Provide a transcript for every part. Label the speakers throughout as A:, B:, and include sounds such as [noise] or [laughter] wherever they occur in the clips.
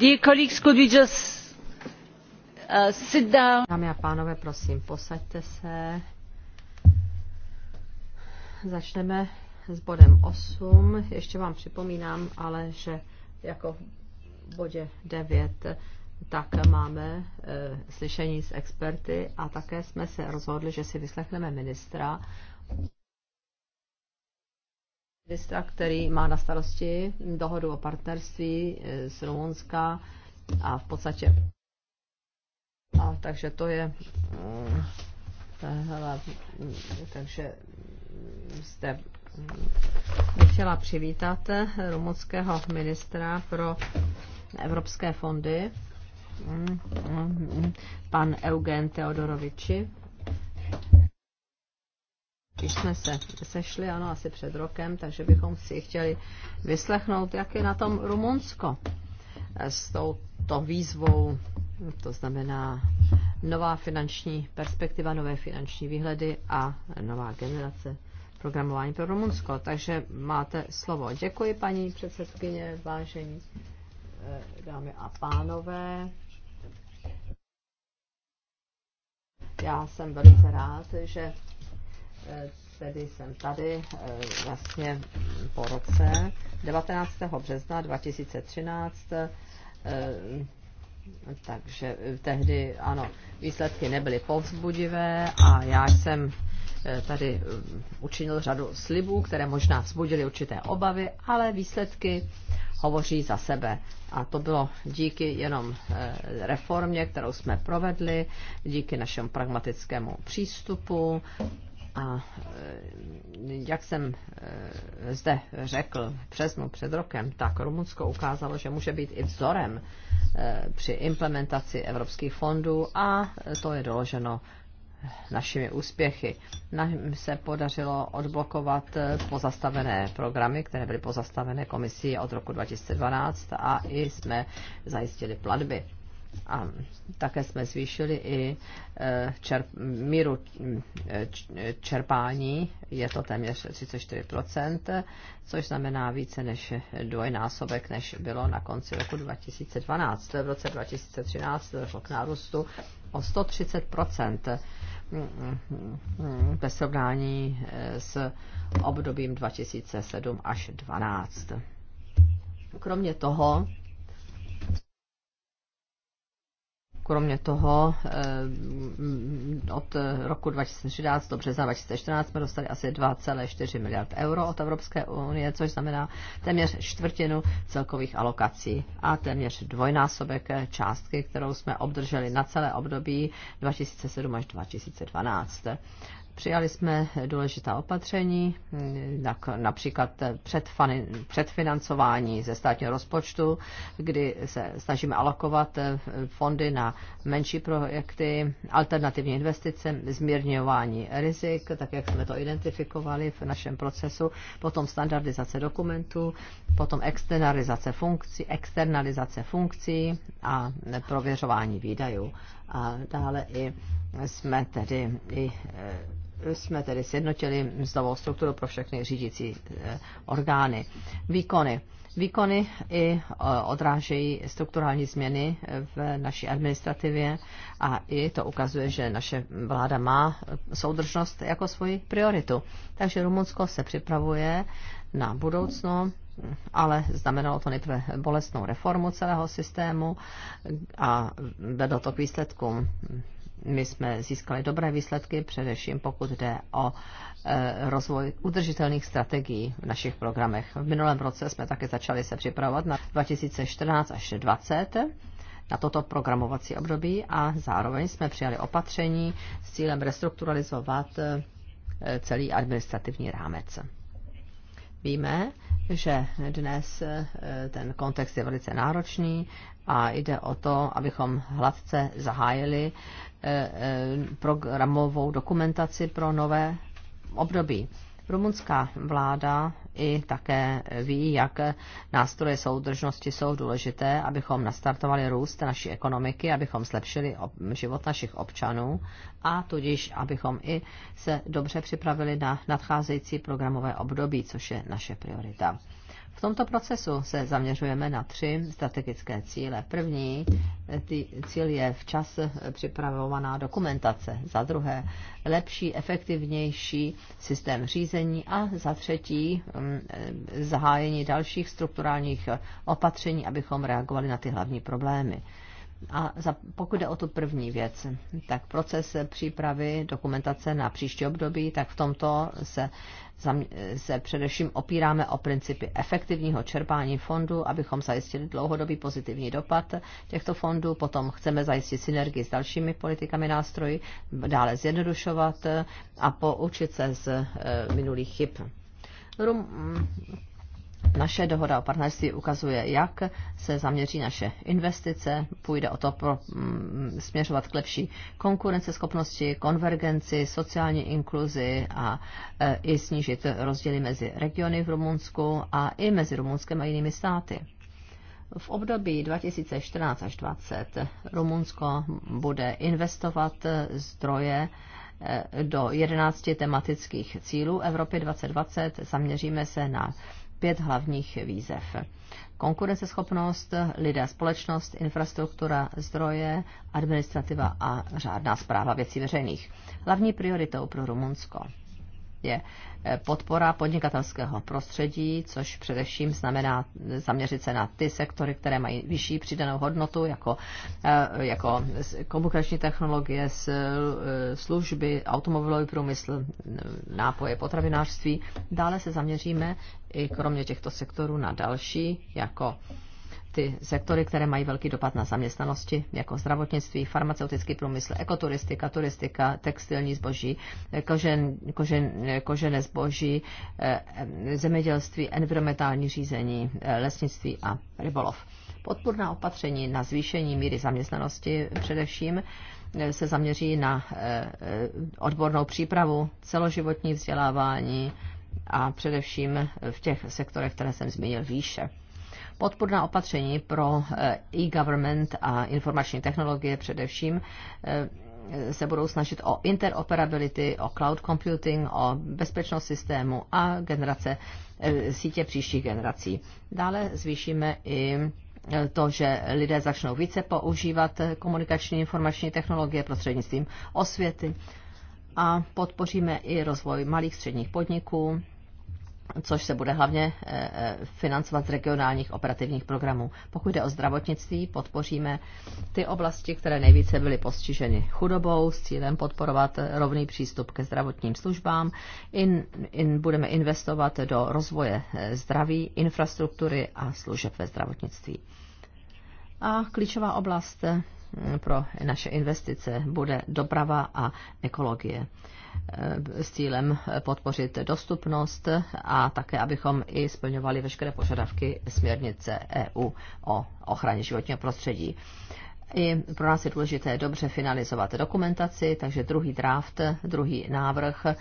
A: Uh,
B: Dámy a pánové, prosím, posaďte se. Začneme s bodem osm. Ještě vám připomínám, ale že jako v bodě devět tak máme e, slyšení s experty a také jsme se rozhodli, že si vyslechneme ministra ministra, který má na starosti dohodu o partnerství eh, z Rumunska a v podstatě a takže to je Tohle, eh, eh, mm, takže jste mm, chtěla přivítat rumunského ministra pro evropské fondy mm, pan Eugen Teodoroviči když jsme se sešli, ano, asi před rokem, takže bychom si chtěli vyslechnout, jak je na tom Rumunsko s touto výzvou, to znamená nová finanční perspektiva, nové finanční výhledy a nová generace programování pro Rumunsko. Takže máte slovo. Děkuji, paní předsedkyně, vážení eh, dámy a pánové. Já jsem velice rád, že Eh, tedy jsem tady eh, vlastně po roce 19. března 2013 eh, takže tehdy, ano, výsledky nebyly povzbudivé a já jsem tady učinil řadu slibů, které možná vzbudily určité obavy, ale výsledky hovoří za sebe. A to bylo díky jenom reformě, kterou jsme provedli, díky našemu pragmatickému přístupu a e, jak jsem e, zde řekl v před rokem, tak Rumunsko ukázalo, že může být i vzorem e, při implementaci evropských fondů a to je doloženo našimi úspěchy. Nám se podařilo odblokovat pozastavené programy, které byly pozastavené komisí od roku 2012 a i jsme zajistili platby. A také jsme zvýšili i e, čerp, míru e, e, čerpání, je to téměř 34%, což znamená více než dvojnásobek, než bylo na konci roku 2012. V roce 2013 došlo k nárůstu o 130% ve srovnání s obdobím 2007 až 2012. Kromě toho Kromě toho eh, od roku 2013 do března 2014 jsme dostali asi 2,4 miliard euro od Evropské unie, což znamená téměř čtvrtinu celkových alokací a téměř dvojnásobek částky, kterou jsme obdrželi na celé období 2007 až 2012. Přijali jsme důležitá opatření, například předfinancování ze státního rozpočtu, kdy se snažíme alokovat eh, fondy na menší projekty, alternativní investice, zmírňování rizik, tak jak jsme to identifikovali v našem procesu, potom standardizace dokumentů, potom externalizace funkcí, externalizace funkcí a prověřování výdajů. A dále i jsme tedy i eh, jsme tedy sjednotili mzdovou strukturu pro všechny řídící eh, orgány. Výkony. Výkony i eh, odrážejí strukturální změny eh, v naší administrativě a i to ukazuje, že naše vláda má soudržnost jako svoji prioritu. Takže Rumunsko se připravuje na budoucno, ale znamenalo to nejprve bolestnou reformu celého systému a vedlo to k výsledkům my jsme získali dobré výsledky, především pokud jde o e, rozvoj udržitelných strategií v našich programech. V minulém roce jsme také začali se připravovat na 2014 až 2020 na toto programovací období a zároveň jsme přijali opatření s cílem restrukturalizovat e, celý administrativní rámec. Víme, že dnes e, ten kontext je velice náročný a jde o to, abychom hladce zahájili eh, eh, programovou dokumentaci pro nové období. Rumunská vláda i také ví, jak nástroje soudržnosti jsou důležité, abychom nastartovali růst naší ekonomiky, abychom zlepšili život našich občanů a tudíž abychom i se dobře připravili na nadcházející programové období, což je naše priorita. V tomto procesu se zaměřujeme na tři strategické cíle. První cíl je včas připravovaná dokumentace, za druhé lepší, efektivnější systém řízení a za třetí mm, zahájení dalších strukturálních opatření, abychom reagovali na ty hlavní problémy. A za, pokud jde o tu první věc, tak proces přípravy dokumentace na příští období, tak v tomto se, se především opíráme o principy efektivního čerpání fondů, abychom zajistili dlouhodobý pozitivní dopad těchto fondů. Potom chceme zajistit synergii s dalšími politikami nástroji, dále zjednodušovat a poučit se z eh, minulých chyb. Rum, naše dohoda o partnerství ukazuje, jak se zaměří naše investice. Půjde o to pro, mm, směřovat k lepší konkurenceschopnosti, konvergenci, sociální inkluzi a e, i snížit rozdíly mezi regiony v Rumunsku a i mezi Rumunskem a jinými státy. V období 2014 až 2020 Rumunsko bude investovat zdroje e, do 11 tematických cílů Evropy 2020. Zaměříme se na pět hlavních výzev. Konkurenceschopnost, lidé, společnost, infrastruktura, zdroje, administrativa a řádná zpráva věcí veřejných. Hlavní prioritou pro Rumunsko je eh, podpora podnikatelského prostředí, což především znamená zaměřit se na ty sektory, které mají vyšší přidanou hodnotu, jako, eh, jako komunikační technologie, eh, služby, automobilový průmysl, mm, nápoje, potravinářství. Dále se zaměříme i kromě těchto sektorů na další, jako ty sektory, které mají velký dopad na zaměstnanosti, jako zdravotnictví, farmaceutický průmysl, ekoturistika, turistika, textilní zboží, kožen, kožen, kožené zboží, eh, zemědělství, environmentální řízení, eh, lesnictví a rybolov. Podpůrná opatření na zvýšení míry zaměstnanosti především eh, se zaměří na odbornou přípravu, celoživotní vzdělávání a především v těch sektorech, které jsem zmínil výše podporná opatření pro eh, e-government a informační technologie především eh, se budou snažit o interoperability, o cloud computing, o bezpečnost systému a generace eh, sítě příštích generací. Dále zvýšíme i to, že lidé začnou více používat komunikační informační technologie prostřednictvím osvěty a podpoříme i rozvoj malých středních podniků což se bude hlavně eh, eh, financovat z regionálních operativních programů. Pokud jde o zdravotnictví, podpoříme ty oblasti, které nejvíce byly postiženy chudobou, s cílem podporovat eh, rovný přístup ke zdravotním službám. In, in, budeme investovat do rozvoje zdraví, infrastruktury a služeb ve zdravotnictví. A klíčová oblast pro naše investice bude doprava a ekologie. Eh, s cílem podpořit dostupnost a také, abychom i splňovali veškeré požadavky směrnice EU o ochraně životního prostředí. I pro nás je důležité dobře finalizovat dokumentaci, takže druhý draft, druhý návrh eh,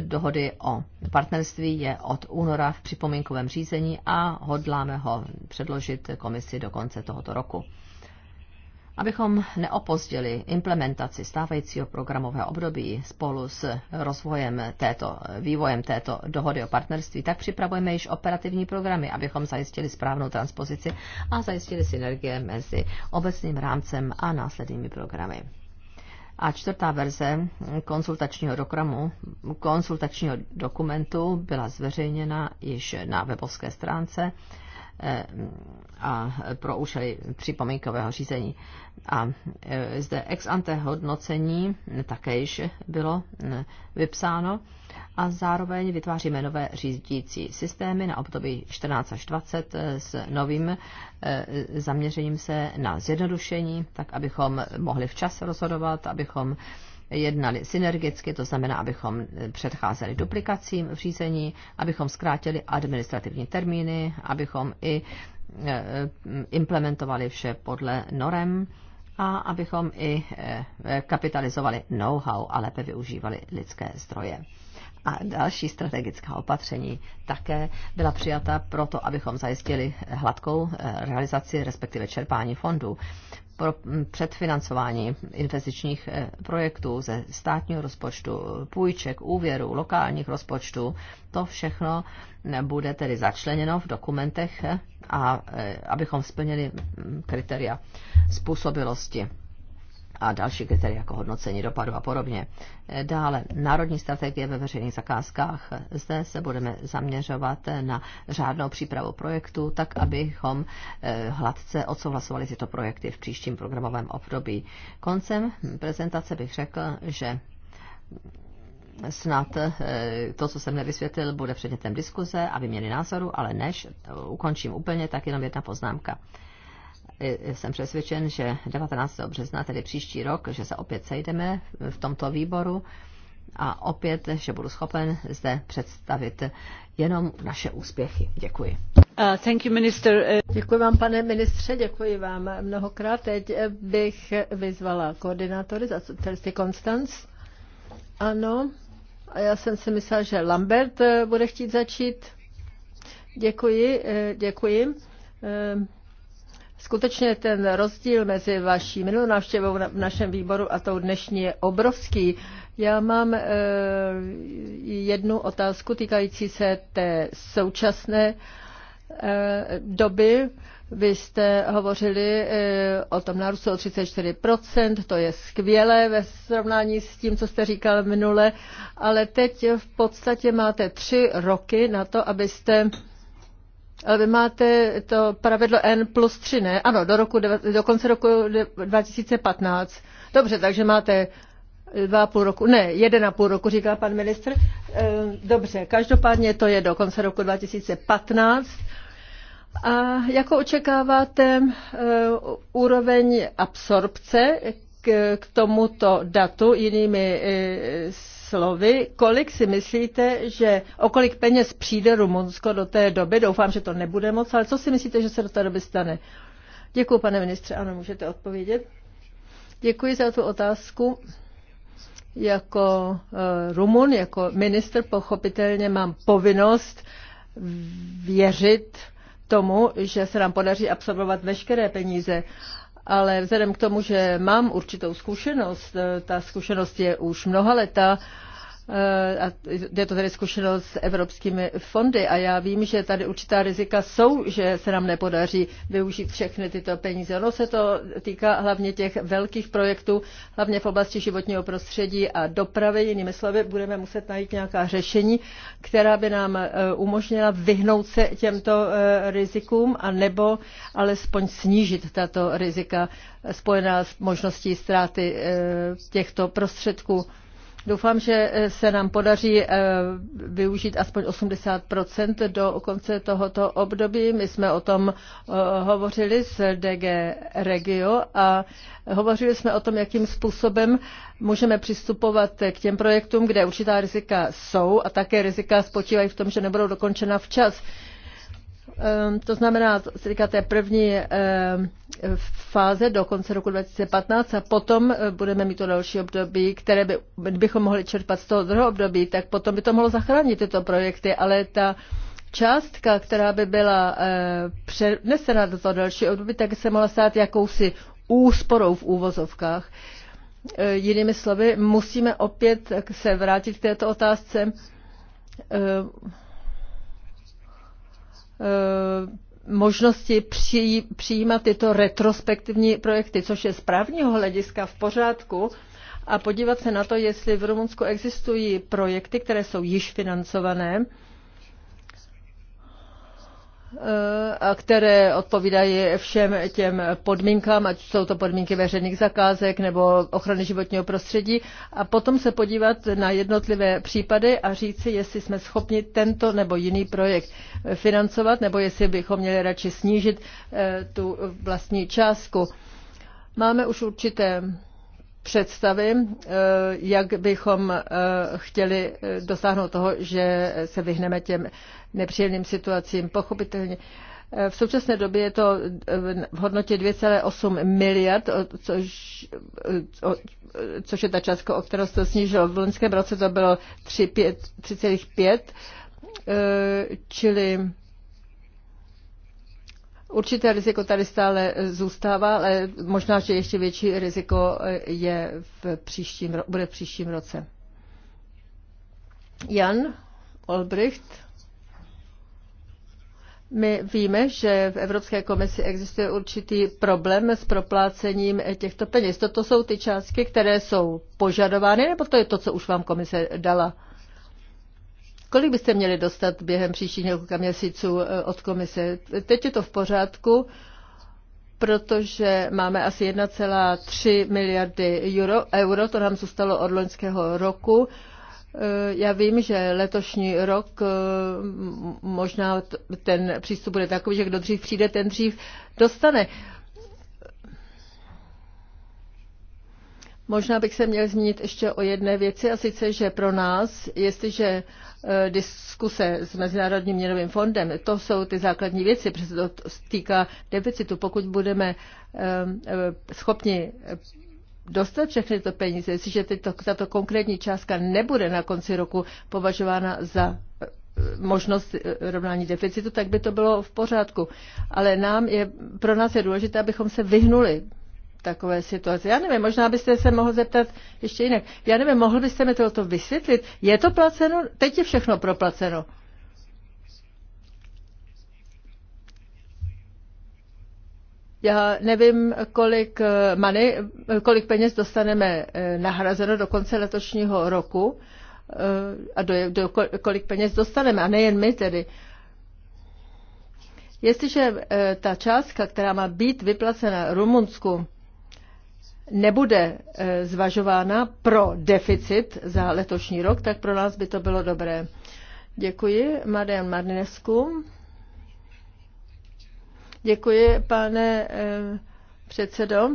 B: dohody o partnerství je od února v připomínkovém řízení a hodláme ho předložit komisi do konce tohoto roku abychom neopozdili implementaci stávajícího programového období spolu s rozvojem této, vývojem této dohody o partnerství, tak připravujeme již operativní programy, abychom zajistili správnou transpozici a zajistili synergie mezi obecným rámcem a následnými programy. A čtvrtá verze konsultačního, dokramu, konsultačního dokumentu byla zveřejněna již na webovské stránce Eh, a pro účely připomínkového řízení. A eh, zde ex ante hodnocení také již bylo mm, vypsáno a zároveň vytváříme nové řídící systémy na období 14 až 20 eh, s novým zaměřením se na zjednodušení, tak abychom mohli včas rozhodovat, abychom jednali synergicky, to znamená, abychom eh, předcházeli duplikacím v řízení, abychom zkrátili administrativní termíny, abychom i eh, eh, implementovali vše podle norem a abychom i kapitalizovali know-how a lépe využívali lidské zdroje. A další strategická opatření také byla přijata proto, abychom zajistili hladkou realizaci, respektive čerpání fondů pro předfinancování investičních eh, projektů ze státního rozpočtu, půjček, úvěrů, lokálních rozpočtů. To všechno bude tedy začleněno v dokumentech, eh, a eh, abychom splnili mm, kritéria způsobilosti a další kritéria jako hodnocení dopadu a podobně. Dále, národní strategie ve veřejných zakázkách. Zde se budeme zaměřovat na řádnou přípravu projektu, tak abychom eh, hladce odsouhlasovali tyto projekty v příštím programovém období. Koncem prezentace bych řekl, že snad eh, to, co jsem nevysvětlil, bude předmětem diskuze a vyměny názoru, ale než ukončím úplně, tak jenom jedna poznámka jsem přesvědčen, že 19. března, tedy příští rok, že se opět sejdeme v tomto výboru a opět, že budu schopen zde představit jenom naše úspěchy. Děkuji.
C: Uh, thank you,
A: minister. Uh, děkuji vám, pane ministře, děkuji vám mnohokrát. Teď bych vyzvala koordinátory za socialisty Konstanc. Ano, a já jsem si myslela, že Lambert eh, bude chtít začít. Děkuji, eh, děkuji. Eh, Skutečně ten rozdíl mezi vaší minulou návštěvou v našem výboru a tou dnešní je obrovský. Já mám e, jednu otázku týkající se té současné e, doby. Vy jste hovořili eh, o tom nárůstu o 34%, to je skvělé ve srovnání s tím, co jste říkal minule, ale teď v podstatě máte tři roky na to, abyste ale vy máte to pravidlo N plus 3, ne? Ano, do, roku, do konce roku 2015. Dobře, takže máte dva půl roku, ne, jeden a půl roku, říká pan ministr. Eh, dobře, každopádně to je do konce roku 2015. A jako očekáváte eh, úroveň absorpce k tomuto datu, jinými eh, slovy, kolik si myslíte, že o kolik peněz přijde Rumunsko do té doby? Doufám, že to nebude moc, ale co si myslíte, že se do té doby stane? Děkuji, pane ministře. Ano, můžete odpovědět. Děkuji za tu otázku. Jako eh, Rumun, jako minister, pochopitelně mám povinnost věřit tomu, že se nám podaří absorbovat veškeré peníze ale vzhledem k tomu, že mám určitou zkušenost, eh, ta zkušenost je už mnoha leta, Eh, a je to tedy zkušenost s evropskými fondy a já vím, že tady určitá rizika jsou, že se nám nepodaří využít všechny tyto peníze. Ono se to týká hlavně těch velkých projektů, hlavně v oblasti životního prostředí a dopravy. Jinými slovy, budeme muset najít nějaká řešení, která by nám eh, umožnila vyhnout se těmto eh, rizikům a nebo alespoň snížit tato rizika spojená s možností ztráty těchto prostředků. Doufám, že eh, se nám podaří eh, využít aspoň 80 do konce tohoto období. My jsme o tom eh, hovořili s DG Regio a hovořili jsme o tom, jakým způsobem můžeme přistupovat k těm projektům, kde určitá rizika jsou a také rizika spočívají v tom, že nebudou dokončena včas. Ehm, to znamená, se týká té první ehm, fáze do konce roku 2015 a potom eh, budeme mít to další období, které by, bychom mohli čerpat z toho druhého období, tak potom by to mohlo zachránit tyto projekty, ale ta částka, která by byla eh, přenesena do toho další období, tak se mohla stát jakousi úsporou v úvozovkách. Eh, jinými slovy, musíme opět se vrátit k této otázce Eh, možnosti přijímat tyto retrospektivní projekty, což je z právního hlediska v pořádku, a podívat se na to, jestli v Rumunsku existují projekty, které jsou již financované které odpovídají všem těm podmínkám, ať jsou to podmínky veřejných zakázek nebo ochrany životního prostředí, a potom se podívat na jednotlivé případy a říci, jestli jsme schopni tento nebo jiný projekt financovat, nebo jestli bychom měli radši snížit eh, tu vlastní částku. Máme už určité představy, eh, jak bychom eh, chtěli eh, dosáhnout toho, že se vyhneme těm nepříjemným situacím. Pochopitelně v současné době je to v hodnotě 2,8 miliard, což, což je ta částka, o kterou se to snížilo. V loňském roce to bylo 3,5, čili Určité riziko tady stále eh, zůstává, ale možná, že ještě větší riziko eh, je v příštím, bude v příštím roce. Jan Olbricht. My víme, že v Evropské komisi existuje určitý problém s proplácením eh, těchto peněz. Toto jsou ty částky, které jsou požadovány, nebo to je to, co už vám komise dala? Kolik byste měli dostat během příštích několika měsíců eh, od komise? Teď je to v pořádku, protože máme asi 1,3 miliardy euro, euro, to nám zůstalo od loňského roku. Eh, já vím, že letošní rok eh, možná ten přístup bude takový, že kdo dřív přijde, ten dřív dostane. Možná bych se měl zmínit ještě o jedné věci, a sice, že pro nás, jestliže Eh, diskuse s Mezinárodním měnovým fondem. To jsou ty základní věci, protože to týká deficitu. Pokud budeme eh, eh, schopni dostat všechny to peníze, jestliže tyto, tato konkrétní částka nebude na konci roku považována za možnost rovnání deficitu, tak by to bylo v pořádku. Ale nám je, pro nás je důležité, abychom se vyhnuli takové situaci. Já nevím, možná byste se mohl zeptat ještě jinak. Já nevím, mohl byste mi toto vysvětlit? Je to placeno? Teď je všechno proplaceno. Já nevím, kolik, eh, money, eh, kolik peněz dostaneme eh, nahrazeno do konce letošního roku a do, do kolik peněz dostaneme, a nejen my tedy. Jestliže ta částka, která má být vyplacena Rumunsku, nebude eh, zvažována pro deficit za letošní rok, tak pro nás by to bylo dobré. Děkuji, Marian Marnesku. Děkuji, pane eh, předsedo.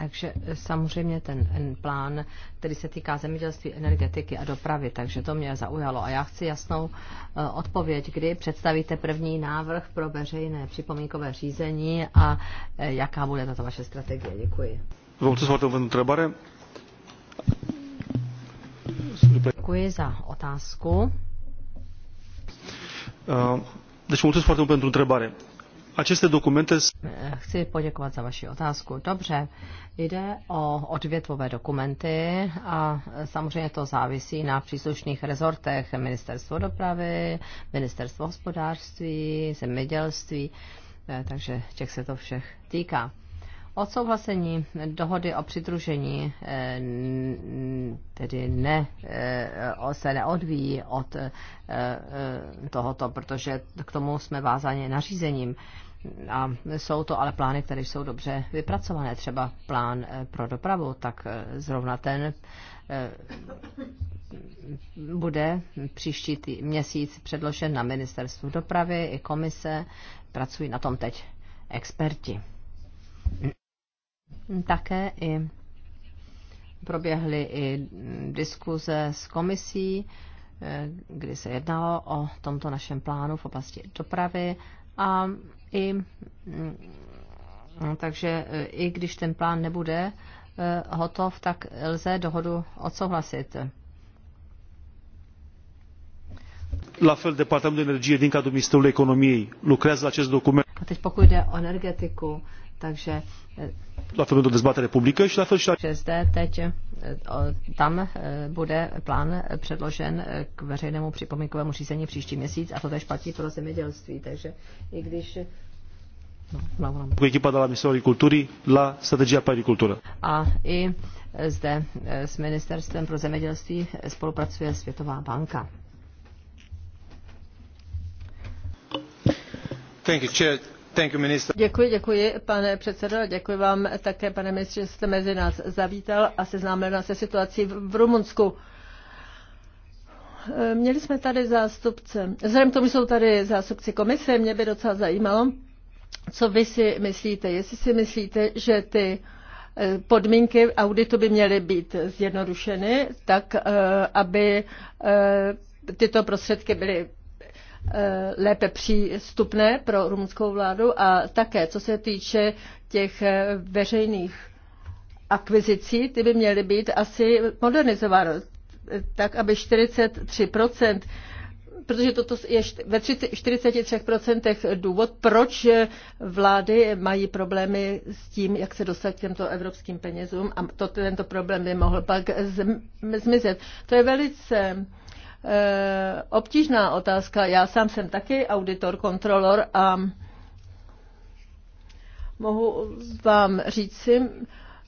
B: Takže e, samozřejmě ten plán, který se týká zemědělství, energetiky a dopravy, takže to mě zaujalo. A já chci jasnou e, odpověď, kdy představíte první návrh pro veřejné připomínkové řízení a e, jaká bude tato vaše strategie. Děkuji. Děkuji za otázku.
C: Deci mulțumesc foarte mult pentru întrebare.
B: Chci poděkovat za vaši otázku. Dobře, jde o odvětvové dokumenty a samozřejmě to závisí na příslušných rezortech Ministerstvo dopravy, Ministerstvo hospodářství, zemědělství, eh, takže těch se to všech týká. Odsouhlasení dohody o přidružení eh, tedy ne, eh, se neodvíjí od eh, tohoto, protože k tomu jsme vázáni nařízením. A jsou to ale plány, které jsou dobře vypracované. Třeba plán pro dopravu, tak zrovna ten bude příští tý, měsíc předložen na ministerstvu dopravy i komise. Pracují na tom teď experti. Také i proběhly i diskuze s komisí, kdy se jednalo o tomto našem plánu v oblasti dopravy a i mm, takže i když ten plán nebude eh, hotov, tak lze dohodu odsouhlasit.
C: La fel, Departamentul de Energie din cadrul Ministerului Economiei lucrează la acest document. A
B: teď pokud jde o energetiku, takže eh,
C: Na to de dezbatere publică și na to
B: Zde teď eh, tam eh, bude plán předložen k veřejnému připomínkovému řízení příští měsíc a to tež platí pro zemědělství, takže i když
C: No, cu echipa de la strategie Culturii
B: A i zde s Ministerstvem pro zemědělství
A: spolupracuje Světová banka. Thank you, Chair. Děkuji, pane předsedající děkuji vám také, pane ministře, že jste mezi nás zavítal a seznámil nás se situací v Rumunsku. E, měli jsme tady zástupce, vzhledem k tomu, jsou tady zástupci komise, mě by docela zajímalo, co vy si myslíte, jestli si myslíte, že ty e, podmínky auditu by měly být zjednodušeny, tak e, aby tyto prostředky byly Eh, lépe přístupné pro rumunskou vládu a také, co se týče těch eh, veřejných akvizicí, ty by měly být asi modernizovány tak, aby 43%, protože toto je ve 30, 43% důvod, proč vlády mají problémy s tím, jak se dostat k těmto evropským penězům a to, tento problém by mohl pak zmizet. To je velice Eh, obtížná otázka. Já sám jsem taky auditor, kontrolor a mohu vám říci,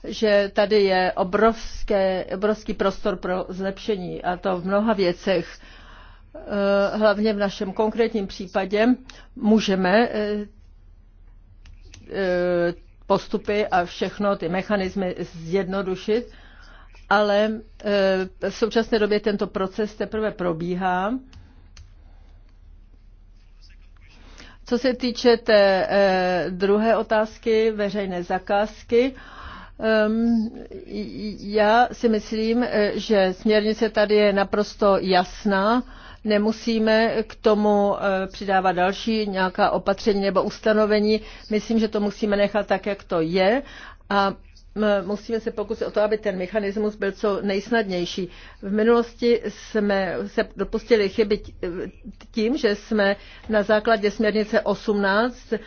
A: že tady je obrovské, obrovský prostor pro zlepšení a to v mnoha věcech. Eh, hlavně v našem konkrétním případě můžeme eh, postupy a všechno ty mechanismy zjednodušit ale e, v současné době tento proces teprve probíhá. Co se týče té e, druhé otázky, veřejné zakázky, já si myslím, e, že směrnice tady je naprosto jasná. Nemusíme k tomu přidávat další nějaká opatření nebo ustanovení. Myslím, že to musíme nechat tak, jak to je. A musíme se pokusit o to, aby ten mechanismus byl co nejsnadnější. V minulosti jsme se dopustili chyby e, tím, že jsme na základě směrnice 18 e,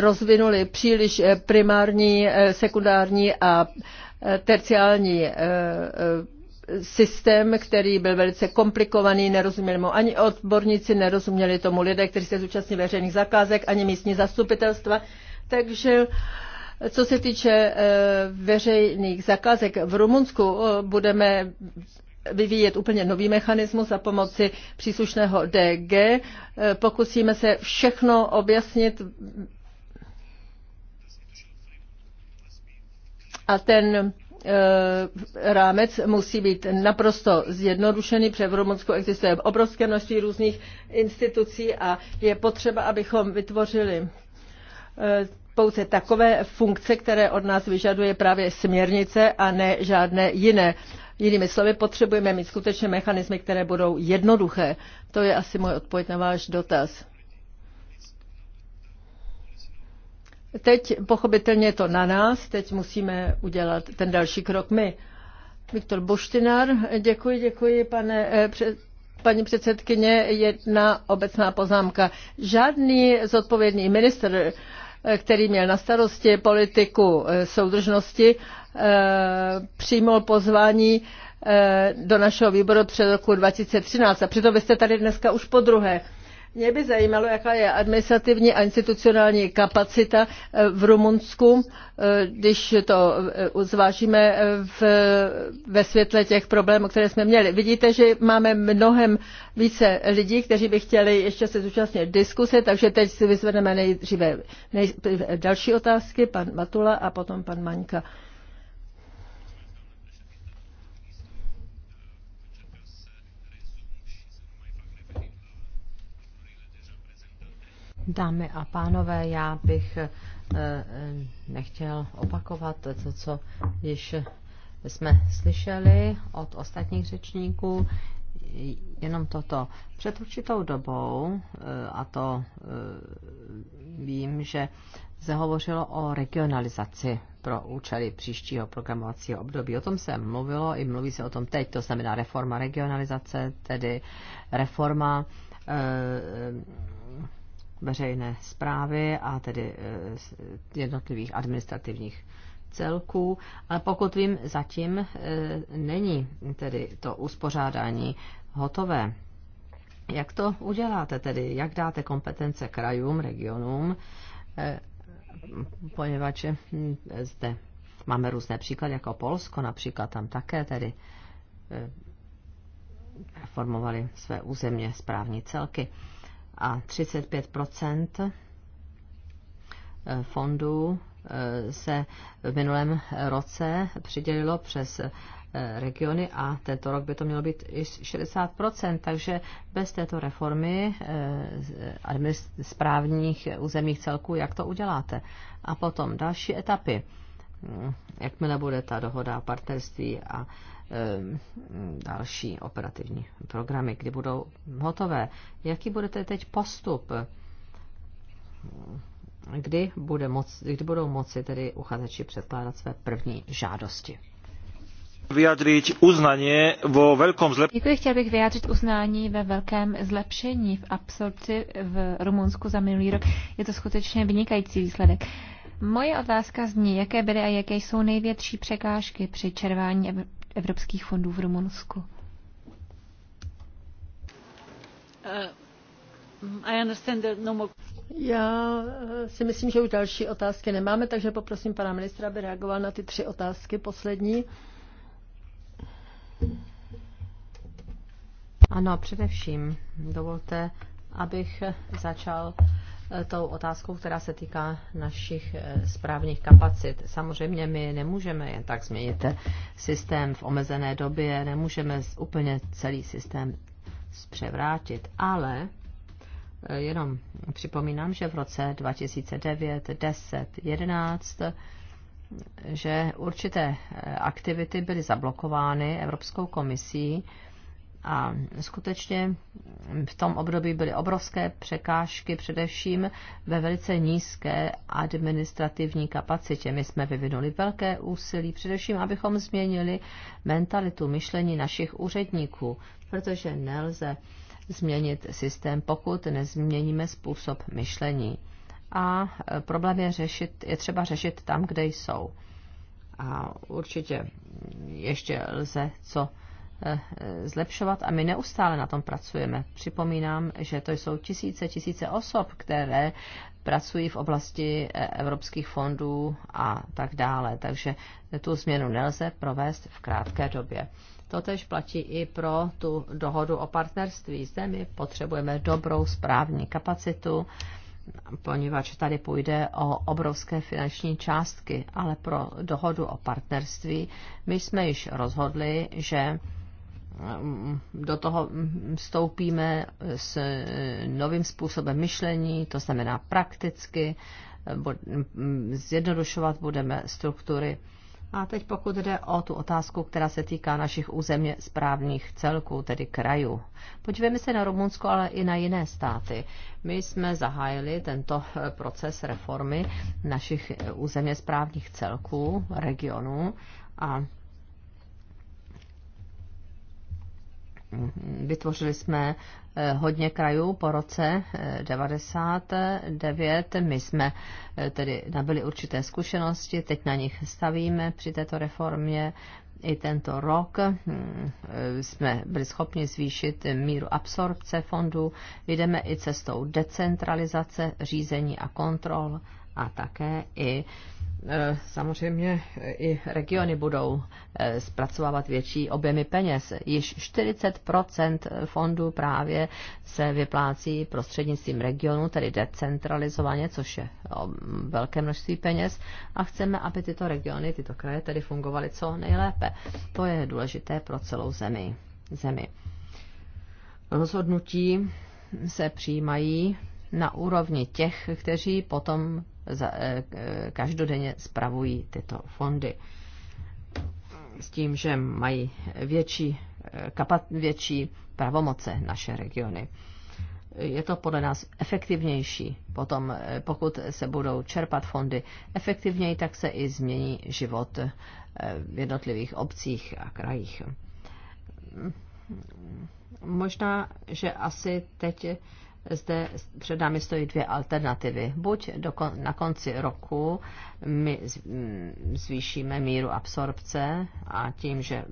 A: rozvinuli příliš e, primární, sekundární a terciální systém, který byl velice komplikovaný, nerozuměli mu ani odborníci, nerozuměli tomu lidé, kteří se zúčastní veřejných zakázek, ani místní zastupitelstva. Takže uh, co se týče eh, veřejných zakázek v Rumunsku, eh, budeme vyvíjet úplně nový mechanismus za pomoci příslušného DG. Eh, pokusíme se všechno objasnit a ten rámec musí být naprosto zjednodušený, protože v Rumunsku existuje obrovské množství různých institucí a je potřeba, abychom vytvořili pouze takové funkce, které od nás vyžaduje právě směrnice a ne žádné jiné. Jinými slovy, potřebujeme mít skutečně mechanismy, které budou jednoduché. To je asi můj odpověď na váš dotaz. Teď pochopitelně je to na nás, teď musíme udělat ten další krok my. Viktor Boštinar, děkuji, děkuji, pane eh, před, paní předsedkyně. Jedna obecná poznámka. Žádný zodpovědný minister Eh, který měl na starosti politiku eh, soudržnosti, eh, přijmul pozvání do našeho výboru před roku 2013. A přitom vy jste tady dneska už po druhé. Mě by zajímalo, jaká je administrativní a institucionální kapacita eh, v Rumunsku, eh, když to eh, zvážíme v, ve světle těch problémů, které jsme měli. Vidíte, že máme mnohem více lidí, kteří by chtěli ještě se zúčastnit diskuse, takže teď si vyzvedeme nejdříve, nejdříve další otázky, pan Matula a potom pan Maňka.
B: Dámy a pánové, já bych eh, eh, nechtěl opakovat to, co již jsme slyšeli od ostatních řečníků, jenom toto. Před určitou dobou, eh, a to vím, že se hovořilo o regionalizaci pro účely příštího programovacího období. O tom se mluvilo i mluví se o tom teď, to znamená reforma regionalizace, tedy reforma veřejné zprávy a tedy e, jednotlivých administrativních celků, ale pokud vím, zatím e, není tedy to uspořádání hotové. Jak to uděláte tedy? Jak dáte kompetence krajům, regionům? E, poněvadž zde máme různé příklady, jako Polsko například, tam také tedy formovali své územně správní celky a 35 eh, fondů eh, se v minulém roce přidělilo přes eh, regiony a tento rok by to mělo být i 60%, takže bez této reformy správních územních celků, jak to uděláte? A potom další etapy, hmm, jakmile bude ta dohoda partnerství a Ehm, další operativní programy, kdy budou hotové. Jaký bude teď postup? Kdy, bude moc, kdy budou moci tedy uchazeči předkládat své první žádosti?
A: vyjádřit
C: uznání vo velkom zlepšení. Děkuji, chtěl bych vyjádřit uznání ve velkém zlepšení v absorpci v Rumunsku za minulý rok. Je to skutečně vynikající výsledek. Moje otázka zní, jaké byly a jaké jsou největší překážky při červání evropských fondů v Rumunsku?
A: Uh, no Já eh, si myslím, že už další otázky nemáme, takže poprosím pana ministra, aby reagoval na ty tři otázky poslední.
B: Ano, především dovolte, abych začal Eh, tou otázkou, která se týká našich eh, správních kapacit. Samozřejmě my nemůžeme jen tak změnit systém v omezené době, nemůžeme úplně celý systém zpřevrátit, ale eh, jenom připomínám, že v roce 2009, 10, 11 že určité aktivity byly zablokovány Evropskou komisí, a skutečně v tom období byly obrovské překážky, především ve velice nízké administrativní kapacitě. My jsme vyvinuli velké úsilí, především abychom změnili mentalitu myšlení našich úředníků, protože nelze změnit systém, pokud nezměníme způsob myšlení. A problém je, řešit, je třeba řešit tam, kde jsou. A určitě ještě lze co Eh, zlepšovat a my neustále na tom pracujeme. Připomínám, že to jsou tisíce, tisíce osob, které pracují v oblasti eh, evropských fondů a tak dále. Takže tu změnu nelze provést v krátké době. To Totež platí i pro tu dohodu o partnerství. Zde my potřebujeme dobrou správní kapacitu, poněvadž tady půjde o obrovské finanční částky, ale pro dohodu o partnerství my jsme již rozhodli, že Mm, do toho mm, vstoupíme s eh, novým způsobem myšlení, to znamená prakticky, eh, mm, zjednodušovat budeme struktury. A teď pokud jde o tu otázku, která se týká našich územně správných celků, tedy krajů. Podívejme se na Rumunsko, ale i na jiné státy. My jsme zahájili tento eh, proces reformy našich územně správních celků, regionů a vytvořili jsme eh, hodně krajů po roce 99. Eh, My jsme eh, tedy nabili určité zkušenosti, teď na nich stavíme při této reformě. I tento rok hm, jsme byli schopni zvýšit míru absorpce fondů. Jdeme i cestou decentralizace řízení a kontrol a také i E, samozřejmě i regiony budou e, zpracovávat větší objemy peněz. Již 40 fondů právě se vyplácí prostřednictvím regionu, tedy decentralizovaně, což je velké množství peněz. A chceme, aby tyto regiony, tyto kraje tedy fungovaly co nejlépe. To je důležité pro celou zemi. zemi. Rozhodnutí se přijímají na úrovni těch, kteří potom Eh, eh, každodenně spravují tyto fondy. S tím, že mají větší, eh, kapat, větší pravomoce naše regiony. Je to podle nás efektivnější. Potom, pokud se budou čerpat fondy efektivněji, tak se i změní život v jednotlivých obcích a krajích. Možná, že asi teď zde před námi stojí dvě alternativy. Buď do, na konci roku my mm, zvýšíme míru absorpce a tím, že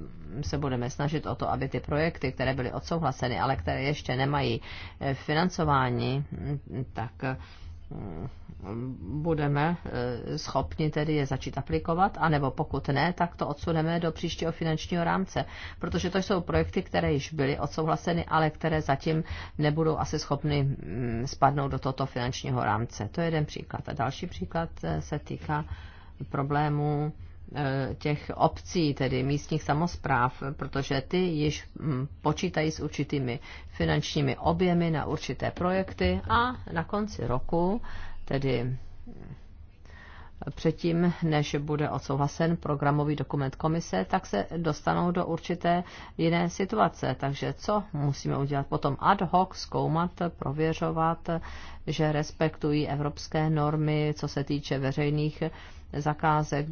B: se budeme snažit o to, aby ty projekty, které byly odsouhlaseny, ale které ještě nemají eh, financování, mm, tak Mm, budeme eh, schopni tedy je začít aplikovat, anebo pokud ne, tak to odsuneme do příštího finančního rámce, protože to jsou projekty, které již byly odsouhlaseny, ale které zatím nebudou asi schopny mm, spadnout do tohoto finančního rámce. To je jeden příklad. A další příklad eh, se týká problému Eh, těch obcí, tedy místních samozpráv, protože ty již hm, počítají s určitými finančními objemy na určité projekty a na konci roku, tedy hm, předtím, než bude odsouhlasen programový dokument komise, tak se dostanou do určité jiné situace. Takže co musíme udělat potom? Ad hoc zkoumat, prověřovat, že respektují evropské normy, co se týče veřejných zakázek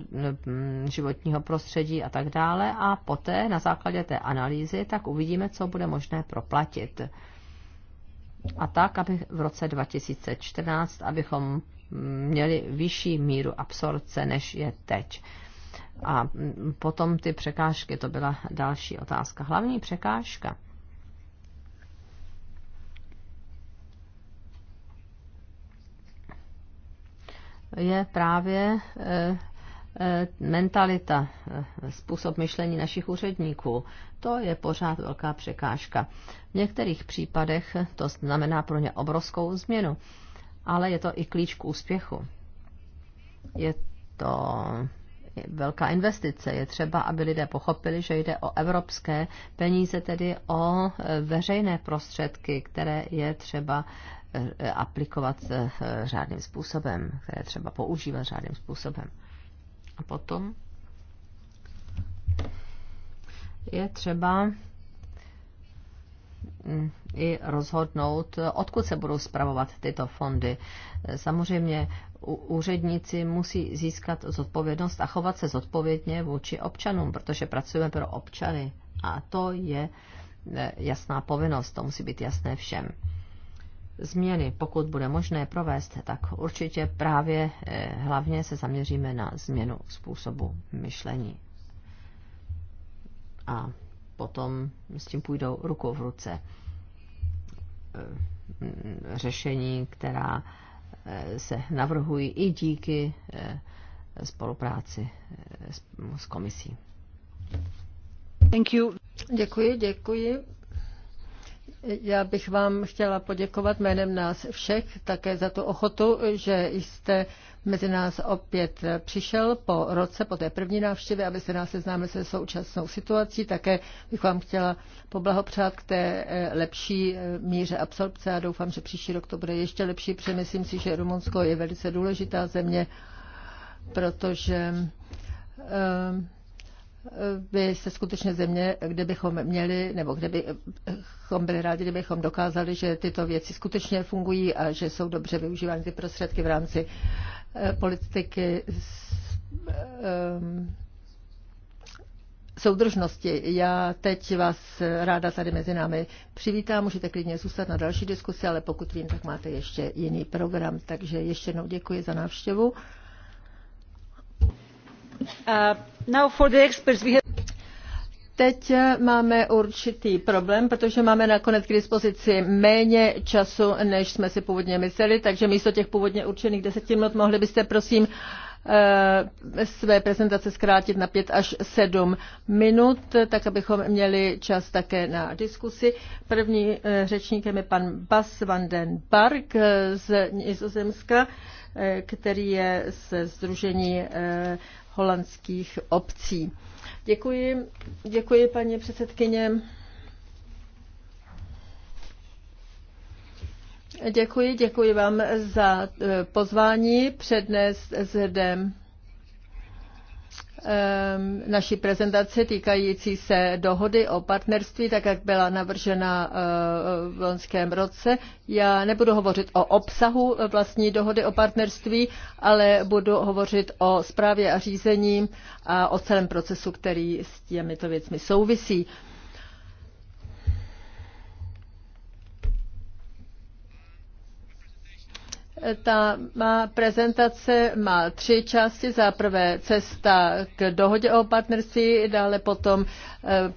B: životního prostředí a tak dále. A poté na základě té analýzy tak uvidíme, co bude možné proplatit. A tak, aby v roce 2014, abychom měli vyšší míru absorce, než je teď. A potom ty překážky, to byla další otázka. Hlavní překážka je právě e, e, mentalita, e, způsob myšlení našich úředníků. To je pořád velká překážka. V některých případech to znamená pro ně obrovskou změnu, ale je to i klíč k úspěchu. Je to velká investice. Je třeba, aby lidé pochopili, že jde o evropské peníze, tedy o veřejné prostředky, které je třeba Eh, aplikovat eh, řádným způsobem, které třeba používat řádným způsobem. A potom je třeba mm, i rozhodnout, odkud se budou zpravovat tyto fondy. Samozřejmě úředníci musí získat zodpovědnost a chovat se zodpovědně vůči občanům, protože pracujeme pro občany. A to je eh, jasná povinnost, to musí být jasné všem změny, pokud bude možné provést, tak určitě právě eh, hlavně se zaměříme na změnu způsobu myšlení. A potom s tím půjdou ruku v ruce eh, mm, řešení, která eh, se navrhují i díky spolupráci s komisí.
A: Thank you. Děkuji, děkuji já bych vám chtěla poděkovat jménem nás všech také za tu ochotu, že jste mezi nás opět přišel po roce, po té první návštěvě, abyste nás seznámil se současnou situací. Také bych vám chtěla poblahopřát k té eh, lepší eh, míře absorpce a doufám, že příští rok to bude ještě lepší. Přemyslím si, že Rumunsko je velice důležitá země, protože um, by se skutečně země, kde bychom měli, nebo kde bychom byli rádi, kdybychom dokázali, že tyto věci skutečně fungují a že jsou dobře využívány ty prostředky v rámci eh, politiky eh, soudržnosti. Já teď vás ráda tady mezi námi přivítám, můžete klidně zůstat na další diskusi, ale pokud vím, tak máte ještě jiný program, takže ještě jednou děkuji za návštěvu. Teď máme určitý problém, protože máme nakonec k dispozici méně času, než jsme si původně mysleli, takže místo těch původně určených deseti minut mohli byste prosím eh, své prezentace zkrátit na pět až sedm minut, tak abychom měli čas také na diskusi. První eh, řečníkem je pan Bas van den Bark eh, z Nizozemska, který je ze Združení holandských obcí. Děkuji, děkuji paní předsedkyně. Děkuji, děkuji vám za eh, pozvání přednést zde Ehm, naší prezentace týkající se dohody o partnerství, tak jak byla navržena eh, v loňském roce. Já nebudu hovořit o obsahu vlastní dohody o partnerství, ale budu hovořit o správě a řízení a o celém procesu, který s těmito věcmi souvisí. Ta má prezentace má tři části. Za prvé cesta k dohodě o partnerství, dále potom eh,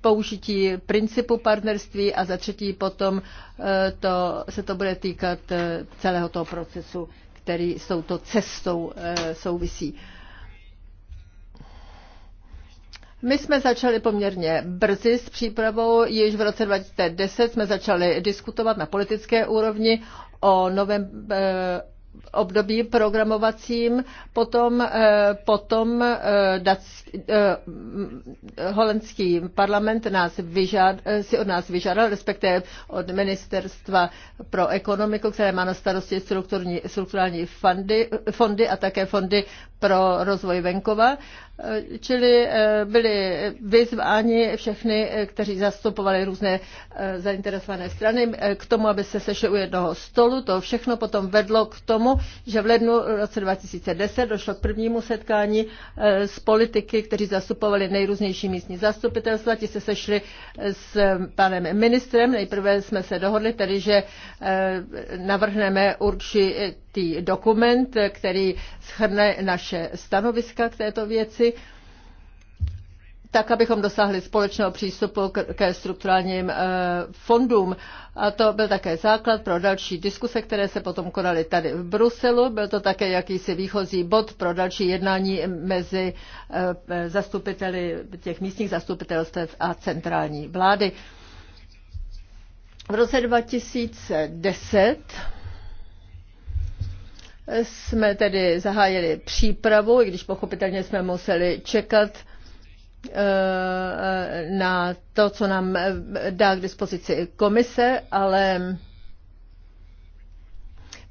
A: použití principu partnerství a za třetí potom eh, to, se to bude týkat eh, celého toho procesu, který s touto cestou souvisí. My jsme začali poměrně brzy s přípravou, již v roce 2010 jsme začali diskutovat na politické úrovni o novém eh, období programovacím, potom, eh, potom eh, dac, eh, holandský parlament nás vyžad, si od nás vyžádal, respektive od Ministerstva pro ekonomiku, které má na starosti strukturální fondy, fondy a také fondy pro rozvoj venkova. Čili byli vyzváni všechny, kteří zastupovali různé zainteresované strany k tomu, aby se sešli u jednoho stolu. To všechno potom vedlo k tomu, tomu, že v lednu roce 2010 došlo k prvnímu setkání eh, s politiky, kteří zastupovali nejrůznější místní zastupitelstva. Ti se sešli eh, s panem ministrem. Nejprve jsme se dohodli tedy, že eh, navrhneme určitý dokument, který schrne naše stanoviska k této věci tak, abychom dosáhli společného přístupu ke strukturálním eh, fondům. A to byl také základ pro další diskuse, které se potom konaly tady v Bruselu. Byl to také jakýsi výchozí bod pro další jednání mezi eh, zastupiteli těch místních zastupitelstv a centrální vlády. V roce 2010 jsme tedy zahájili přípravu, i když pochopitelně jsme museli čekat Eh, na to, co nám eh, dá k dispozici komise, ale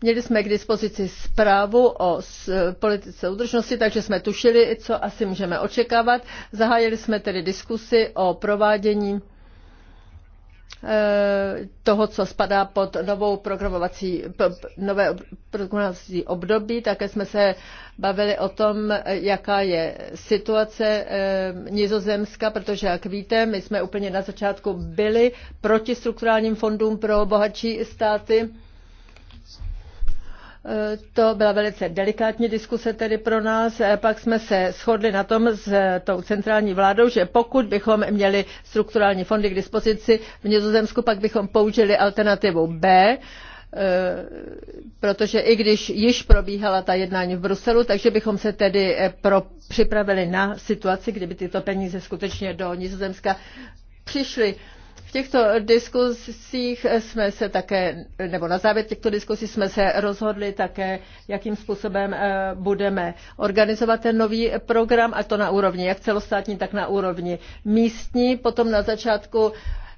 A: Měli jsme k dispozici zprávu o eh, politice udržnosti, takže jsme tušili, co asi můžeme očekávat. Zahájili jsme tedy diskusy o provádění Eh, toho, co spadá pod novou programovací, nové programovací období. Také jsme se bavili o tom, jaká je situace eh, Nizozemska, protože, jak víte, my jsme úplně na začátku byli proti strukturálním fondům pro bohatší státy. To byla velice delikátní diskuse tedy pro nás. Eh, pak jsme se shodli na tom s eh, tou centrální vládou, že pokud bychom měli strukturální fondy k dispozici v Nizozemsku, pak bychom použili alternativu B, eh, protože i když již probíhala ta jednání v Bruselu, takže bychom se tedy pro, připravili na situaci, kdyby tyto peníze skutečně do Nizozemska přišly. V těchto diskusích jsme se také, nebo na závěr těchto diskusí jsme se rozhodli také, jakým způsobem eh, budeme organizovat ten nový program, a to na úrovni jak celostátní, tak na úrovni místní. Potom na začátku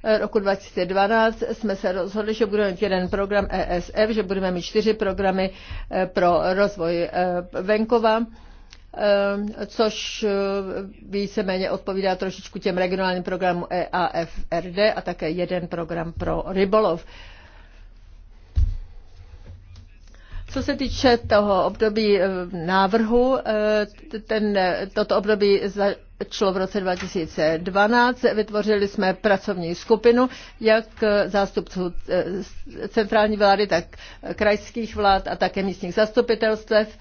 A: eh, roku 2012 jsme se rozhodli, že budeme mít jeden program ESF, že budeme mít čtyři programy eh, pro rozvoj venkova Ehm, což eh, víceméně odpovídá trošičku těm regionálním programům EAFRD a také jeden program pro rybolov. Co se týče toho období eh, návrhu, eh, ten, toto období začalo v roce 2012. Vytvořili jsme pracovní skupinu, jak zástupců centrální vlády, tak krajských vlád a také místních zastupitelstv.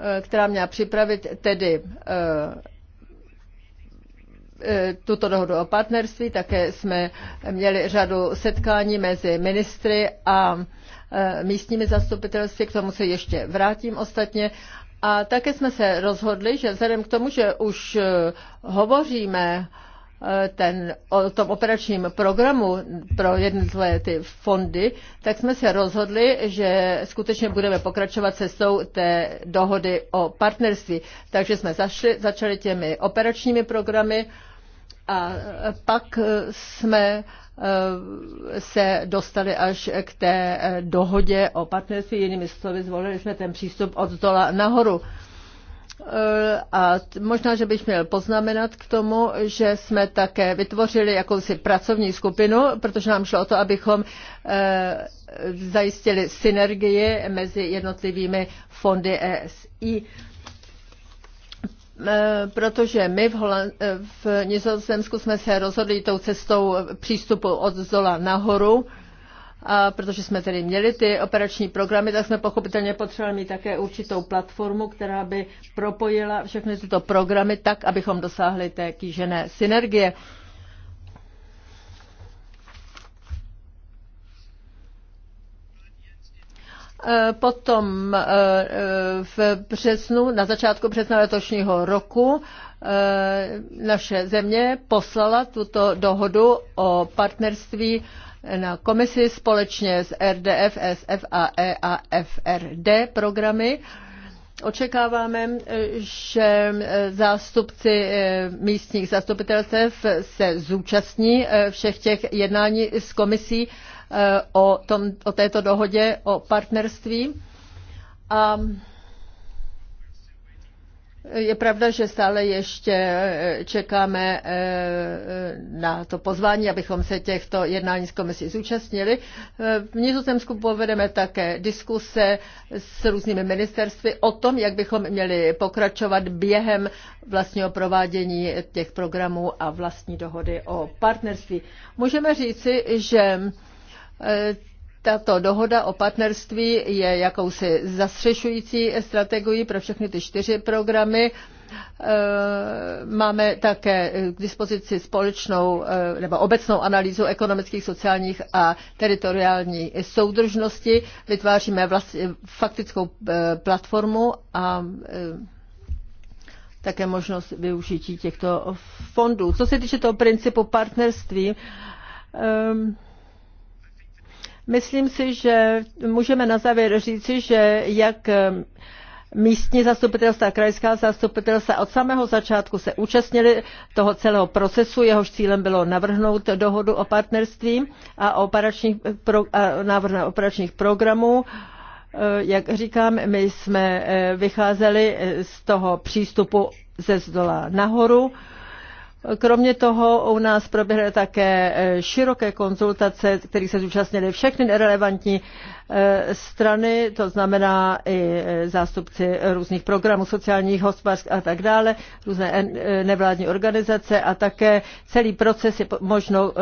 A: Eh, která měla připravit tedy eh, eh, tuto dohodu o partnerství. Také jsme měli řadu setkání mezi ministry a místními zastupitelství, k tomu se ještě vrátím ostatně. A také jsme se rozhodli, že vzhledem k tomu, že už hovoříme ten, o tom operačním programu pro jednotlivé ty fondy, tak jsme se rozhodli, že skutečně budeme pokračovat cestou té dohody o partnerství. Takže jsme zašli, začali těmi operačními programy a pak jsme eh, se dostali až k té dohodě o partnerství. Jinými slovy, zvolili jsme ten přístup od dola nahoru. Eh, a možná, že bych měl poznamenat k tomu, že jsme také vytvořili jakousi pracovní skupinu, protože nám šlo o to, abychom eh, zajistili synergie mezi jednotlivými fondy ESI eh, protože my v, Holand, v Nizozemsku jsme se rozhodli tou cestou přístupu od zola nahoru a protože jsme tedy měli ty operační programy, tak jsme pochopitelně potřebovali mít také určitou platformu, která by propojila všechny tyto programy tak, abychom dosáhli té kýžené synergie. E, potom e, e, v březnu, na začátku března letošního roku, naše země poslala tuto dohodu o partnerství na komisi společně s RDF, SFAE a e FRD programy. Očekáváme, že zástupci eh, místních zastupitelstv se zúčastní eh, všech těch jednání s komisí eh, o, tom, o této dohodě o partnerství. A je pravda, že stále ještě eh, čekáme eh, eh, na to pozvání, abychom se těchto jednání s komisí zúčastnili. V Nizozemsku povedeme také diskuse s různými ministerstvy o tom, jak bychom měli pokračovat během vlastního provádění těch programů a vlastní dohody o partnerství. Můžeme říci, že tato dohoda o partnerství je jakousi zastřešující strategií pro všechny ty čtyři programy. E, máme také k dispozici společnou e, nebo obecnou analýzu ekonomických, sociálních a teritoriální soudržnosti. Vytváříme vlast, faktickou e, platformu a také možnost využití těchto fondů. Co se týče toho principu partnerství, um, Myslím si, že můžeme na závěr říci, že jak eh, místní zastupitelstva, krajská zastupitelstva od samého začátku se účastnili toho celého procesu, jehož cílem bylo navrhnout dohodu o partnerství a, o operačních, a návrh na operačních programů. Eh, jak říkám, my jsme eh, vycházeli z toho přístupu ze zdola nahoru. Kromě toho u nás proběhly také e, široké konzultace, kterých se zúčastnily všechny relevantní e, strany, to znamená i e, zástupci různých programů sociálních, hospodářských a tak dále, různé nevládní organizace a také celý proces je možno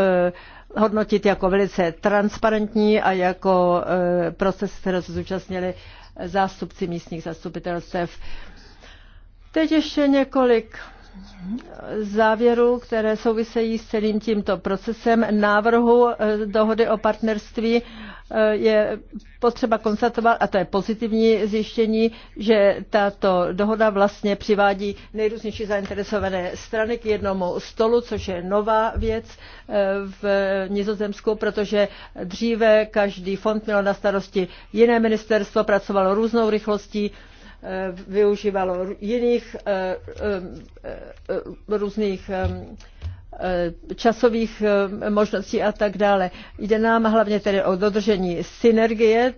A: hodnotit jako velice transparentní a jako proces, které se zúčastnili zástupci místních zastupitelstv. Teď ještě několik závěrů, které souvisejí s celým tímto procesem návrhu eh, dohody o partnerství eh, je potřeba konstatovat, a to je pozitivní zjištění, že tato dohoda vlastně přivádí nejrůznější zainteresované strany k jednomu stolu, což je nová věc eh, v Nizozemsku, protože dříve každý fond měl na starosti jiné ministerstvo, pracovalo různou rychlostí, využívalo jiných eh, eh, eh, různých časových možností a tak dále. Jde nám hlavně tedy o dodržení synergie,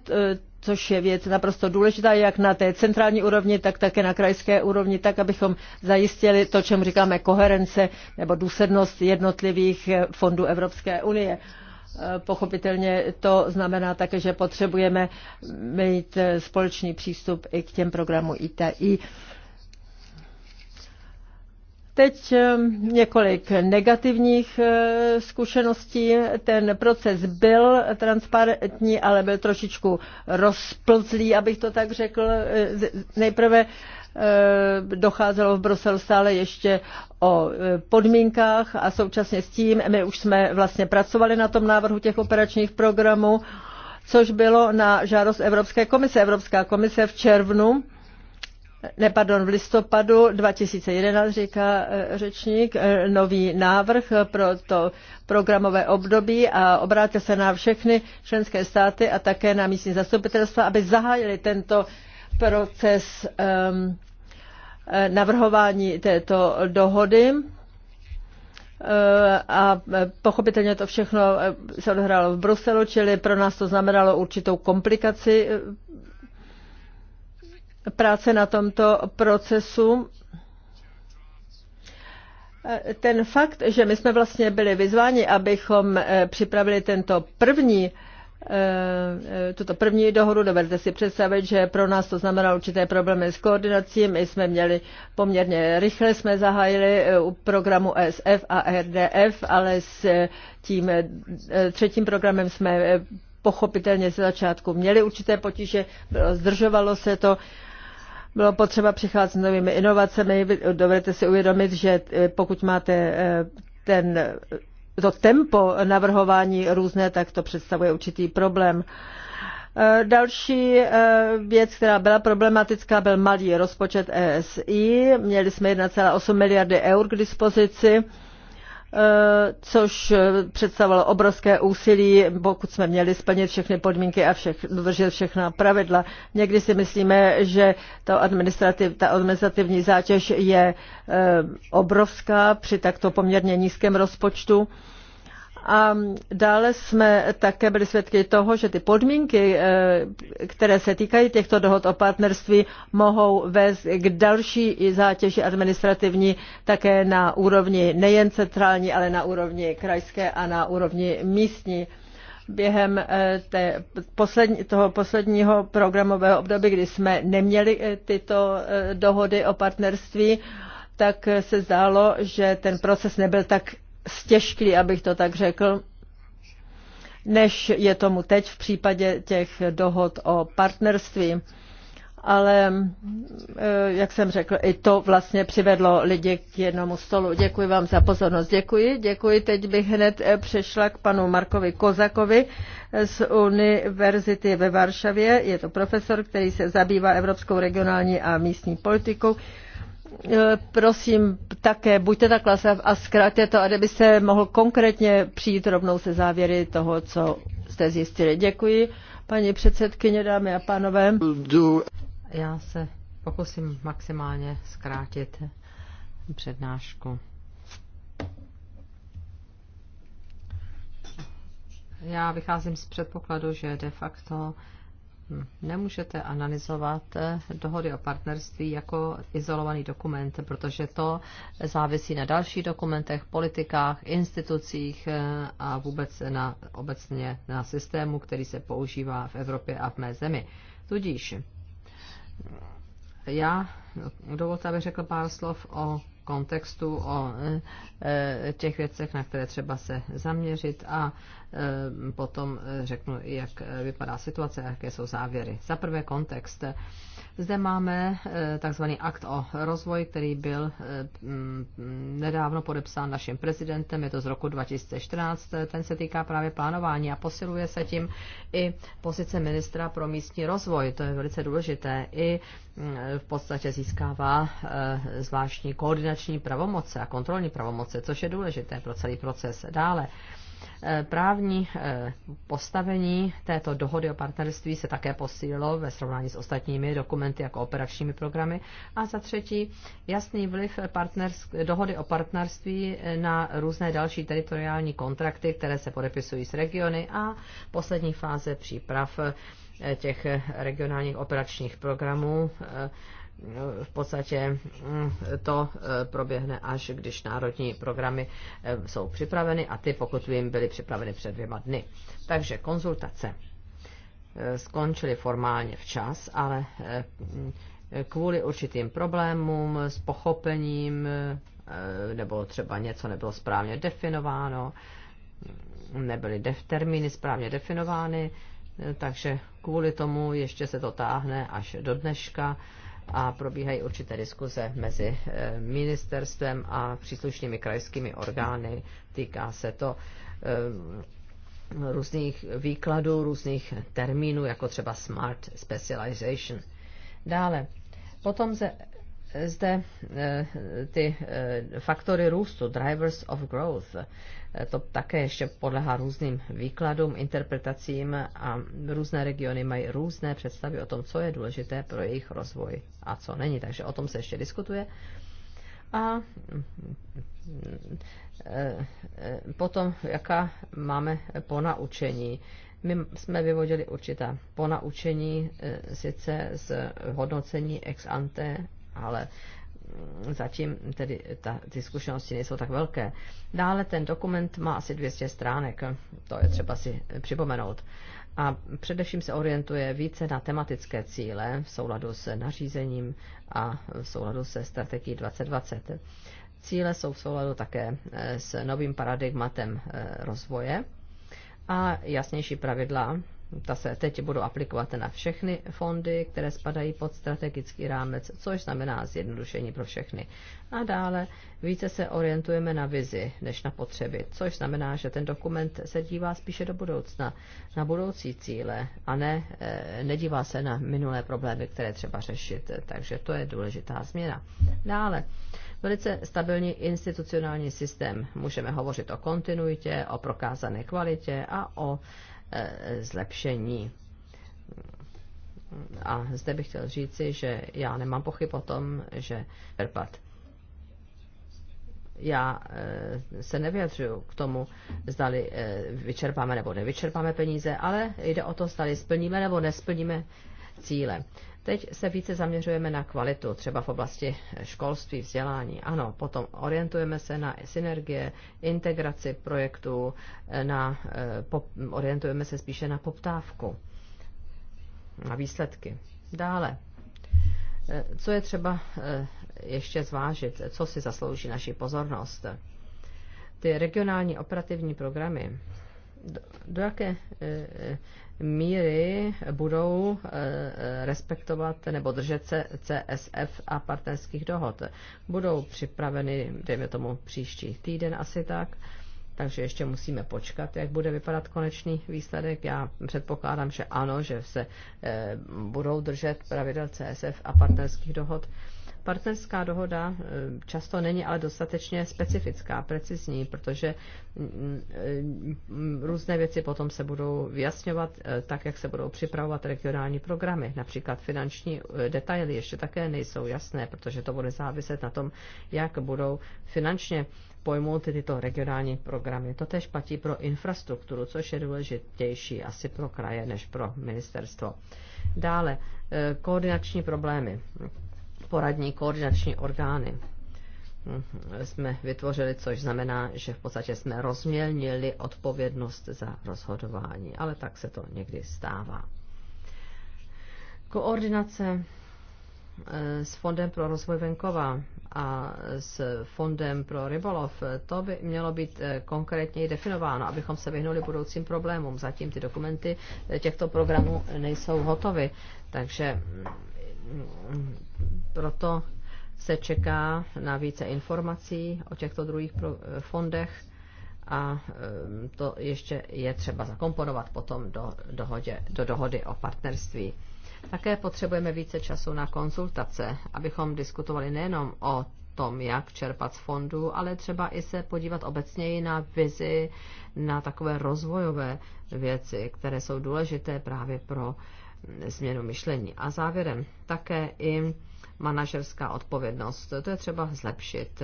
A: což je věc naprosto důležitá, jak na té centrální úrovni, tak také na krajské úrovni, tak abychom zajistili to, čemu říkáme koherence nebo důslednost jednotlivých fondů Evropské unie. Uh, Eh, pochopitelně to znamená také, že potřebujeme mít eh, společný přístup i k těm programům ITI. Teď eh, několik negativních zkušeností. Ten proces byl transparentní, ale byl trošičku rozplzlý, abych to tak řekl. Nejprve Eh, docházelo v Bruselu stále ještě o eh, podmínkách a současně s tím my už jsme vlastně pracovali na tom návrhu těch operačních programů, což bylo na žádost Evropské komise. Evropská komise v červnu ne, pardon, v listopadu 2011, říká eh, řečník, nový návrh pro to programové období a obrátil se na všechny členské státy a také na místní zastupitelstva, aby zahájili tento proces ehm, eh, navrhování této dohody eh, a pochopitelně to všechno eh, se odehrálo v Bruselu, čili pro nás to znamenalo určitou komplikaci práce na tomto procesu. Ten fakt, že my jsme vlastně byli vyzváni, abychom připravili tento první Eh, tuto první dohodu. Dovedete si představit, že pro nás to znamenalo určité problémy s koordinací. My jsme měli poměrně rychle, jsme zahájili eh, u programu ESF a RDF, ale s eh, tím třetím programem jsme pochopitelně ze začátku měli určité potíže, zdržovalo se to. Bylo potřeba přicházet s novými inovacemi. Dovedete si uvědomit, že pokud máte ten to tempo navrhování různé, tak to představuje určitý problém. E, další e, věc, která byla problematická, byl malý rozpočet ESI. Měli jsme 1,8 miliardy eur k dispozici Eh, což eh, představovalo obrovské úsilí, pokud jsme měli splnit všechny podmínky a všech, dodržet všechna pravidla. Někdy si myslíme, že ta, administrativ, ta administrativní zátěž je eh, obrovská při takto poměrně nízkém rozpočtu. A dále jsme také byli svědky toho, že ty podmínky, eh, které se týkají těchto dohod o partnerství, mohou vést k další zátěži administrativní také na úrovni nejen centrální, ale na úrovni krajské a na úrovni místní během eh, té poslední, toho posledního programového období, kdy jsme neměli eh, tyto dohody o partnerství, tak se zdálo, že ten proces nebyl tak stěžkli, abych to tak řekl, než je tomu teď v případě těch dohod o partnerství. Ale, eh, jak jsem řekl, i to vlastně přivedlo lidi k jednomu stolu. Děkuji vám za pozornost. Děkuji, děkuji. Teď bych hned eh, přešla k panu Markovi Kozakovi eh, z Univerzity ve Varšavě. Je to profesor, který se zabývá evropskou regionální a místní politikou. Eh, prosím také buďte tak lasav a zkraťte to, a kdybyste mohl konkrétně přijít rovnou se závěry toho, co jste zjistili. Děkuji, paní předsedkyně, dámy a pánové. Já se pokusím maximálně zkrátit přednášku.
B: Já vycházím z předpokladu, že de facto nemůžete analyzovat eh, dohody o partnerství jako izolovaný dokument, protože to závisí na dalších dokumentech, politikách, institucích eh, a vůbec na, obecně na systému, který se používá v Evropě a v mé zemi. Tudíž já dovolte, abych řekl pár slov o kontextu, o e, e, těch věcech, na které třeba se zaměřit a e, potom řeknu, jak vypadá situace a jaké jsou závěry. Za prvé kontext. Zde máme eh, takzvaný akt o rozvoji, který byl eh, mm, nedávno podepsán naším prezidentem, je to z roku 2014. Ten se týká právě plánování a posiluje se tím i pozice ministra pro místní rozvoj. To je velice důležité. I mm, v podstatě získává eh, zvláštní koordinační pravomoce a kontrolní pravomoce, což je důležité pro celý proces. Dále Eh, právní eh, postavení této dohody o partnerství se také posílilo ve srovnání s ostatními dokumenty jako operačními programy. A za třetí, jasný vliv dohody o partnerství eh, na různé další teritoriální kontrakty, které se podepisují s regiony a poslední fáze příprav těch regionálních operačních programů v podstatě mm, to e, proběhne až když národní programy e, jsou připraveny a ty, pokud vím, byly připraveny před dvěma dny. Takže konzultace e, skončily formálně včas, ale mm, kvůli určitým problémům s pochopením nebo třeba něco nebylo správně definováno, nebyly def- termíny správně definovány, takže kvůli tomu ještě se to táhne až do dneška a probíhají určité diskuze mezi eh, ministerstvem a příslušnými krajskými orgány. Týká se to eh, různých výkladů, různých termínů, jako třeba smart specialization. Dále, potom se zde eh, ty eh, faktory růstu, drivers of growth, eh, to také ještě podlehá různým výkladům, interpretacím a různé regiony mají různé představy o tom, co je důležité pro jejich rozvoj a co není. Takže o tom se ještě diskutuje. A potom, jaká máme ponaučení. My jsme vyvodili určitá ponaučení sice z hodnocení ex ante ale mm, zatím tedy ta, ty zkušenosti nejsou tak velké. Dále ten dokument má asi 200 stránek, to je třeba si připomenout. A především se orientuje více na tematické cíle v souladu s nařízením a v souladu se strategií 2020. Cíle jsou v souladu také eh, s novým paradigmatem eh, rozvoje a jasnější pravidla ta se teď budou aplikovat na všechny fondy, které spadají pod strategický rámec, což znamená zjednodušení pro všechny. A dále více se orientujeme na vizi než na potřeby, což znamená, že ten dokument se dívá spíše do budoucna, na budoucí cíle a ne, eh, nedívá se na minulé problémy, které třeba řešit. Takže to je důležitá změna. Dále velice stabilní institucionální systém. Můžeme hovořit o kontinuitě, o prokázané kvalitě a o Eh, zlepšení. A zde bych chtěl říci, že já nemám pochyb o tom, že Verpat já eh, se nevyjadřuju k tomu, zdali eh, vyčerpáme nebo nevyčerpáme peníze, ale jde o to, zdali splníme nebo nesplníme cíle. Teď se více zaměřujeme na kvalitu, třeba v oblasti školství, vzdělání. Ano, potom orientujeme se na synergie, integraci projektů, eh, na, eh, pop, orientujeme se spíše na poptávku, na výsledky. Dále, eh, co je třeba ještě zvážit, co si zaslouží naši pozornost? Ty regionální operativní programy, do, do jaké míry budou eh, eh, respektovat nebo držet se CSF a partnerských dohod. Budou připraveny, dejme tomu, příští týden asi tak, takže ještě musíme počkat, jak bude vypadat konečný výsledek. Já předpokládám, že ano, že se eh, budou držet pravidel CSF a partnerských dohod. Partnerská dohoda eh, často není ale dostatečně specifická, precizní, protože mm, mm, mm, různé věci potom se budou vyjasňovat eh, tak, jak se budou připravovat regionální programy. Například finanční eh, detaily ještě také nejsou jasné, protože to bude záviset na tom, jak budou finančně pojmout tyto regionální programy. To tež platí pro infrastrukturu, což je důležitější asi pro kraje než pro ministerstvo. Dále, koordinační problémy poradní koordinační orgány mhm, jsme vytvořili, což znamená, že v podstatě jsme rozmělnili odpovědnost za rozhodování, ale tak se to někdy stává. Koordinace eh, s Fondem pro rozvoj venkova a s Fondem pro rybolov, to by mělo být eh, konkrétně definováno, abychom se vyhnuli budoucím problémům. Zatím ty dokumenty eh, těchto programů nejsou hotovy, takže mm, proto se čeká na více informací o těchto druhých fondech a to ještě je třeba zakomponovat potom do, dohodě, do dohody o partnerství. Také potřebujeme více času na konzultace, abychom diskutovali nejenom o tom, jak čerpat z fondů, ale třeba i se podívat obecněji na vizi, na takové rozvojové věci, které jsou důležité právě pro změnu myšlení. A závěrem také i manažerská odpovědnost. To je třeba zlepšit.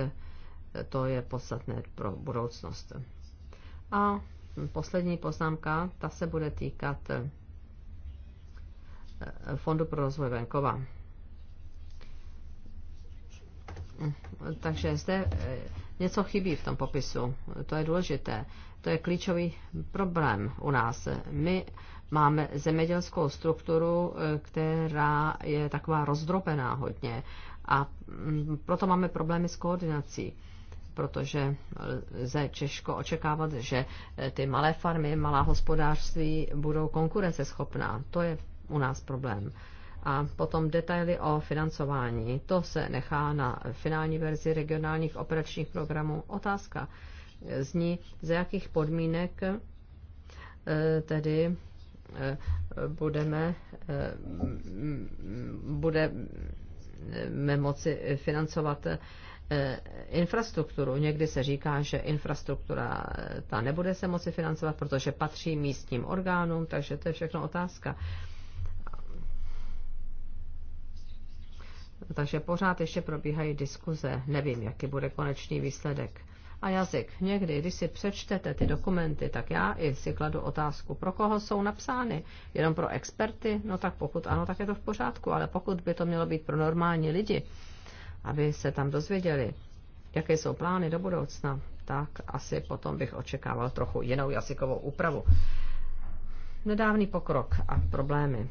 B: To je podstatné pro budoucnost. A poslední poznámka, ta se bude týkat eh, Fondu pro rozvoj venkova. Takže zde eh, něco chybí v tom popisu. To je důležité. To je klíčový problém u nás. My máme zemědělskou strukturu, eh, která je taková rozdrobená hodně a mm, proto máme problémy s koordinací protože eh, lze Češko očekávat, že eh, ty malé farmy, malá hospodářství budou konkurenceschopná. To je u nás problém. A potom detaily o financování. To se nechá na finální verzi regionálních operačních programů. Otázka zní, za jakých podmínek tedy Eh, budeme, eh, budeme moci financovat eh, infrastrukturu. Někdy se říká, že infrastruktura ta nebude se moci financovat, protože patří místním orgánům, takže to je všechno otázka. Takže pořád ještě probíhají diskuze. Nevím, jaký bude konečný výsledek a jazyk. Někdy, když si přečtete ty dokumenty, tak já i si kladu otázku, pro koho jsou napsány. Jenom pro experty? No tak pokud ano, tak je to v pořádku, ale pokud by to mělo být pro normální lidi, aby se tam dozvěděli, jaké jsou plány do budoucna, tak asi potom bych očekával trochu jinou jazykovou úpravu. Nedávný pokrok a problémy.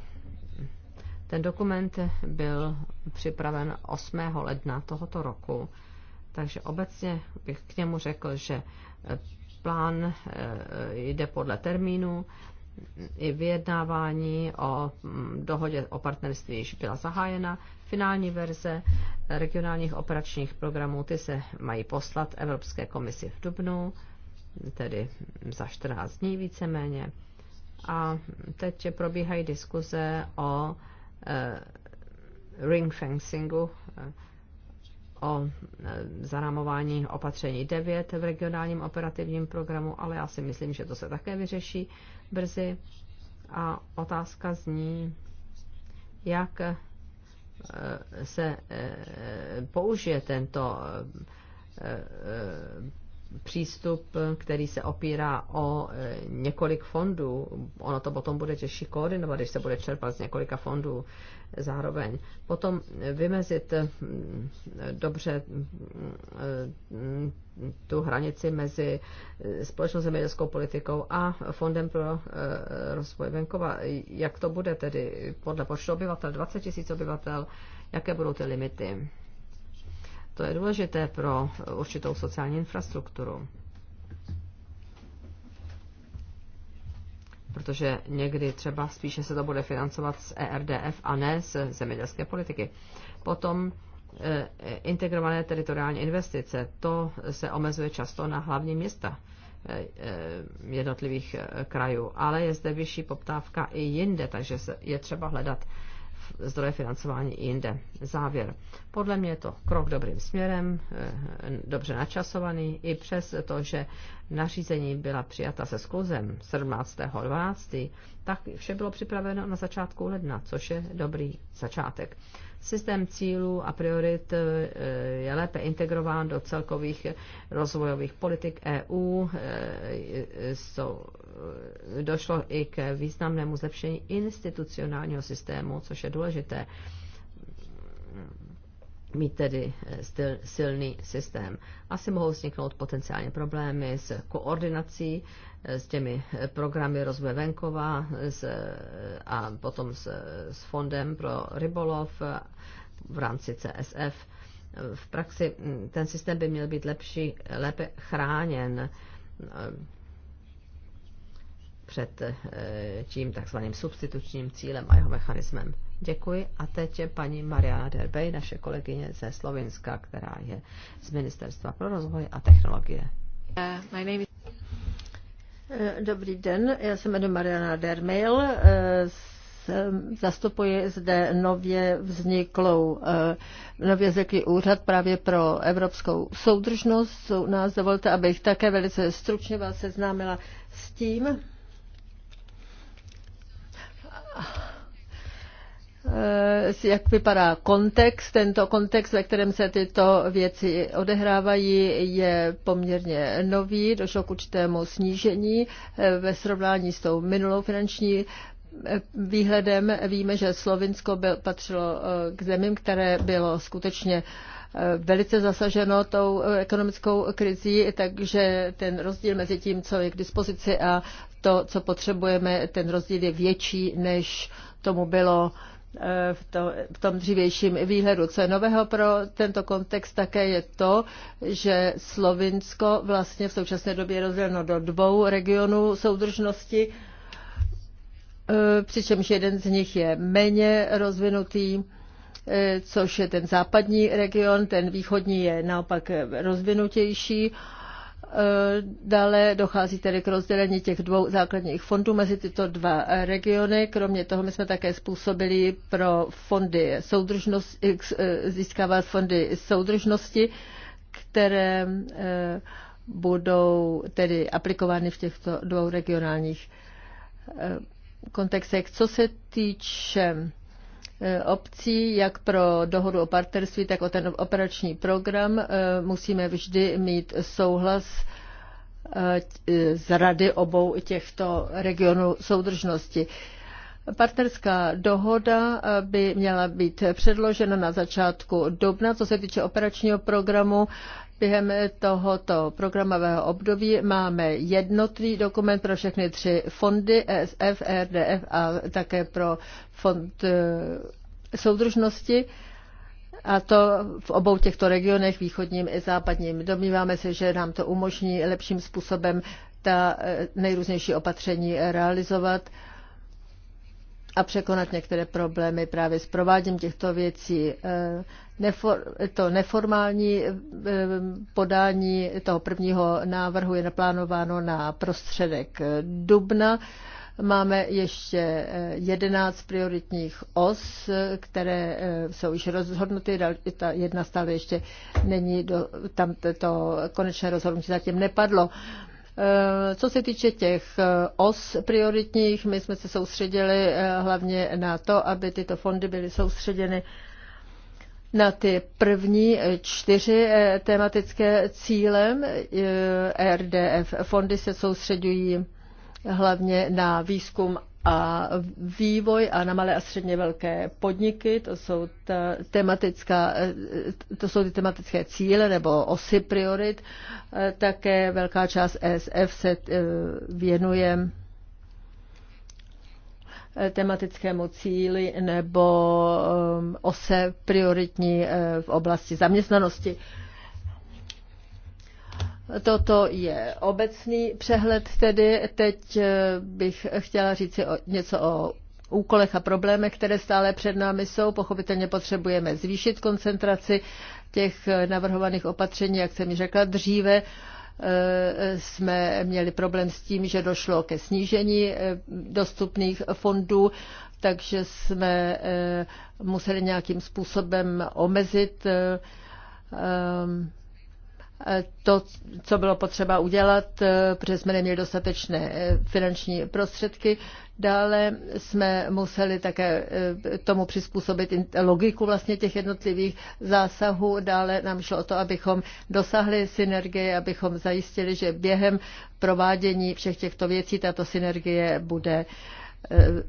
B: Ten dokument byl připraven 8. ledna tohoto roku takže obecně bych k němu řekl, že eh, plán eh, jde podle termínu, i vyjednávání o mm, dohodě o partnerství již byla zahájena. Finální verze regionálních operačních programů, ty se mají poslat Evropské komisi v Dubnu, tedy za 14 dní víceméně. A teď probíhají diskuze o eh, ring fencingu, o e, zarámování opatření 9 v regionálním operativním programu, ale já si myslím, že to se také vyřeší brzy. A otázka zní, jak e, se e, použije tento přístup, který se opírá o několik fondů. Ono to potom bude těžší koordinovat, když se bude čerpat z několika fondů zároveň. Potom vymezit mm, dobře mm, tu hranici mezi společnou zemědělskou politikou a Fondem pro eh, rozvoj venkova. Jak to bude tedy podle počtu obyvatel, 20 000 obyvatel, jaké budou ty limity? To je důležité pro určitou sociální infrastrukturu. protože někdy třeba spíše se to bude financovat z ERDF a ne z zemědělské politiky. Potom eh, integrované teritoriální investice, to se omezuje často na hlavní města eh, jednotlivých eh, krajů, ale je zde vyšší poptávka i jinde, takže je třeba hledat zdroje financování i jinde. Závěr. Podle mě je to krok dobrým směrem, eh, dobře načasovaný, i přes to, že nařízení byla přijata se skluzem 17.12., tak vše bylo připraveno na začátku ledna, což je dobrý začátek. Systém cílů a priorit eh, je lépe integrován do celkových rozvojových politik EU. Eh, eh, došlo i k významnému zlepšení institucionálního systému, což je důležité mít tedy eh, styl, silný systém. Asi mohou vzniknout potenciálně problémy s koordinací, eh, s těmi eh, programy rozvoje venkova s, a potom s, s fondem pro rybolov v rámci CSF. V praxi hm, ten systém by měl být lepší, lépe chráněn před tím takzvaným substitučním cílem a jeho mechanismem. Děkuji. A teď je paní Mariana Derbej, naše kolegyně ze Slovenska, která je z Ministerstva pro rozvoj a technologie.
A: Eh, dobrý den, já se jmenuji Mariana Dermail, eh, zastupuji zde nově vzniklou, eh, nově vzniklý úřad právě pro evropskou soudržnost. U nás dovolte, abych také velice stručně vás seznámila s tím, Eh, jak vypadá kontext. Tento kontext, ve kterém se tyto věci odehrávají, je poměrně nový. Došlo k určitému snížení eh, ve srovnání s tou minulou finanční eh, výhledem. Víme, že Slovinsko byl, patřilo k zemím, které bylo skutečně velice zasaženo tou ekonomickou krizí, takže ten rozdíl mezi tím, co je k dispozici a to, co potřebujeme, ten rozdíl je větší, než tomu bylo v, to, v tom dřívějším výhledu. Co je nového pro tento kontext také je to, že Slovinsko vlastně v současné době je rozděleno do dvou regionů soudržnosti, e, přičemž jeden z nich je méně rozvinutý e, což je ten západní region, ten východní je naopak rozvinutější Eh, dále dochází tedy k rozdělení těch dvou základních fondů mezi tyto dva regiony. Kromě toho my jsme také způsobili pro fondy soudržnosti, eh, eh, získávat fondy soudržnosti, které budou tedy aplikovány v těchto dvou regionálních kontextech. Co se týče E, obcí, jak pro dohodu o partnerství, tak o ten operační program, e, musíme vždy mít souhlas e, z rady obou těchto regionů soudržnosti. Partnerská dohoda by měla být předložena na začátku dubna. Co se týče operačního programu, Během tohoto programového období máme jednotný dokument pro všechny tři fondy, ESF, e RDF a také pro fond e, soudržnosti a to v obou těchto regionech, východním i západním. Domníváme se, že nám to umožní lepším způsobem ta e, nejrůznější opatření realizovat a překonat některé problémy právě s prováděním těchto věcí nefor, to neformální eh, podání toho prvního návrhu je naplánováno na prostředek dubna. Máme ještě 11 eh, prioritních os, které eh, jsou již rozhodnuty, ta jedna stále ještě není, do, tam to konečné rozhodnutí zatím nepadlo. Co se týče těch os prioritních, my jsme se soustředili hlavně na to, aby tyto fondy byly soustředěny na ty první čtyři eh, tematické cíle. Eh, RDF fondy se soustředují hlavně na výzkum a vývoj a na malé a středně velké podniky, to jsou, ta tematická, eh, to jsou ty tematické cíle nebo osy priorit. Také velká část ESF se věnuje Eh, tematickému cíli nebo ehm, ose prioritní eh, v oblasti zaměstnanosti. Toto je obecný přehled tedy. Teď eh, bych chtěla říct něco o úkolech a problémech, které stále před námi jsou. Pochopitelně potřebujeme zvýšit koncentraci těch navrhovaných opatření, jak jsem ji řekla dříve. Eh, jsme měli problém s tím, že došlo ke snížení eh, dostupných fondů, takže jsme eh, museli nějakým způsobem omezit ehm, to, co bylo potřeba udělat, eh, protože jsme neměli dostatečné eh, finanční prostředky. Dále jsme museli také eh, tomu přizpůsobit logiku vlastně těch jednotlivých zásahů. Dále nám šlo o to, abychom dosáhli synergie, abychom zajistili, že během provádění všech těchto věcí tato synergie bude uh, Eh,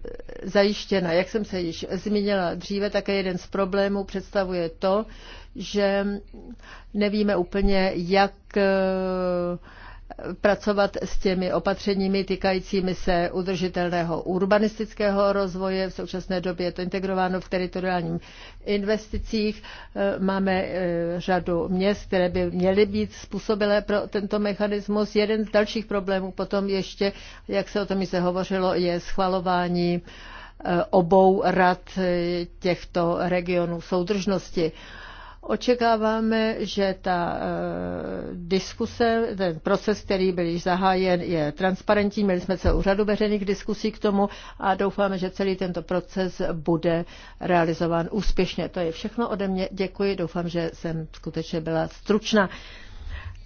A: zajištěna. Jak jsem se již zmínila dříve, také jeden z problémů představuje to, že nevíme úplně, jak eh, pracovat s těmi opatřeními týkajícími se udržitelného urbanistického rozvoje. V současné době je to integrováno v teritoriálním investicích. Eh, máme eh, řadu měst, které by měly být způsobilé pro tento mechanismus. Jeden z dalších problémů potom ještě, jak se o tom se hovořilo, je schvalování eh, obou rad těchto regionů soudržnosti. Očekáváme, že ta eh, diskuse, ten proces, který byl již zahájen, je transparentní. Měli jsme celou řadu veřejných diskusí k tomu a doufáme, že celý tento proces bude realizován úspěšně. To je všechno ode mě. Děkuji. Doufám, že jsem skutečně byla stručná.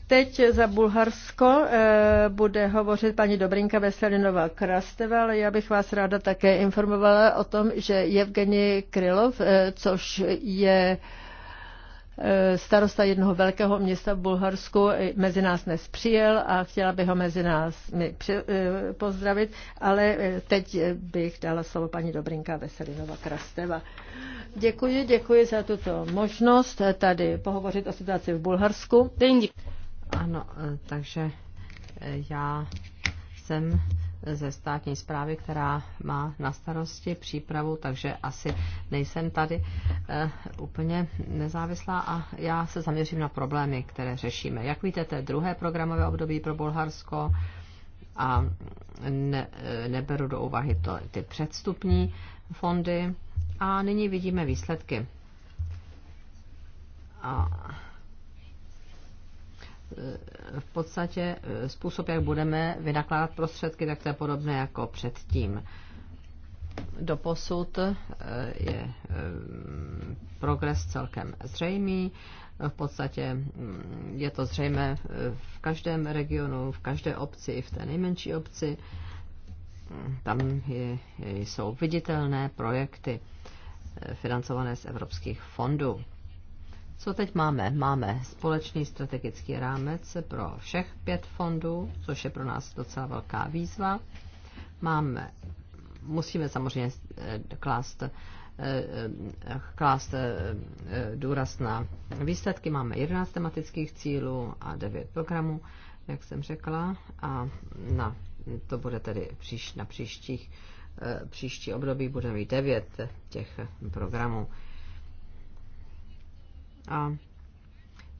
A: Teď za Bulharsko eh, bude hovořit paní Dobrinka Veselinová Krasteva, ale já bych vás ráda také informovala o tom, že Evgeni Krylov, eh, což je Eh, starosta jednoho velkého města v Bulharsku mezi nás dnes přijel a chtěla bych ho mezi nás eh, pozdravit, ale eh, teď bych dala slovo paní Dobrinka Veselinova Krasteva. Děkuji, děkuji za tuto možnost tady pohovořit o situaci v Bulharsku. Ano, takže
B: já jsem ze státní zprávy, která má na starosti přípravu, takže asi nejsem tady eh, úplně nezávislá a já se zaměřím na problémy, které řešíme. Jak víte, to je druhé programové období pro Bulharsko a ne, eh, neberu do úvahy to, ty předstupní fondy. A nyní vidíme výsledky. A Eh, v podstatě eh, způsob, jak budeme vynakládat prostředky, tak to je podobné jako předtím. Doposud eh, je progres celkem zřejmý. V podstatě mm, je to zřejmé v každém regionu, v každé obci, i v té nejmenší obci. Mm, tam je, jsou viditelné projekty financované z evropských fondů. Co teď máme? Máme společný strategický rámec pro všech pět fondů, což je pro nás docela velká výzva. Máme, musíme samozřejmě eh, klást eh, eh, klást důraz na výsledky. Máme 11 tematických cílů a 9 programů, jak jsem řekla, a na, to bude tedy příš, na příštích, příští období bude mít 9 těch programů. A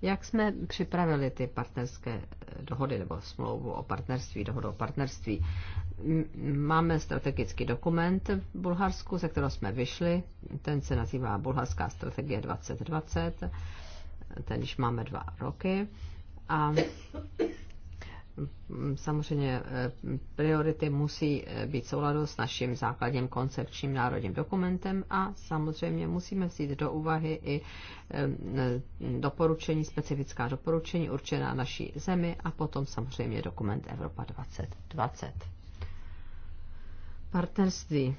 B: jak jsme připravili ty partnerské dohody nebo smlouvu o partnerství, dohodu o partnerství? Máme strategický dokument v Bulharsku, ze kterého jsme vyšli. Ten se nazývá Bulharská strategie 2020. Ten již máme dva roky. A Mm, samozřejmě eh, priority musí eh, být souladu s naším základním koncepčním národním dokumentem a samozřejmě musíme vzít do úvahy i eh, mm, doporučení, specifická doporučení určená naší zemi a potom samozřejmě dokument Evropa 2020. Partnerství.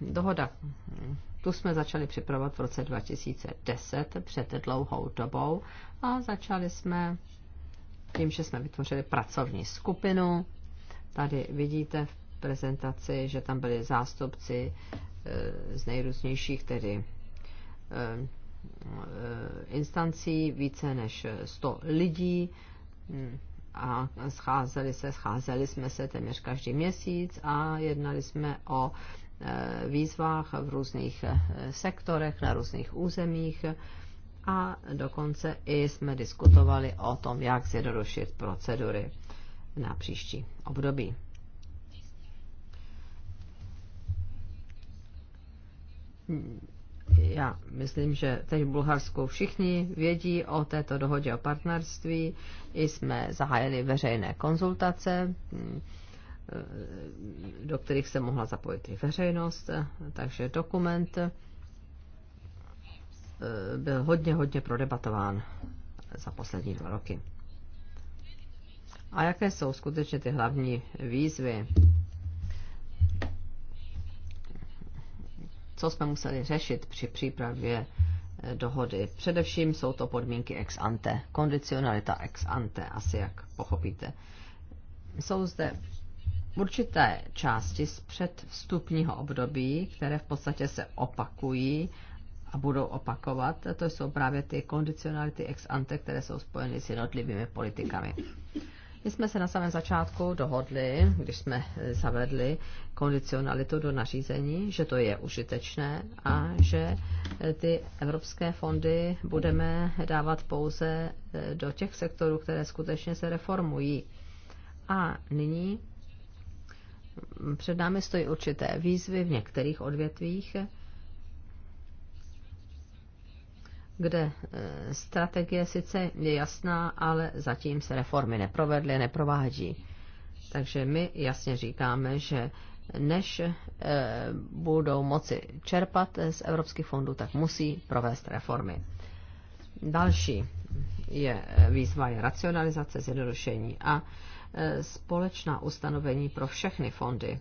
B: Dohoda. Tu jsme začali připravovat v roce 2010 před dlouhou dobou a začali jsme tím, že jsme vytvořili pracovní skupinu. Tady vidíte v prezentaci, že tam byli zástupci eh, z nejrůznějších tedy eh, eh, instancí, více než 100 lidí a scházeli se, scházeli jsme se téměř každý měsíc a jednali jsme o výzvách v různých sektorech, na různých územích a dokonce i jsme diskutovali o tom, jak zjednodušit procedury na příští období. Já myslím, že teď v Bulharsku všichni vědí o této dohodě o partnerství. I jsme zahájili veřejné konzultace, do kterých se mohla zapojit i veřejnost. Takže dokument Eh, byl hodně, hodně prodebatován za poslední dva roky. A jaké jsou skutečně ty hlavní výzvy? Co jsme museli řešit při přípravě eh, dohody? Především jsou to podmínky ex ante, kondicionalita ex ante, asi jak pochopíte. Jsou zde určité části z předvstupního období, které v podstatě se opakují a budou opakovat, to jsou právě ty kondicionality ex ante, které jsou spojeny s jednotlivými politikami. My jsme se na samém začátku dohodli, když jsme zavedli kondicionalitu do nařízení, že to je užitečné a že ty evropské fondy budeme dávat pouze eh, do těch sektorů, které skutečně se reformují. A nyní mm, před námi stojí určité výzvy v některých odvětvích, kde e, strategie sice je jasná, ale zatím se reformy neprovedly, neprovádí. Takže my jasně říkáme, že než e, budou moci čerpat z evropských fondů, tak musí provést reformy. Další je výzva je racionalizace, zjednodušení a e, společná ustanovení pro všechny fondy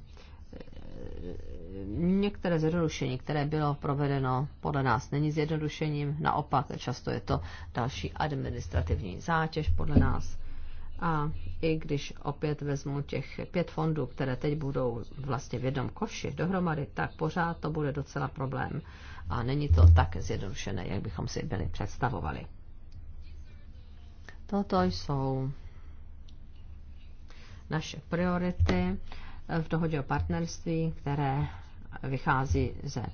B: některé zjednodušení, které bylo provedeno, podle nás není zjednodušením, naopak často je to další administrativní zátěž podle nás. A i když opět vezmu těch pět fondů, které teď budou vlastně v jednom koši dohromady, tak pořád to bude docela problém. A není to tak zjednodušené, jak bychom si byli představovali. Toto jsou naše priority v dohodě o partnerství, které vychází ze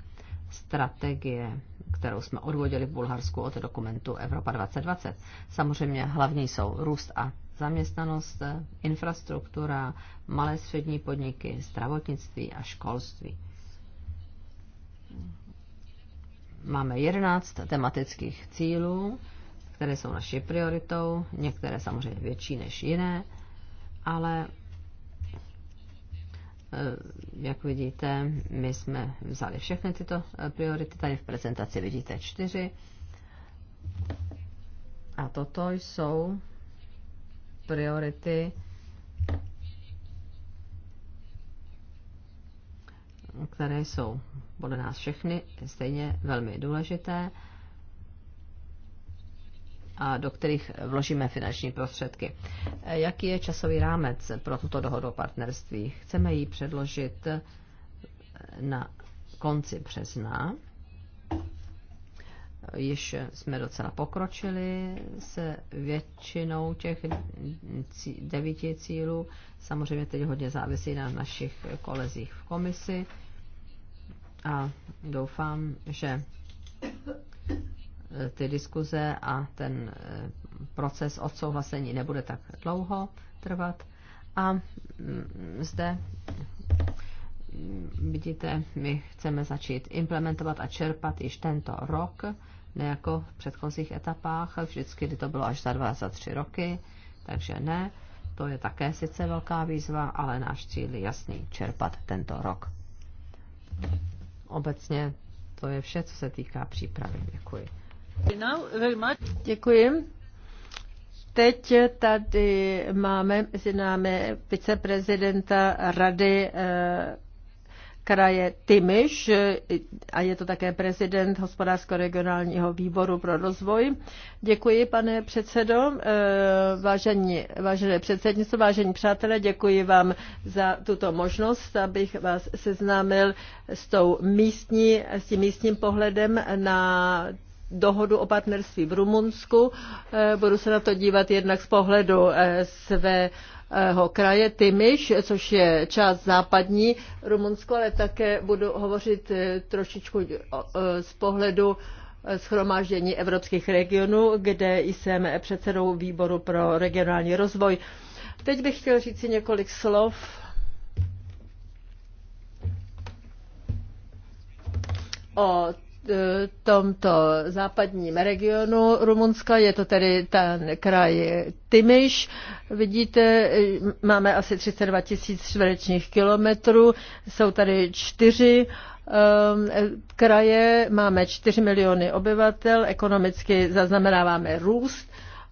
B: strategie, kterou jsme odvodili v Bulharsku od dokumentu Evropa 2020. Samozřejmě hlavní jsou růst a zaměstnanost, infrastruktura, malé střední podniky, zdravotnictví a školství. Máme 11 tematických cílů, které jsou naší prioritou, některé samozřejmě větší než jiné, ale Eh, jak vidíte, my jsme vzali všechny tyto eh, priority. Tady v prezentaci vidíte čtyři. A toto jsou priority, které jsou podle nás všechny stejně velmi důležité a do kterých vložíme finanční prostředky. Jaký je časový rámec pro tuto dohodu o partnerství? Chceme ji předložit na konci března. Již jsme docela pokročili se většinou těch devíti cílů. Samozřejmě teď hodně závisí na našich kolezích v komisi a doufám, že ty diskuze a ten eh, proces odsouhlasení nebude tak dlouho trvat. A mm, zde mm, vidíte, my chceme začít implementovat a čerpat již tento rok, ne jako v předchozích etapách, vždycky kdy to bylo až za dva, za tři roky, takže ne. To je také sice velká výzva, ale náš cíl je jasný, čerpat tento rok. Obecně to je vše, co se týká přípravy. Děkuji.
A: Děkuji. Teď tady máme mezi námi viceprezidenta Rady eh, kraje Tymiš a je to také prezident hospodářsko-regionálního výboru pro rozvoj. Děkuji, pane předsedo, eh, vážení, vážené předsednictvo, vážení přátelé, děkuji vám za tuto možnost, abych vás seznámil s, tou místní, s tím místním pohledem na dohodu o partnerství v Rumunsku. Eh, budu se na to dívat jednak z pohledu eh, svého kraje Tymiš, což je část západní Rumunsko, ale také budu hovořit eh, trošičku z pohledu schromáždění evropských regionů, kde jsem předsedou výboru pro regionální rozvoj. Teď bych chtěl říct si několik slov o tomto západním regionu Rumunska, je to tedy ten kraj Timiš. Vidíte, máme asi 32 tisíc čtverečních kilometrů, jsou tady čtyři um, kraje, máme 4 miliony obyvatel, ekonomicky zaznamenáváme růst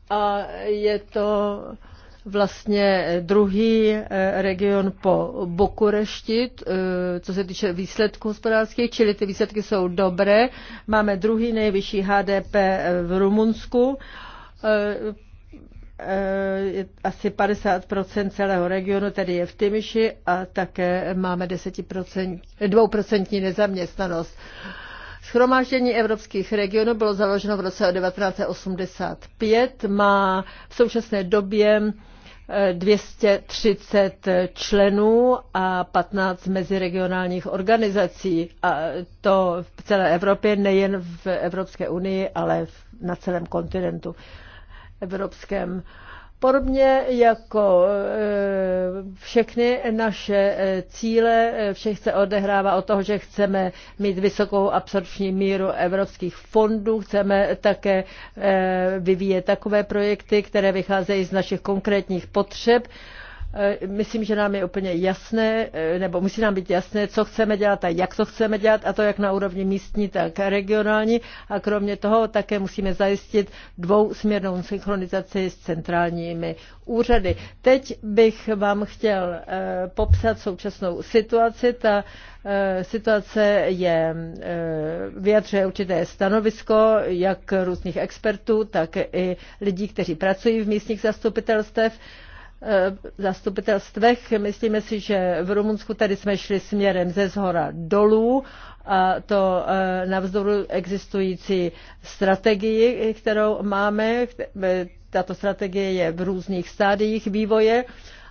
A: a je to vlastně druhý eh, region po Bukurešti, eh, co se týče výsledků hospodářských, čili ty výsledky jsou dobré. Máme druhý nejvyšší HDP eh, v Rumunsku, asi 50% celého regionu, tedy je v Tymiši a také máme 10%, 2% nezaměstnanost. Schromáždění evropských regionů bylo založeno v roce 1985, má v současné době 230 členů a 15 meziregionálních organizací. A to v celé Evropě, nejen v Evropské unii, ale na celém kontinentu evropském. Podobně jako eh, všechny naše eh, cíle, eh, všech se odehrává o toho, že chceme mít vysokou absorpční míru evropských fondů, chceme také vyvíjet takové projekty, které vycházejí z našich konkrétních potřeb. Eh, myslím, že nám je úplně jasné, eh, nebo musí nám být jasné, co chceme dělat a jak to chceme dělat, a to jak na úrovni místní, tak regionální. A kromě toho také musíme zajistit dvousměrnou synchronizaci s centrálními úřady. Teď bych vám chtěl eh, popsat současnou situaci. Ta situace je, vyjadřuje určité stanovisko jak různých expertů, tak i lidí, kteří pracují v místních zastupitelstvech. Eh, zastupitelstvech. Myslíme si, že v Rumunsku tady jsme šli směrem ze zhora dolů a to eh, navzdory existující strategii, kterou máme. Tato strategie je v různých stádiích vývoje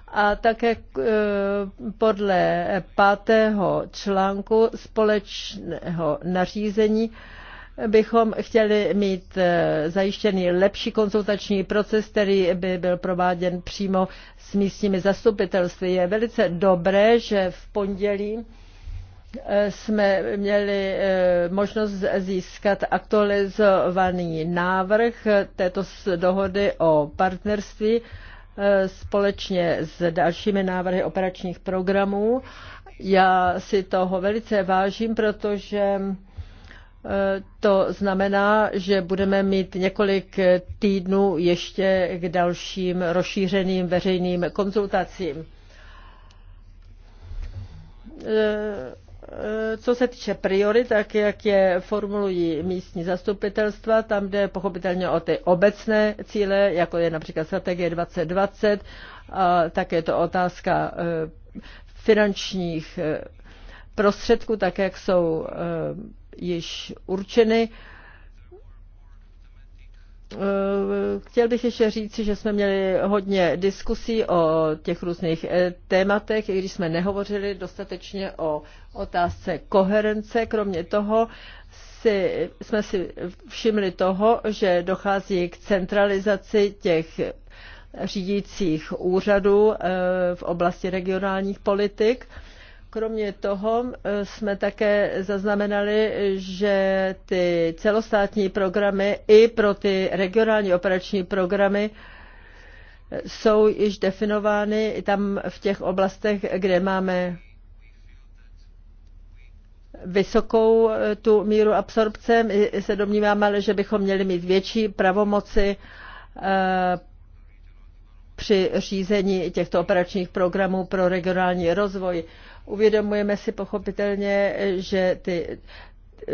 A: a také eh, podle pátého článku společného nařízení bychom chtěli mít eh, zajištěný lepší konzultační proces, který by byl prováděn přímo s místními zastupitelství. Je velice dobré, že v pondělí eh, jsme měli eh, možnost získat aktualizovaný návrh této dohody o partnerství společně s dalšími návrhy operačních programů. Já si toho velice vážím, protože to znamená, že budeme mít několik týdnů ještě k dalším rozšířeným veřejným konzultacím. Eh, co se týče priorit, tak jak je formulují místní zastupitelstva, tam jde pochopitelně o ty obecné cíle, jako je například strategie 2020, a tak je to otázka eh, finančních eh, prostředků, tak jak jsou již určeny. Eh, chtěl bych ještě říci, že jsme měli hodně diskusí o těch různých eh, tématech, i když jsme nehovořili dostatečně o otázce koherence. Kromě toho si, jsme si všimli toho, že dochází k centralizaci těch řídících úřadů eh, v oblasti regionálních politik. Kromě toho eh, jsme také zaznamenali, že ty celostátní programy i pro ty regionální operační programy eh, jsou již definovány i tam v těch oblastech, kde máme vysokou eh, tu míru absorpce. My se domníváme, ale že bychom měli mít větší pravomoci při řízení těchto operačních programů pro regionální rozvoj. Uvědomujeme si pochopitelně, že ty eh,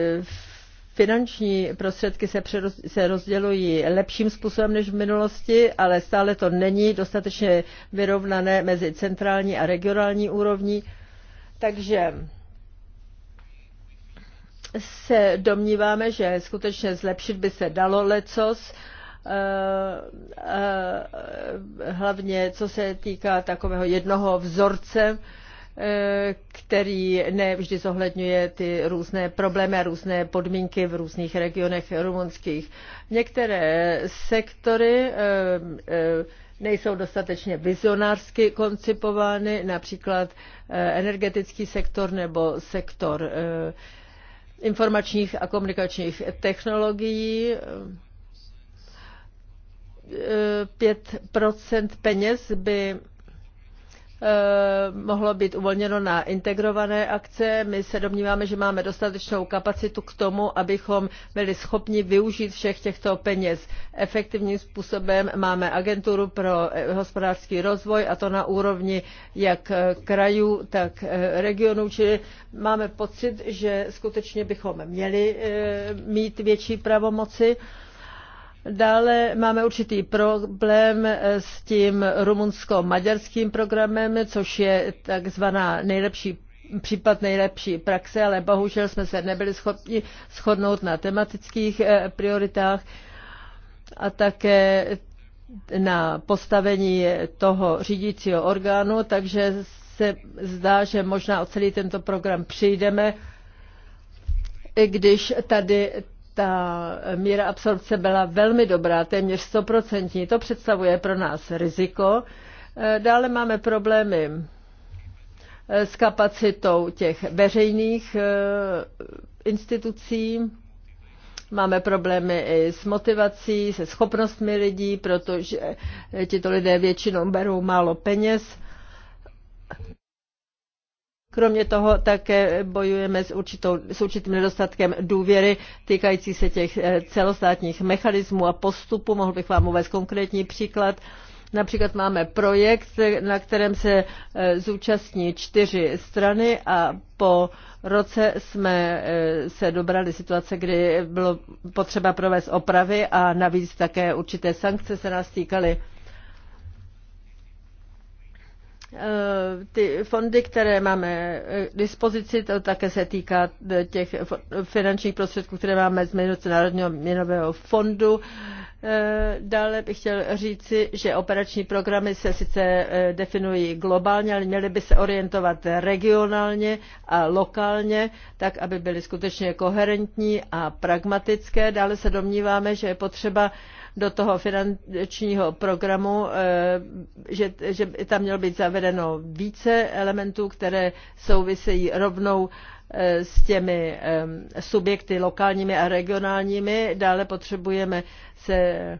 A: finanční prostředky se, přeroz, se rozdělují lepším způsobem než v minulosti, ale stále to není dostatečně vyrovnané mezi centrální a regionální úrovní. Takže se domníváme, že skutečně zlepšit by se dalo lecos, eh, eh, hlavně co se týká takového jednoho vzorce, který nevždy zohledňuje ty různé problémy a různé podmínky v různých regionech rumunských. Některé sektory eh, eh, nejsou dostatečně vizionářsky koncipovány, například eh, energetický sektor nebo sektor informačních a komunikačních technologií. 5 peněz by Eh, mohlo být uvolněno na integrované akce. My se domníváme, že máme dostatečnou kapacitu k tomu, abychom byli schopni využít všech těchto peněz efektivním způsobem. Máme agenturu pro eh, hospodářský rozvoj a to na úrovni jak eh, krajů, tak regionů, čili máme pocit, že skutečně bychom měli mít větší pravomoci. Dále máme určitý problém s tím rumunsko-maďarským programem, což je takzvaná nejlepší případ nejlepší praxe, ale bohužel jsme se nebyli schopni shodnout na tematických eh, prioritách a také na postavení toho řídícího orgánu, takže se zdá, že možná o celý tento program přijdeme, i když tady ta míra absorpce byla velmi dobrá, téměř 100%. To představuje pro nás riziko. Eh, dále máme problémy eh, s kapacitou těch veřejných eh, institucí. Máme problémy i s motivací, se schopnostmi lidí, protože tito lidé většinou berou málo peněz Kromě toho také bojujeme s, určitou, s určitým nedostatkem důvěry týkající se těch eh, celostátních mechanismů a postupů. Mohl bych vám uvést konkrétní příklad. Například máme projekt, na kterém se eh, zúčastní čtyři strany a po roce jsme eh, se dobrali situace, kdy bylo potřeba provést opravy a navíc také určité sankce se nás týkaly. Eh, ty fondy, které máme eh, k dispozici, to také se týká eh, těch finančních prostředků, které máme z Mezinárodního měnového fondu. Dále bych chtěl říci, že operační programy se sice definují globálně, ale měly by se orientovat regionálně a lokálně, tak aby byly skutečně koherentní a pragmatické. Dále se domníváme, že je potřeba do toho finančního programu, eh, že, že tam mělo být zavedeno více elementů, které souvisejí rovnou eh, s těmi eh, subjekty lokálními a regionálními. Dále potřebujeme se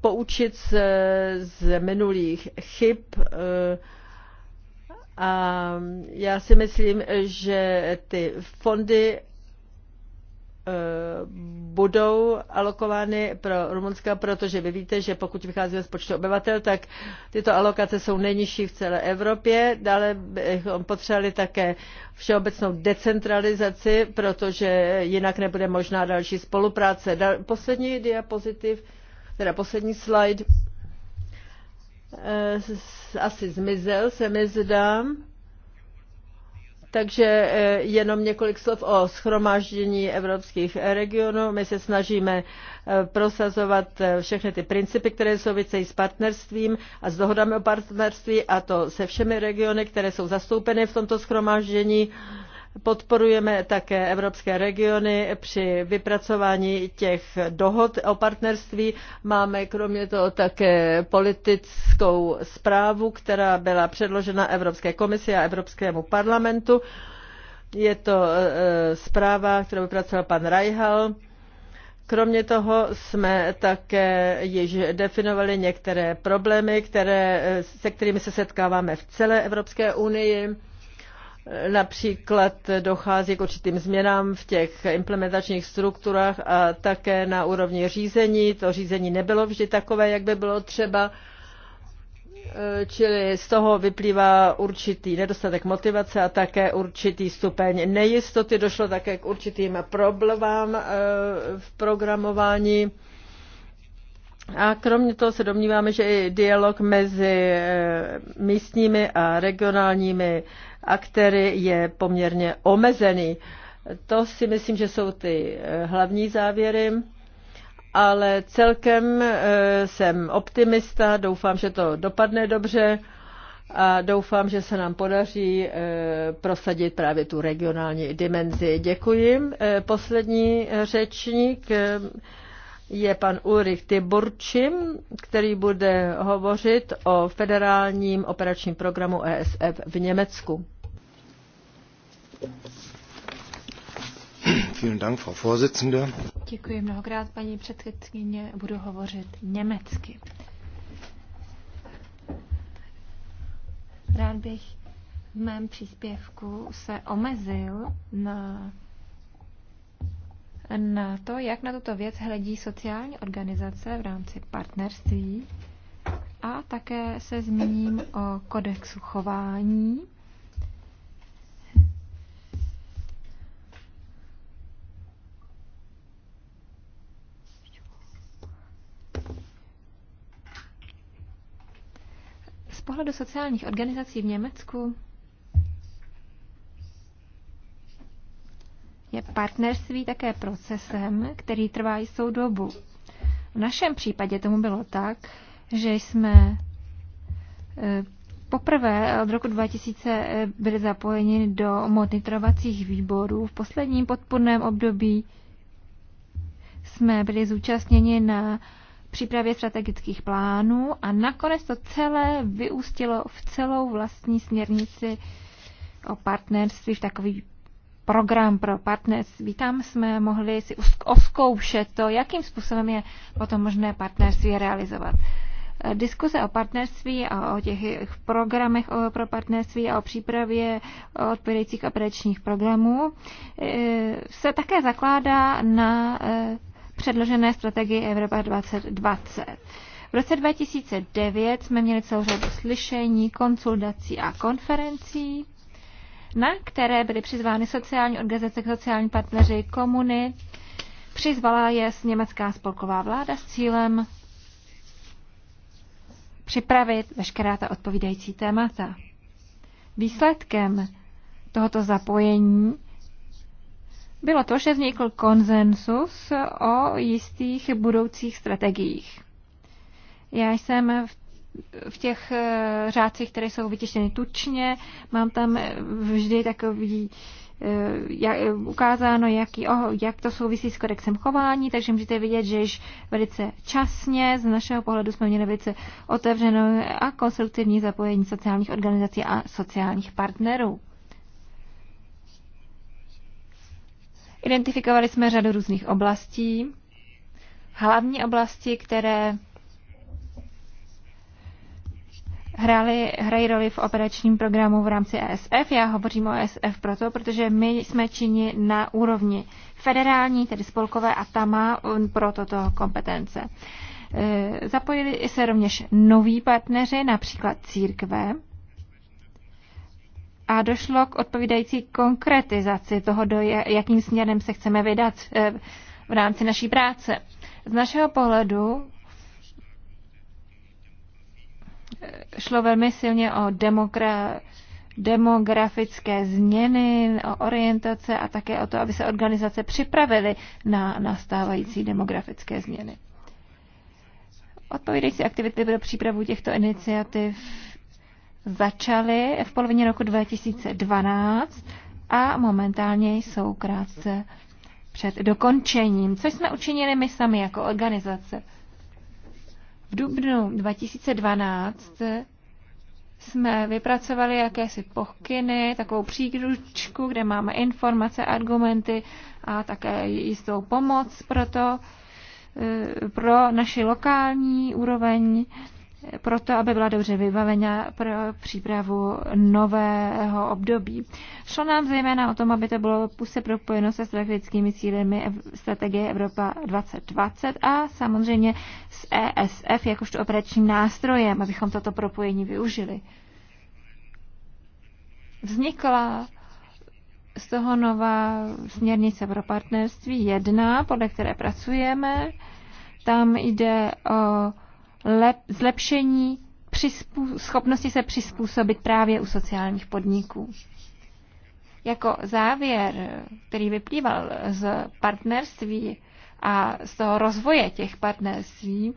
A: poučit z, z minulých chyb. A já si myslím, že ty fondy Eh, budou alokovány pro Rumunska, protože vy víte, že pokud vycházíme z počtu obyvatel, tak tyto alokace jsou nejnižší v celé Evropě. Dále bychom potřebovali také všeobecnou decentralizaci, protože jinak nebude možná další spolupráce. Poslední diapozitiv, teda poslední slide, eh, asi zmizel, se mi zdám. Takže eh, jenom několik slov o schromáždění evropských regionů. My se snažíme eh, prosazovat eh, všechny ty principy, které souvisejí s partnerstvím a s dohodami o partnerství, a to se všemi regiony, které jsou zastoupeny v tomto schromáždění. Podporujeme také evropské regiony při vypracování těch dohod o partnerství. Máme kromě toho také politickou zprávu, která byla předložena Evropské komisi a Evropskému parlamentu. Je to e, zpráva, kterou vypracoval pan Rajhal. Kromě toho jsme také již definovali některé problémy, které, se kterými se setkáváme v celé Evropské unii Například dochází k určitým změnám v těch implementačních strukturách a také na úrovni řízení. To řízení nebylo vždy takové, jak by bylo třeba. Eh, čili z toho vyplývá určitý nedostatek motivace a také určitý stupeň nejistoty. Došlo také k určitým problémám eh, v programování. A kromě toho se domníváme, že i dialog mezi eh, místními a regionálními a který je poměrně omezený. To si myslím, že jsou ty eh, hlavní závěry, ale celkem eh, jsem optimista, doufám, že to dopadne dobře a doufám, že se nám podaří eh, prosadit právě tu regionální dimenzi. Děkuji. Poslední řečník je pan Ulrich Tiburčim, který bude hovořit o federálním operačním programu ESF v Německu.
C: Děkuji mnohokrát, paní předsedkyně. Budu hovořit německy. Rád bych v mém příspěvku se omezil na na to, jak na tuto věc hledí sociální organizace v rámci partnerství a také se zmíním o kodexu chování. Z pohledu sociálních organizací v Německu je partnerství také procesem, který trvá jistou dobu. V našem případě tomu bylo tak, že jsme e, poprvé od roku 2000 e, byli zapojeni do monitorovacích výborů. V posledním podpůrném období jsme byli zúčastněni na přípravě strategických plánů a nakonec to celé vyústilo v celou vlastní směrnici o partnerství v takový program pro partnerství. Tam jsme mohli si oskoušet to, jakým způsobem je potom možné partnerství realizovat. Eh, diskuze o partnerství a o těch programech pro partnerství a o přípravě odpovědějících operačních programů eh, se také zakládá na eh, předložené strategii Evropa 2020. V roce 2009 jsme měli celou řadu slyšení, konsultací a konferencí na které byly přizvány sociální organizace, sociální partneři, komuny. Přizvala je německá spolková vláda s cílem připravit veškerá ta odpovídající témata. Výsledkem tohoto zapojení bylo to, že vznikl konsensus o jistých budoucích strategiích. Já jsem v v těch eh, řádcích, které jsou vytěšeny tučně, mám tam eh, vždy takový eh, jak, ukázáno, jaký, oh, jak to souvisí s kodexem chování, takže můžete vidět, že již velice časně, z našeho pohledu jsme měli velice otevřenou a konstruktivní zapojení sociálních organizací a sociálních partnerů. Identifikovali jsme řadu různých oblastí, hlavní oblasti, které hrali hrají roli v operačním programu v rámci ESF. Já hovořím o ESF proto, protože my jsme čini na úrovni federální, tedy spolkové, a ta má um, pro toto kompetence. E, zapojili se rovněž noví partneři, například církve, a došlo k odpovídající konkretizaci toho, do jakým směrem se chceme vydat e, v rámci naší práce. Z našeho pohledu šlo velmi silně o demokra- demografické změny, o orientace a také o to, aby se organizace připravily na nastávající demografické změny. Odpovídající aktivity pro přípravu těchto iniciativ začaly v polovině roku 2012 a momentálně jsou krátce před dokončením, Co jsme učinili my sami jako organizace. V dubnu 2012 jsme vypracovali jakési pokyny, takovou příručku, kde máme informace, argumenty a také jistou pomoc pro to, eh, pro naši lokální úroveň proto, aby byla dobře vybavena pro přípravu nového období. Šlo nám zejména o tom, aby to bylo puse propojeno se strategickými cílemi strategie Evropa 2020 a samozřejmě s ESF jakožto operačním nástrojem, abychom toto propojení využili. Vznikla z toho nová směrnice pro partnerství jedna, podle které pracujeme. Tam jde o lep, zlepšení přizpů, schopnosti se přizpůsobit právě u sociálních podniků. Jako závěr, který vyplýval z partnerství a z toho rozvoje těch partnerství,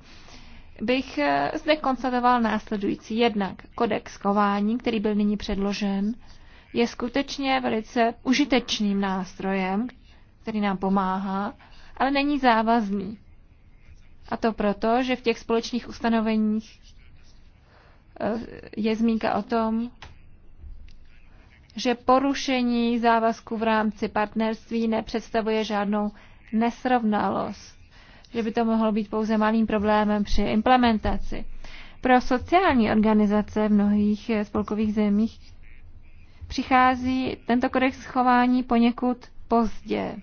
C: bych zde konstatoval následující. Jednak kodex chování, který byl nyní předložen, je skutečně velice užitečným nástrojem, který nám pomáhá, ale není závazný. A to proto, že v těch společných ustanoveních eh, je zmínka o tom, že porušení závazku v rámci partnerství nepředstavuje žádnou nesrovnalost, že by to mohlo být pouze malým problémem při implementaci. Pro sociální organizace v mnohých eh, spolkových zemích přichází tento kodex chování poněkud pozdě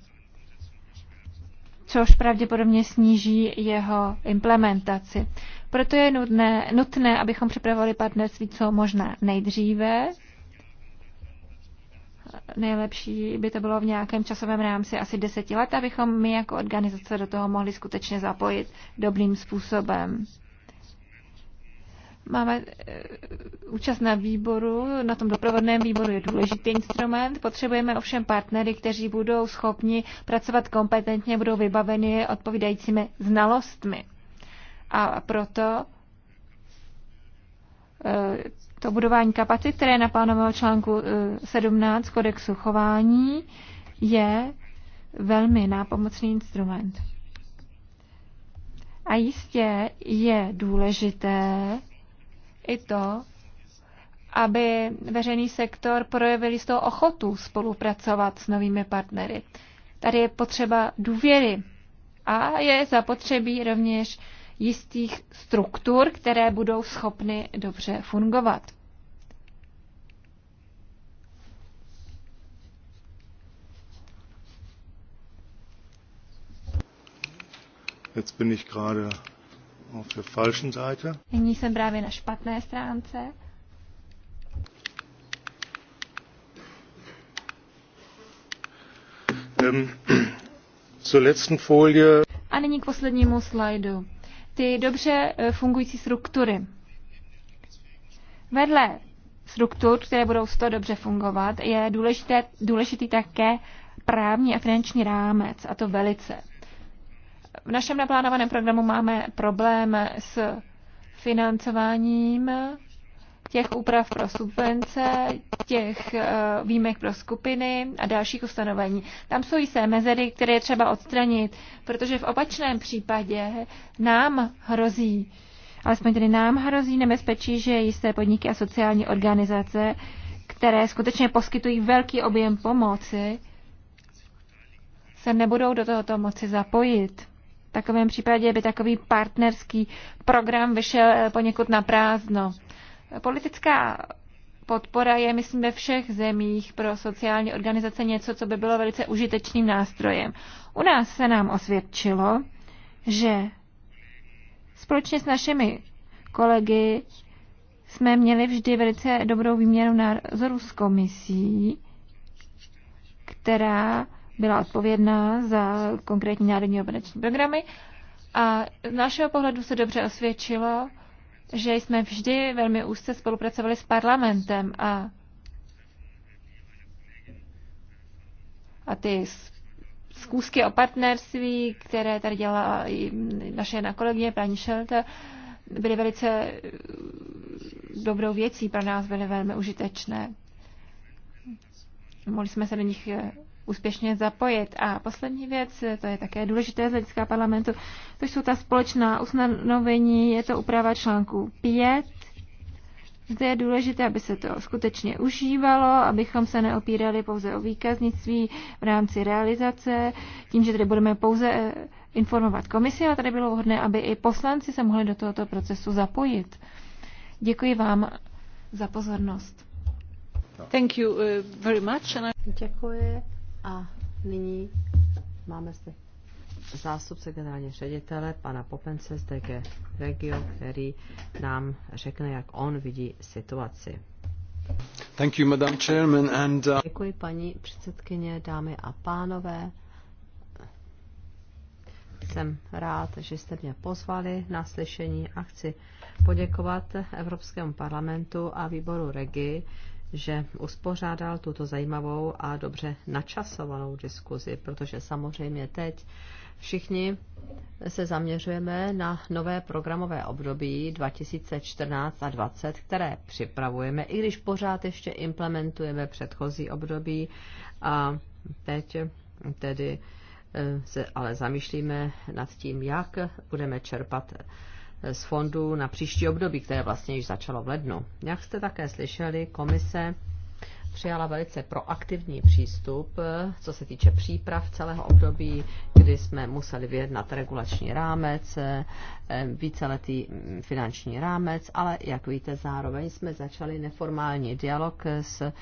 C: což pravděpodobně sníží jeho implementaci. Proto je nutné, nutné abychom připravovali partnerství co možná nejdříve. Nejlepší by to bylo v nějakém časovém rámci asi deseti let, abychom my jako organizace do toho mohli skutečně zapojit dobrým způsobem máme eh, účast na výboru, na tom doprovodném výboru je důležitý instrument. Potřebujeme ovšem partnery, kteří budou schopni pracovat kompetentně, budou vybaveni odpovídajícími znalostmi. A proto eh, to budování kapacit, které je na pánového článku 17 eh, kodexu chování, je velmi nápomocný instrument. A jistě je důležité i to, aby veřejný sektor projevil jistou ochotu spolupracovat s novými partnery. Tady je potřeba důvěry a je zapotřebí rovněž jistých struktur, které budou schopny dobře fungovat.
A: Jetzt bin ich gerade auf der falschen Seite.
C: Nyní jsem právě na špatné stránce.
A: Ähm, [clears throat] zur letzten Folie.
C: A nyní k poslednímu slajdu. Ty dobře eh, fungující struktury. Vedle struktur, které budou z toho dobře fungovat, je důležité, důležitý také právní a finanční rámec, a to velice. V našem naplánovaném programu máme problém s financováním těch úprav pro subvence, těch eh, výjimek pro skupiny a dalších ustanovení. Tam jsou jisté mezery, které je třeba odstranit, protože v opačném případě nám hrozí, alespoň tedy nám hrozí nebezpečí, že jisté podniky a sociální organizace, které skutečně poskytují velký objem pomoci, se nebudou do tohoto moci zapojit takovém případě by takový partnerský program vyšel eh, poněkud na prázdno. Politická podpora je, myslím, ve všech zemích pro sociální organizace něco, co by bylo velice užitečným nástrojem. U nás se nám osvědčilo, že společně s našimi kolegy jsme měli vždy velice dobrou výměnu na s komisí, která byla odpovědná za konkrétní národní operační programy a z našeho pohledu se dobře osvědčilo, že jsme vždy velmi úzce spolupracovali s parlamentem a, a ty zkoušky o partnerství, které tady dělala i naše jedna kolegyně, paní Šelta, byly velice uh, dobrou věcí pro nás, byly velmi užitečné. Mohli jsme se do nich eh, úspěšně zapojit. A poslední věc, to je také důležité z hlediska parlamentu, to jsou ta společná ustanovení, je to úprava článku 5. Zde je důležité, aby se to skutečně užívalo, abychom se neopírali pouze o výkaznictví v rámci realizace, tím, že tady budeme pouze eh, informovat komisi, ale tady bylo vhodné, aby i poslanci se mohli do tohoto procesu zapojit. Děkuji vám za pozornost. Thank you eh, very much.
B: Děkuji. A nyní máme zde zástupce generálního ředitele, pana Popence z DG Regio, který nám řekne, jak on vidí situaci.
C: Thank you, Madam Chairman, and, uh...
B: Děkuji, paní předsedkyně, dámy a pánové. Jsem rád, že jste mě pozvali na slyšení a chci poděkovat Evropskému parlamentu a výboru REGI že uspořádal tuto zajímavou a dobře načasovanou diskuzi, protože samozřejmě teď všichni se zaměřujeme na nové programové období 2014 a 2020, které připravujeme, i když pořád ještě implementujeme předchozí období a teď tedy eh, se ale zamýšlíme nad tím, jak budeme čerpat z fondu na příští období, které vlastně již začalo v lednu. Jak jste také slyšeli, komise přijala velice proaktivní přístup, eh, co se týče příprav celého období, kdy jsme museli vyjednat regulační rámec, eh, eh, víceletý mm, finanční rámec, ale jak víte, zároveň jsme začali neformální dialog s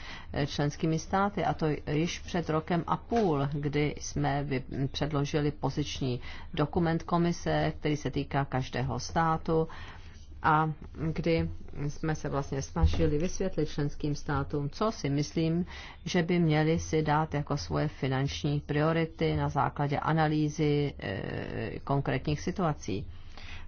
B: členskými státy a to již před rokem a půl, kdy jsme mm, předložili poziční dokument komise, který se týká každého státu a kdy jsme se vlastně snažili vysvětlit členským státům, co si myslím, že by měli si dát jako svoje finanční priority na základě analýzy e, konkrétních situací.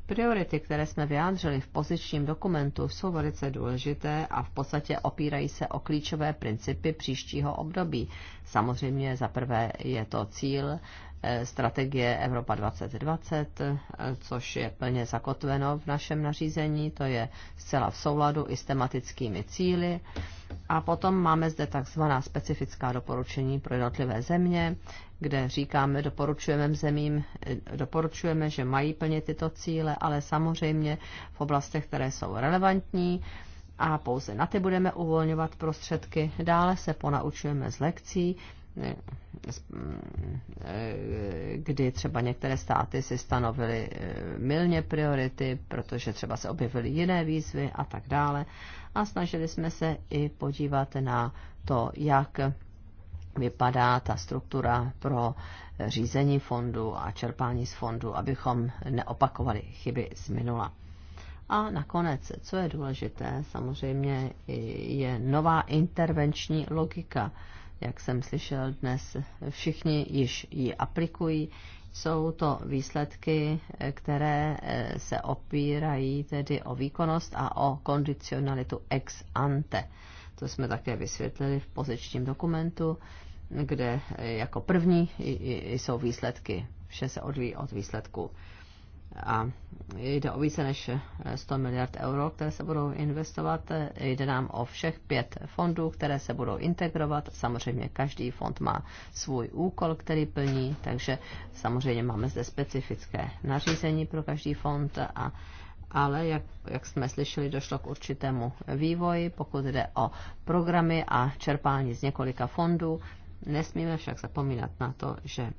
B: Priority, které jsme vyjádřili v pozičním dokumentu, jsou velice důležité a v podstatě opírají se o klíčové principy příštího období. Samozřejmě za prvé je to cíl strategie Evropa 2020, což je plně zakotveno v našem nařízení, to je zcela v souladu i s tematickými cíly. A potom máme zde takzvaná specifická doporučení pro jednotlivé země, kde říkáme, doporučujeme zemím, doporučujeme, že mají plnit tyto cíle, ale samozřejmě v oblastech, které jsou relevantní, a pouze na ty budeme uvolňovat prostředky. Dále se ponaučujeme z lekcí, Mm, kdy třeba některé státy si stanovily eh, milně priority, protože třeba se objevily jiné výzvy a tak dále. A snažili jsme se i podívat na to, jak vypadá ta struktura pro řízení fondu a čerpání z fondu, abychom neopakovali chyby z minula. A nakonec, co je důležité, samozřejmě je nová intervenční logika jak jsem slyšel dnes, všichni již ji aplikují. Jsou to výsledky, které eh, se opírají tedy o výkonnost a o kondicionalitu ex ante. To jsme také vysvětlili v pozičním dokumentu, kde eh, jako první jsou výsledky. Vše se odvíjí od výsledku a jde o více než 100 miliard euro, které se budou investovat. Jde nám o všech pět fondů, které se budou integrovat. Samozřejmě každý fond má svůj úkol, který plní, takže samozřejmě máme zde specifické nařízení pro každý fond a ale jak, jak jsme slyšeli, došlo k určitému vývoji, pokud jde o programy a čerpání z několika fondů. Nesmíme však zapomínat na to, že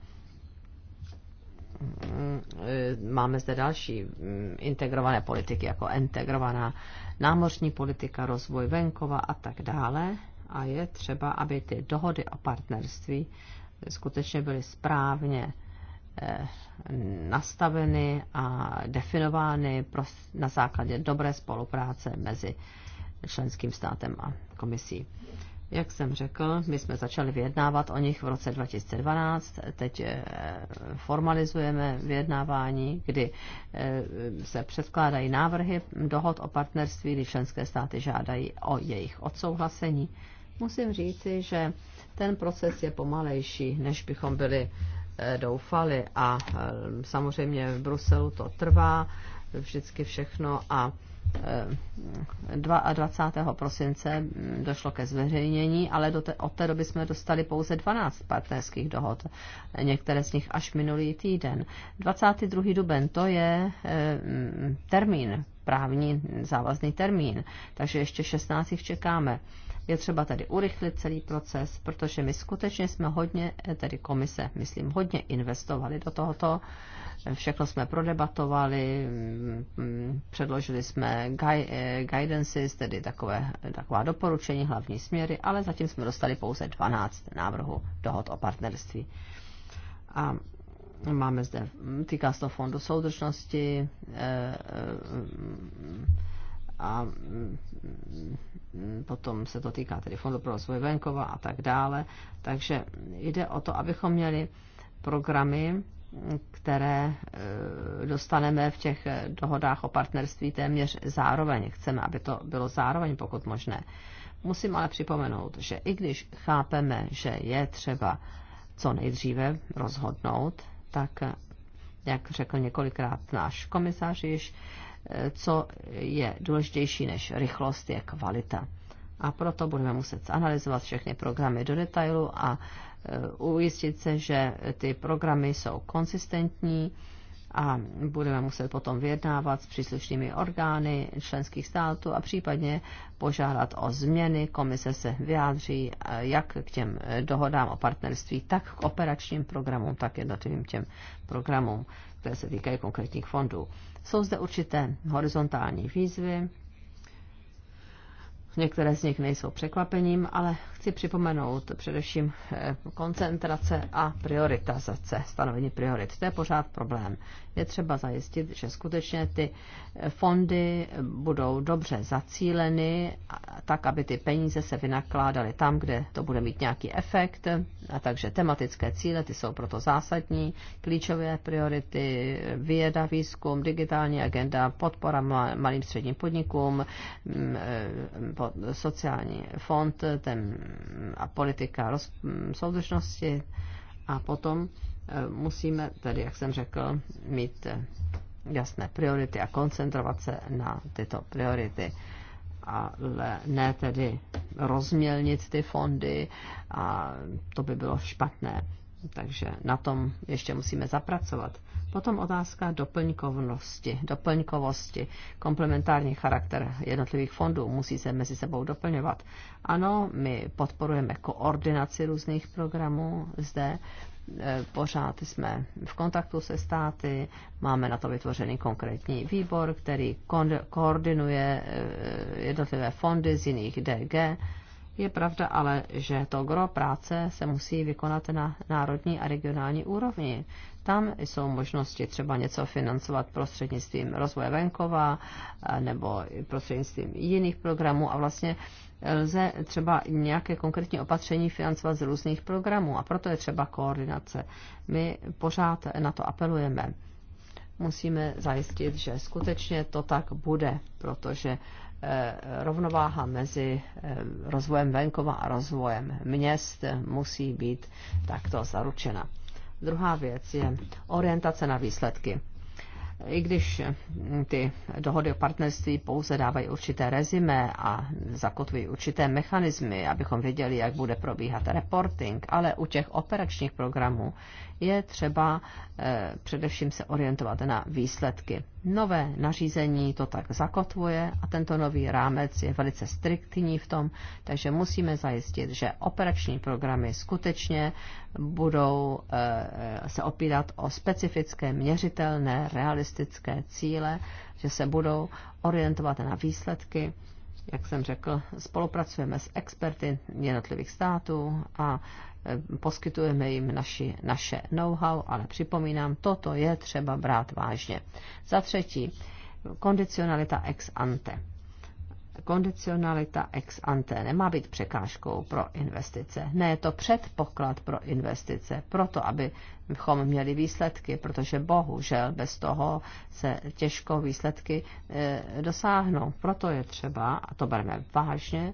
B: Mm, mm, máme zde další mm, integrované politiky, jako integrovaná námořní politika, rozvoj venkova a tak dále. A je třeba, aby ty dohody o partnerství skutečně byly správně eh, nastaveny a definovány na základě dobré spolupráce mezi členským státem a komisí. Jak jsem řekl, my jsme začali vyjednávat o nich v roce 2012, teď eh, formalizujeme vyjednávání, kdy eh, se předkládají návrhy dohod o partnerství, kdy členské státy žádají o jejich odsouhlasení. Musím říci, že ten proces je pomalejší, než bychom byli eh, doufali a samozřejmě v Bruselu to trvá vždycky všechno a 22. prosince došlo ke zveřejnění, ale do te, od té doby jsme dostali pouze 12 partnerských dohod, některé z nich až minulý týden. 22. duben to je eh, termín, právní závazný termín, takže ještě 16 čekáme. Je třeba tady urychlit celý proces, protože my skutečně jsme hodně, eh, tedy komise, myslím, hodně investovali do tohoto. Všechno jsme prodebatovali, mm, mm, předložili jsme eh, guidances, tedy takové, taková doporučení, hlavní směry, ale zatím jsme dostali pouze 12 návrhů dohod o partnerství. A máme zde, mm, týká se to fondu soudržnosti, eh, a mm, mm, potom se to týká tedy Fondu pro rozvoj venkova a tak dále. Takže jde o to, abychom měli programy, které e, dostaneme v těch e, dohodách o partnerství téměř zároveň. Chceme, aby to bylo zároveň, pokud možné. Musím ale připomenout, že i když chápeme, že je třeba co nejdříve rozhodnout, tak jak řekl několikrát náš komisař již, co je důležitější než rychlost, je kvalita. A proto budeme muset analyzovat všechny programy do detailu a e, ujistit se, že ty programy jsou konsistentní a budeme muset potom vyjednávat s příslušnými orgány členských států a případně požádat o změny. Komise se vyjádří e, jak k těm e, dohodám o partnerství, tak k operačním programům, tak jednotlivým těm programům, které se týkají konkrétních fondů. Jsou zde určité horizontální výzvy, Některé z nich nejsou překvapením, ale chci připomenout především eh, koncentrace a prioritizace, stanovení priorit. To je pořád problém. Je třeba zajistit, že skutečně ty eh, fondy budou dobře zacíleny, tak aby ty peníze se vynakládaly tam, kde to bude mít nějaký efekt. A takže tematické cíle, ty jsou proto zásadní. Klíčové priority věda, výzkum, digitální agenda, podpora malým středním podnikům, mm, eh, sociální fond ten, a politika roz, soudržnosti a potom e, musíme tedy, jak jsem řekl, mít e, jasné priority a koncentrovat se na tyto priority ale ne tedy rozmělnit ty fondy a to by bylo špatné. Takže na tom ještě musíme zapracovat. Potom otázka doplňkovnosti, doplňkovosti, komplementární charakter jednotlivých fondů musí se mezi sebou doplňovat. Ano, my podporujeme koordinaci různých programů zde, e, pořád jsme v kontaktu se státy, máme na to vytvořený konkrétní výbor, který koordinuje e, jednotlivé fondy z jiných DG. Je pravda ale, že to gro práce se musí vykonat na národní a regionální úrovni. Tam jsou možnosti třeba něco financovat prostřednictvím rozvoje venkova nebo prostřednictvím jiných programů a vlastně lze třeba nějaké konkrétní opatření financovat z různých programů a proto je třeba koordinace. My pořád na to apelujeme. Musíme zajistit, že skutečně to tak bude, protože e, rovnováha mezi e, rozvojem venkova a rozvojem měst musí být takto zaručena. Druhá věc je orientace na výsledky. I když mm, ty dohody o partnerství pouze dávají určité rezime a zakotvují určité mechanismy, abychom věděli, jak bude probíhat reporting, ale u těch operačních programů je třeba eh, především se orientovat na výsledky. Nové nařízení to tak zakotvuje a tento nový rámec je velice striktní v tom, takže musíme zajistit, že operační programy skutečně budou eh, eh, se opírat o specifické, měřitelné, realistické cíle, že se budou orientovat na výsledky jak jsem řekl, spolupracujeme s experty jednotlivých států a Eh, poskytujeme jim naši, naše know-how, ale připomínám, toto je třeba brát vážně. Za třetí, kondicionalita ex ante. Kondicionalita ex ante nemá být překážkou pro investice. Ne, je to předpoklad pro investice, proto abychom měli výsledky, protože bohužel bez toho se těžko výsledky e, dosáhnou. Proto je třeba, a to bereme vážně,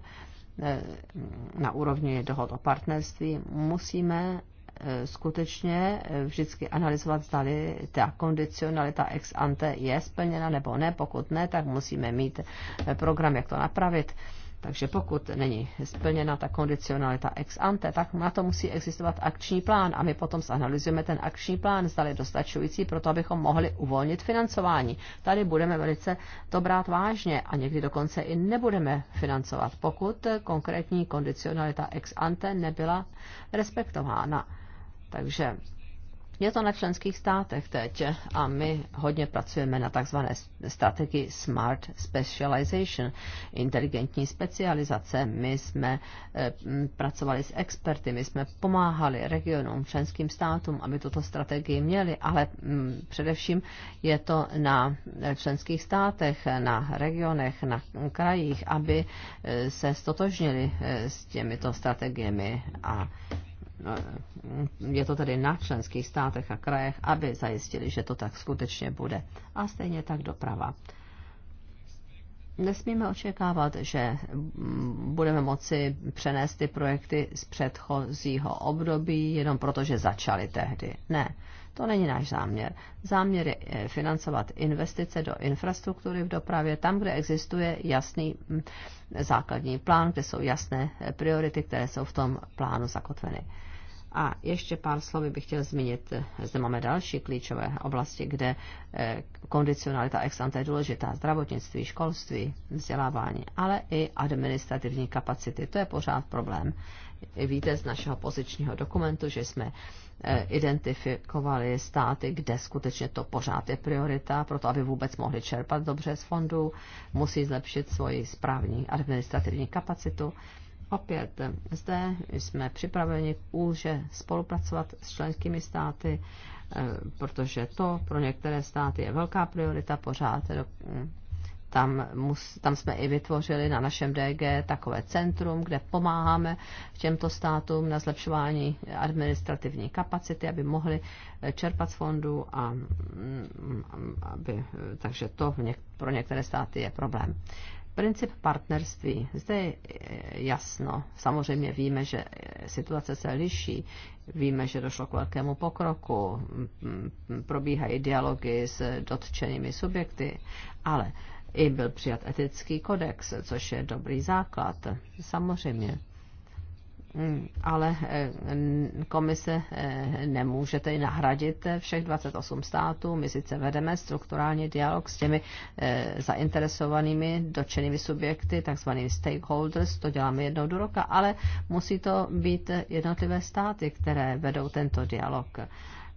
B: na úrovni dohod o partnerství, musíme e, skutečně e, vždycky analyzovat, zda ta kondicionalita ex ante je splněna nebo ne. Pokud ne, tak musíme mít e, program, jak to napravit. Takže pokud není splněna ta kondicionalita ex ante, tak na to musí existovat akční plán a my potom zanalizujeme ten akční plán, zda je dostačující pro to, abychom mohli uvolnit financování. Tady budeme velice to brát vážně a někdy dokonce i nebudeme financovat, pokud konkrétní kondicionalita ex ante nebyla respektována. Takže je to na členských státech teď a my hodně pracujeme na takzvané strategii Smart Specialization, inteligentní specializace. My jsme eh, pracovali s experty, my jsme pomáhali regionům, členským státům, aby tuto strategii měli, ale především je to na členských státech, na regionech, na krajích, aby eh, se stotožnili eh, s těmito strategiemi a Eh, je to tedy na členských státech a krajech, aby zajistili, že to tak skutečně bude. A stejně tak doprava. Nesmíme očekávat, že budeme moci přenést ty projekty z předchozího období jenom proto, že začaly tehdy. Ne, to není náš záměr. Záměr je financovat investice do infrastruktury v dopravě tam, kde existuje jasný mm, základní plán, kde jsou jasné priority, které jsou v tom plánu zakotveny. A ještě pár slovy bych chtěl zmínit. Zde máme další klíčové oblasti, kde eh, kondicionalita ex ante je důležitá. Zdravotnictví, školství, vzdělávání, ale i administrativní kapacity. To je pořád problém. Víte z našeho pozičního dokumentu, že jsme eh, identifikovali státy, kde skutečně to pořád je priorita, proto aby vůbec mohli čerpat dobře z fondů, musí zlepšit svoji správní administrativní kapacitu Opět zde jsme připraveni úže spolupracovat s členskými státy, eh, protože to pro některé státy je velká priorita pořád. Eh, tam, mus, tam jsme i vytvořili na našem DG takové centrum, kde pomáháme těmto státům na zlepšování administrativní kapacity, aby mohli eh, čerpat z fondů a, mm, aby, takže to něk, pro některé státy je problém. Princip partnerství. Zde je jasno. Samozřejmě víme, že situace se liší. Víme, že došlo k velkému pokroku. Probíhají dialogy s dotčenými subjekty, ale i byl přijat etický kodex, což je dobrý základ. Samozřejmě Mm, ale eh, komise eh, nemůže tedy nahradit eh, všech 28 států. My sice vedeme strukturální dialog s těmi zainteresovanými dočenými subjekty, takzvanými stakeholders, to děláme jednou do roka, ale musí to být jednotlivé státy, které vedou tento dialog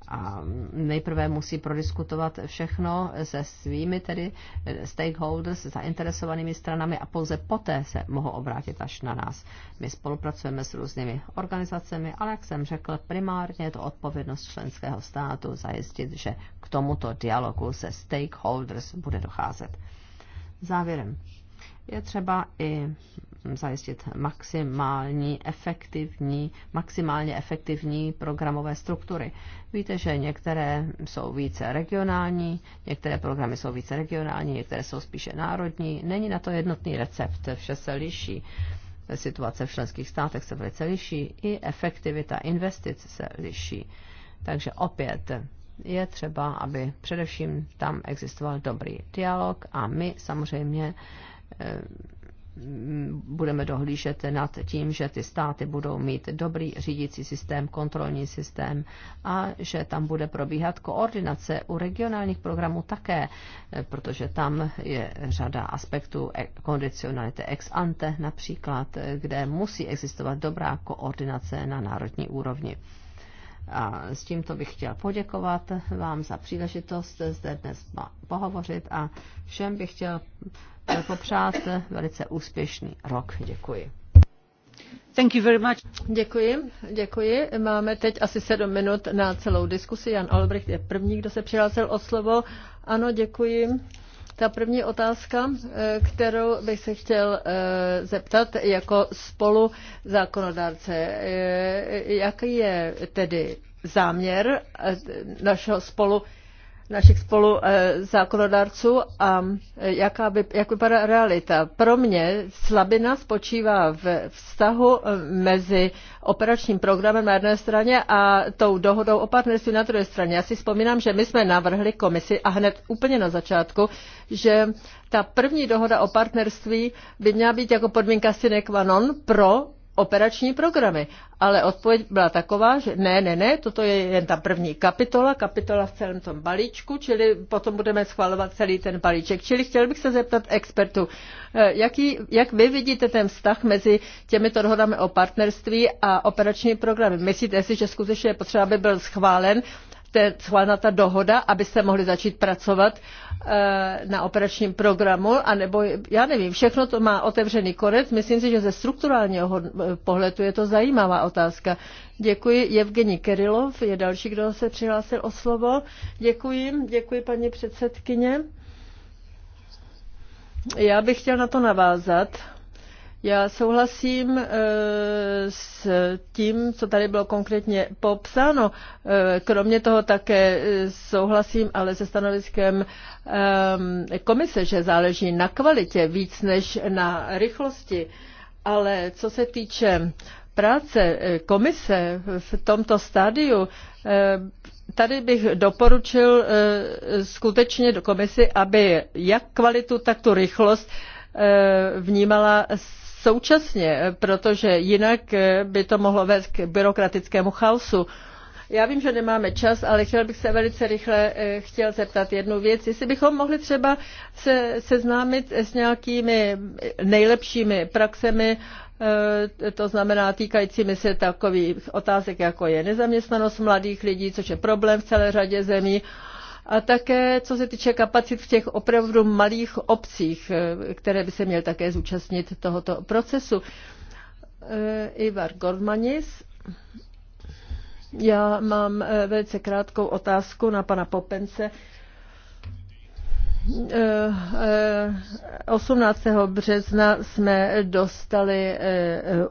B: a nejprve musí prodiskutovat všechno se svými tedy eh, stakeholders, zainteresovanými stranami a pouze poté se mohou obrátit až na nás. My spolupracujeme s různými organizacemi, ale jak jsem řekl, primárně je to odpovědnost členského státu zajistit, že k tomuto dialogu se stakeholders bude docházet. Závěrem. Je třeba i zajistit maximální efektivní, maximálně efektivní programové struktury. Víte, že některé jsou více regionální, některé programy jsou více regionální, některé jsou spíše národní. Není na to jednotný recept, vše se liší. Situace v členských státech se velice liší, i efektivita investic se liší. Takže opět je třeba, aby především tam existoval dobrý dialog a my samozřejmě eh, Mm, budeme dohlížet nad tím, že ty státy budou mít dobrý řídící systém, kontrolní systém a že tam bude probíhat koordinace u regionálních programů také, eh, protože tam je řada aspektů e- kondicionality ex ante například, eh, kde musí existovat dobrá koordinace na národní úrovni. A s tímto bych chtěl poděkovat vám za příležitost zde dnes pohovořit a všem bych chtěl popřát velice úspěšný rok. Děkuji.
A: Thank you very much. Děkuji, děkuji. Máme teď asi sedm minut na celou diskusi. Jan Albrecht je první, kdo se přihlásil o slovo. Ano, děkuji. Ta první otázka, eh, kterou bych se chtěl eh, zeptat jako spolu zákonodárce, eh, jaký je tedy záměr našeho spolu našich spolu eh, zákonodárců a eh, jaká by, jak vypadá realita. Pro mě slabina spočívá v vztahu eh, mezi operačním programem na jedné straně a tou dohodou o partnerství na druhé straně. Já si vzpomínám, že my jsme navrhli komisi a hned úplně na začátku, že ta první dohoda o partnerství by měla být jako podmínka sine qua non pro operační programy. Ale odpověď byla taková, že ne, ne, ne, toto je jen ta první kapitola, kapitola v celém tom balíčku, čili potom budeme schvalovat celý ten balíček. Čili chtěl bych se zeptat expertu, eh, jaký, jak vy vidíte ten vztah mezi těmito dohodami o partnerství a operační programy? Myslíte si, že skutečně je potřeba, aby byl schválen schválena ta dohoda, se mohli začít pracovat eh, na operačním programu, anebo já nevím, všechno to má otevřený konec. Myslím si, že ze strukturálního pohledu je to zajímavá otázka. Děkuji. Evgeni Kerilov je další, kdo se přihlásil o slovo. Děkuji, děkuji paní předsedkyně. Já bych chtěl na to navázat. Já souhlasím eh, s tím, co tady bylo konkrétně popsáno. Eh, kromě toho také eh, souhlasím ale se stanoviskem komise, že záleží na kvalitě víc než na rychlosti. Ale co se týče práce komise v tomto stádiu, tady bych doporučil skutečně do komisi, aby jak kvalitu, tak tu rychlost vnímala současně, eh, protože jinak eh, by to mohlo vést k byrokratickému chaosu. Já vím, že nemáme čas, ale chtěl bych se velice rychle eh, chtěl zeptat jednu věc. Jestli bychom mohli třeba se seznámit s nějakými nejlepšími praxemi, to znamená týkajícími se takových otázek, jako je nezaměstnanost mladých lidí, což je problém v celé řadě zemí, a také co se týče kapacit v těch opravdu malých obcích, eh, které by se měly také zúčastnit tohoto procesu. Eh, Ivar Gormanis. Já mám eh, velice krátkou otázku na pana Popence. 18. března jsme dostali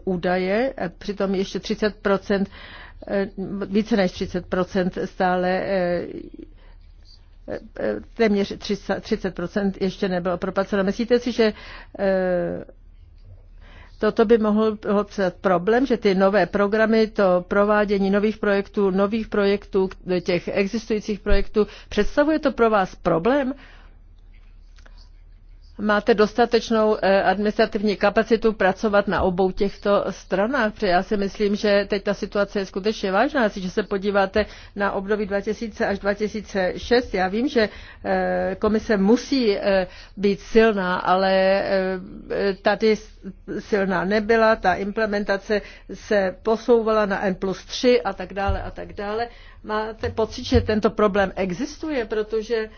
A: údaje, přitom ještě 30 více než 30 stále téměř 30 ještě nebylo proplaceno. Myslíte si, že eh, toto by mohl obsat problém, že ty nové programy, to provádění nových projektů, nových projektů, těch existujících projektů, představuje to pro vás problém? máte dostatečnou eh, administrativní kapacitu pracovat na obou těchto stranách, protože já si myslím, že teď ta situace je skutečně vážná. Jestliže se podíváte na období 2000 až 2006, já vím, že eh, komise musí eh, být silná, ale tady silná nebyla, ta implementace se posouvala na N plus 3 a tak dále a tak dále. Máte pocit, že tento problém existuje, protože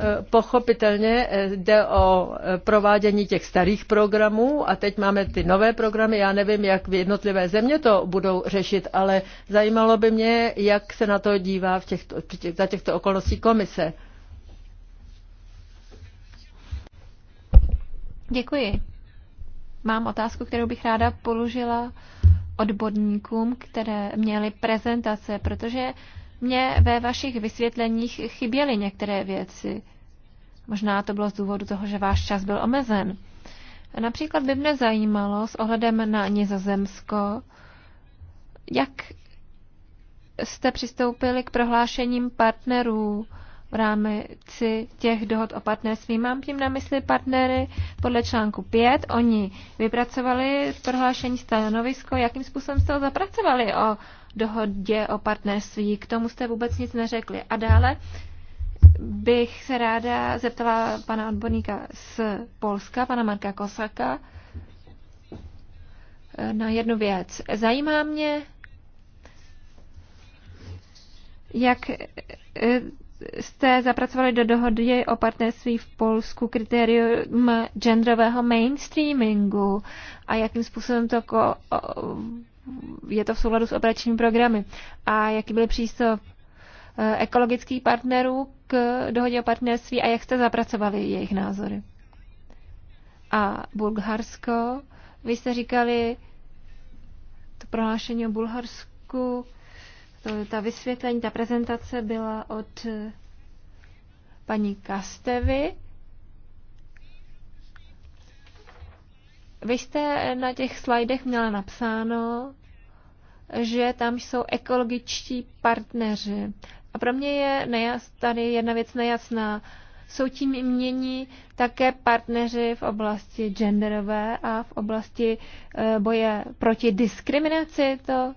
A: Eh, pochopitelně eh, jde o eh, provádění těch starých programů a teď máme ty nové programy. Já nevím, jak v jednotlivé země to budou řešit, ale zajímalo by mě, jak se na to dívá v těchto, za těchto okolností komise.
C: Děkuji. Mám otázku, kterou bych ráda položila odborníkům, které měli prezentace, protože mně ve vašich vysvětleních chyběly některé věci. Možná to bylo z důvodu toho, že váš čas byl omezen. Například by mne zajímalo s ohledem na Nizozemsko, jak jste přistoupili k prohlášením partnerů v rámci těch dohod o partnerství. Mám tím na mysli partnery podle článku 5. Oni vypracovali prohlášení stanovisko, jakým způsobem jste ho zapracovali o dohodě o partnerství. K tomu jste vůbec nic neřekli. A dále bych se ráda zeptala pana odborníka z Polska, pana Marka Kosaka, na jednu věc. Zajímá mě, jak eh, jste zapracovali do dohody o partnerství v Polsku kritérium genderového mainstreamingu a jakým způsobem to ko- je to v souladu s operačními programy. A jaký byl přístup eh, ekologických partnerů k dohodě o partnerství a jak jste zapracovali jejich názory? A Bulharsko, vy jste říkali to prohlášení o Bulharsku, to, ta vysvětlení, ta prezentace byla od eh, paní Kastevy Vy jste na těch slajdech měla napsáno, že tam jsou ekologičtí partneři. A pro mě je nejas, tady jedna věc nejasná. Jsou tím mění také partneři v oblasti genderové a v oblasti e, boje proti diskriminaci. To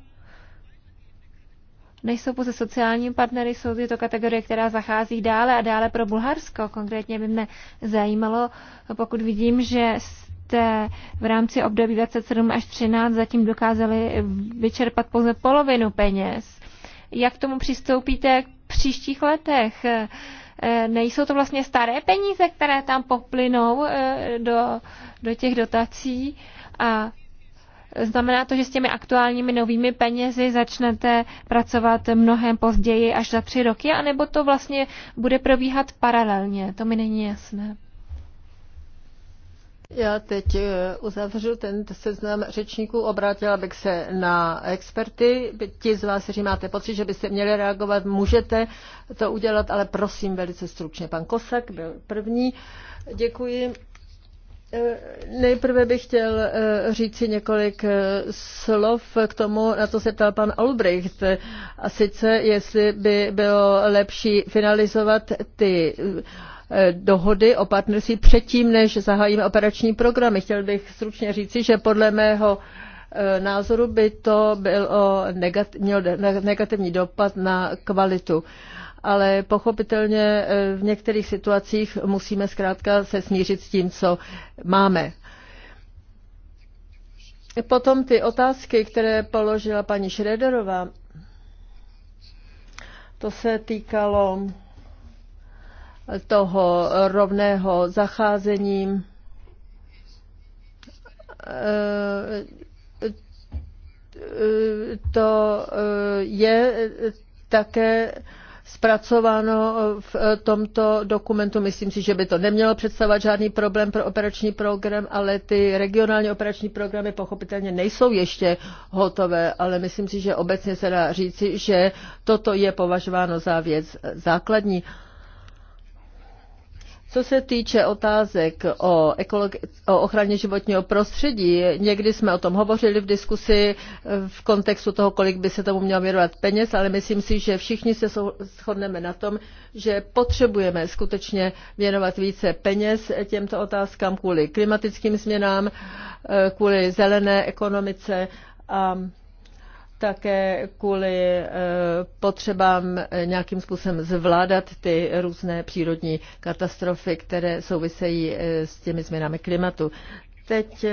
C: nejsou pouze sociální partnery, jsou to kategorie, která zachází dále a dále pro Bulharsko. Konkrétně by mne zajímalo, pokud vidím, že v rámci období 27 až 13 zatím dokázali vyčerpat pouze polovinu peněz. Jak k tomu přistoupíte v příštích letech? Nejsou to vlastně staré peníze, které tam poplynou eh, do, do těch dotací a Znamená to, že s těmi aktuálními novými penězi začnete pracovat mnohem později, až za tři roky, anebo to vlastně bude probíhat paralelně? To mi není jasné.
A: Já teď eh, uzavřu ten seznam řečníků, obrátila bych se na experty. Ti z vás, kteří máte pocit, že byste měli reagovat, můžete to udělat, ale prosím velice stručně. Pan Kosak byl první. Děkuji. Eh, nejprve bych chtěl eh, říci několik slov k tomu, na co se ptal pan Albrecht. A sice, jestli by bylo lepší finalizovat ty Eh, dohody o partnerství předtím, než zahájíme operační programy. Chtěl bych stručně říci, že podle mého eh, názoru by to bylo negat, měl negativní dopad na kvalitu. Ale pochopitelně eh, v některých situacích musíme zkrátka se smířit s tím, co máme. Potom ty otázky, které položila paní Šrederová, to se týkalo toho rovného zacházení. Eh, to eh, je také zpracováno v eh, tomto dokumentu. Myslím si, že by to nemělo představovat žádný problém pro operační program, ale ty regionální operační programy pochopitelně nejsou ještě hotové, ale myslím si, že obecně se dá říci, že toto je považováno za věc základní. Uh, co se týče otázek o, ekologi- o ochraně životního prostředí, někdy jsme o tom hovořili v diskusi v kontextu toho, kolik by se tomu mělo věnovat peněz, ale myslím si, že všichni se shodneme na tom, že potřebujeme skutečně věnovat více peněz těmto otázkám kvůli klimatickým změnám, eh, kvůli zelené ekonomice a také kvůli eh, potřebám eh, nějakým způsobem zvládat ty různé přírodní katastrofy, které souvisejí eh, s těmi změnami klimatu. Teď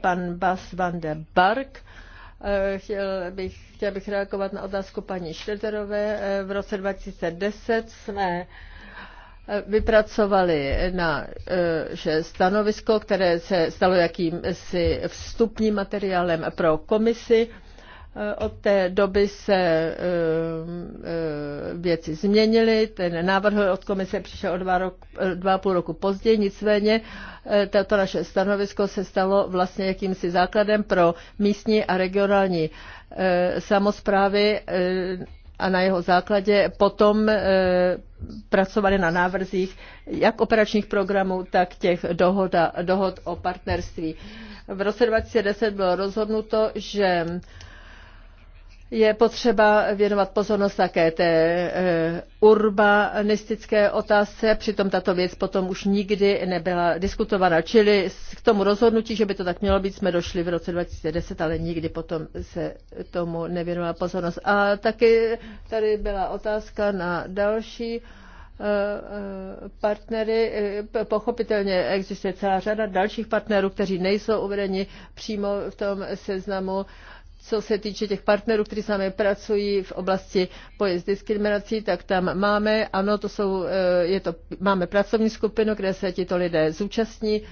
A: pan Bas van der Bark. Chtěl bych, chtěl bych reagovat na otázku paní Šlederové. V roce 2010 jsme vypracovali na že stanovisko, které se stalo jakýmsi vstupním materiálem pro komisi. Eh, od té doby se eh, eh, věci změnily, ten návrh od komise přišel o dva, rok, dva a půl roku později, nicméně Toto naše stanovisko se stalo vlastně jakýmsi základem pro místní a regionální samozprávy a na jeho základě potom pracovali na návrzích jak operačních programů, tak těch dohoda, dohod o partnerství. V roce 2010 bylo rozhodnuto, že je potřeba věnovat pozornost také té eh, urbanistické otázce, přitom tato věc potom už nikdy nebyla diskutována. Čili k tomu rozhodnutí, že by to tak mělo být, jsme došli v roce 2010, ale nikdy potom se tomu nevěnovala pozornost. A taky tady byla otázka na další eh, eh, partnery. Pochopitelně existuje celá řada dalších partnerů, kteří nejsou uvedeni přímo v tom seznamu co se týče těch partnerů, kteří s námi pracují v oblasti boje s diskriminací, tak tam máme, ano, to jsou, eh, je to, máme pracovní skupinu, kde se tito lidé zúčastní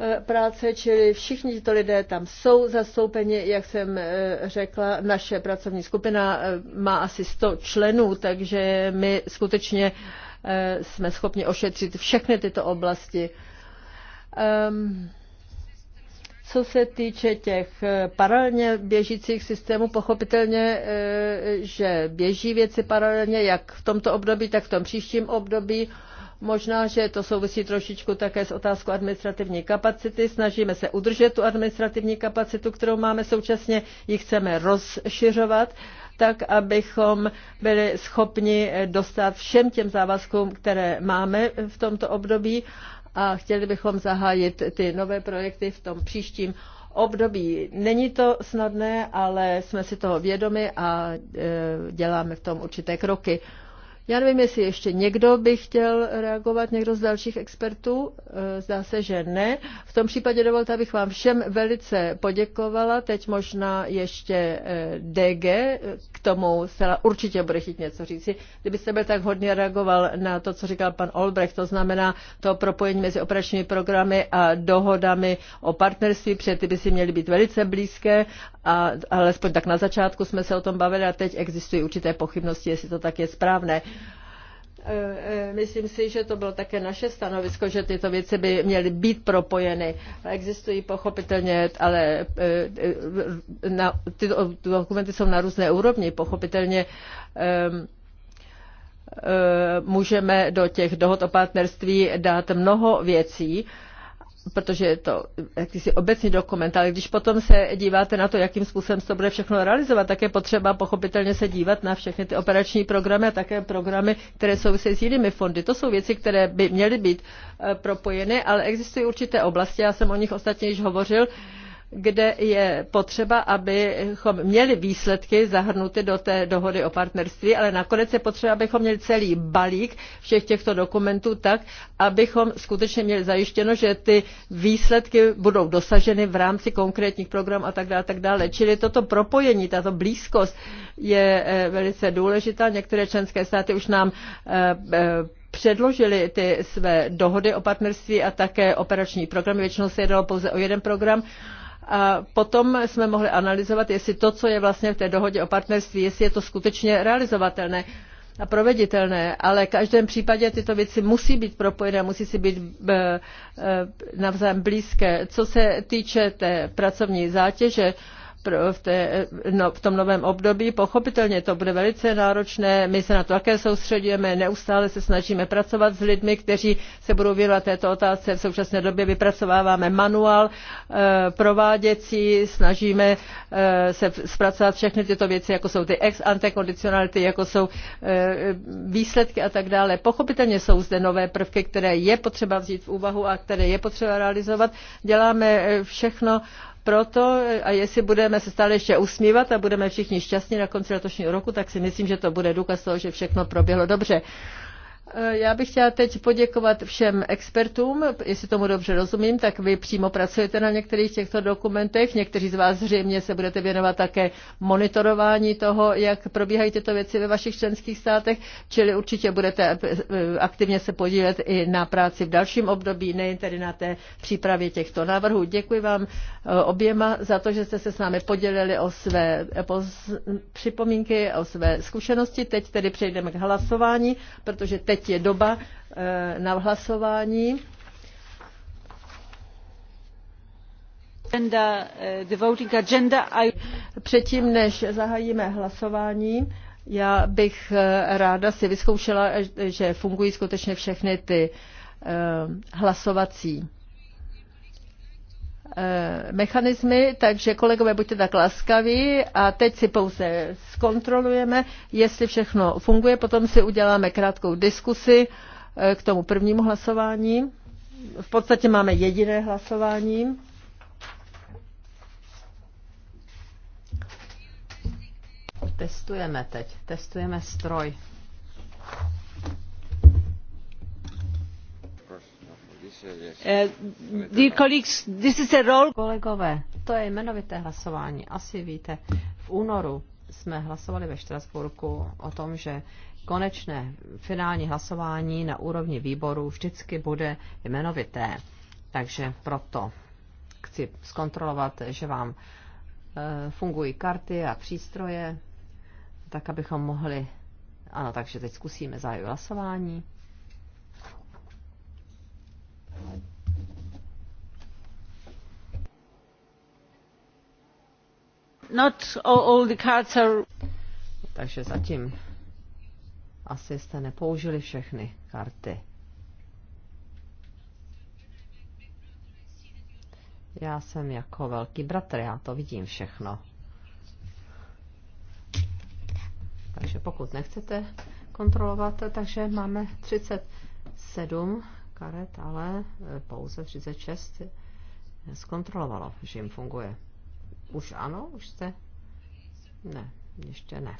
A: eh, práce, čili všichni tito lidé tam jsou zastoupeni, jak jsem eh, řekla, naše pracovní skupina má asi 100 členů, takže my skutečně jsme schopni ošetřit všechny tyto oblasti. Um, co se týče těch eh, paralelně běžících systémů, pochopitelně, eh, že běží věci paralelně, jak v tomto období, tak v tom příštím období. Možná, že to souvisí trošičku také s otázkou administrativní kapacity. Snažíme se udržet tu administrativní kapacitu, kterou máme současně, ji chceme rozšiřovat tak, abychom byli schopni dostat všem těm závazkům, které máme v tomto období a chtěli bychom zahájit ty nové projekty v tom příštím období. Není to snadné, ale jsme si toho vědomi a e, děláme v tom určité kroky. Já nevím, jestli ještě někdo by chtěl reagovat, někdo z dalších expertů. Eh, zdá se, že ne. V tom případě dovolte, abych vám všem velice poděkovala. Teď možná ještě eh, DG, eh, k tomu se určitě bude chtít něco říci. Kdybyste byl tak hodně reagoval na to, co říkal pan Olbrecht, to znamená to propojení mezi operačními programy a dohodami o partnerství, protože ty by si měly být velice blízké a alespoň tak na začátku jsme se o tom bavili a teď existují určité pochybnosti, jestli to tak je správné. E, e, myslím si, že to bylo také naše stanovisko, že tyto věci by měly být propojeny. Existují pochopitelně, ale e, na, ty dokumenty jsou na různé úrovni. Pochopitelně můžeme do těch dohod o partnerství dát mnoho věcí, protože je to jakýsi obecný dokument, ale když potom se díváte na to, jakým způsobem se to bude všechno realizovat, tak je potřeba pochopitelně se dívat na všechny ty operační programy a také programy, které souvisejí s jinými fondy. To jsou věci, které by měly být eh, propojeny, ale existují určité oblasti, já jsem o nich ostatně již hovořil, kde je potřeba, abychom měli výsledky zahrnuty do té dohody o partnerství, ale nakonec je potřeba, abychom měli celý balík všech těchto dokumentů tak, abychom skutečně měli zajištěno, že ty výsledky budou dosaženy v rámci konkrétních programů a tak dále, tak dále. Čili toto propojení, tato blízkost je eh, velice důležitá. Některé členské státy už nám eh, eh, předložili ty své dohody o partnerství a také operační programy. Většinou se jednalo pouze o jeden program a potom jsme mohli analyzovat, jestli to, co je vlastně v té dohodě o partnerství, jestli je to skutečně realizovatelné a proveditelné, ale v každém případě tyto věci musí být propojené, musí si být eh, eh, navzájem blízké. Co se týče té pracovní zátěže, v, té, no, v tom novém období. Pochopitelně to bude velice náročné, my se na to také soustředíme, neustále se snažíme pracovat s lidmi, kteří se budou věnovat této otázce. V současné době vypracováváme manuál eh, prováděcí, snažíme eh, se zpracovat všechny tyto věci, jako jsou ty ex ante kondicionality, jako jsou eh, výsledky a tak dále. Pochopitelně jsou zde nové prvky, které je potřeba vzít v úvahu a které je potřeba realizovat. Děláme všechno, proto, a jestli budeme se stále ještě usmívat a budeme všichni šťastní na konci letošního roku, tak si myslím, že to bude důkaz toho, že všechno proběhlo dobře. Eh, já bych chtěla teď poděkovat všem expertům. Jestli tomu dobře rozumím, tak vy přímo pracujete na některých těchto dokumentech. Někteří z vás zřejmě se budete věnovat také monitorování toho, jak probíhají tyto věci ve vašich členských státech, čili určitě budete eh, eh, aktivně se podílet i na práci v dalším období, nejen tedy na té přípravě těchto návrhů. Děkuji vám oběma za to, že jste se s námi podělili o své připomínky, o své zkušenosti. Teď tedy přejdeme k hlasování, protože teď teď je doba eh, na hlasování. Eh, Předtím, než zahájíme hlasování, já bych eh, ráda si vyzkoušela, že fungují skutečně všechny ty hlasovací Eh, mechanismy, takže kolegové, buďte tak laskaví a teď si pouze zkontrolujeme, jestli všechno funguje, potom si uděláme krátkou diskusi eh, k tomu prvnímu hlasování. V podstatě máme jediné hlasování. Testujeme
B: teď, testujeme stroj. Eh, Kolegové, to je jmenovité hlasování. Asi víte, v únoru jsme hlasovali ve Štrasburku o tom, že konečné finální hlasování na úrovni výboru vždycky bude jmenovité. Takže proto chci zkontrolovat, že vám eh, fungují karty a přístroje, tak abychom mohli. Ano, takže teď zkusíme zahájit hlasování.
A: Not all, all the cards are...
B: Takže zatím asi jste nepoužili všechny karty. Já jsem jako velký bratr, já to vidím všechno. Takže pokud nechcete kontrolovat, takže máme 37 karet, ale pouze 36 zkontrolovalo, že jim funguje. Už ano, už jste? Ne, ještě ne.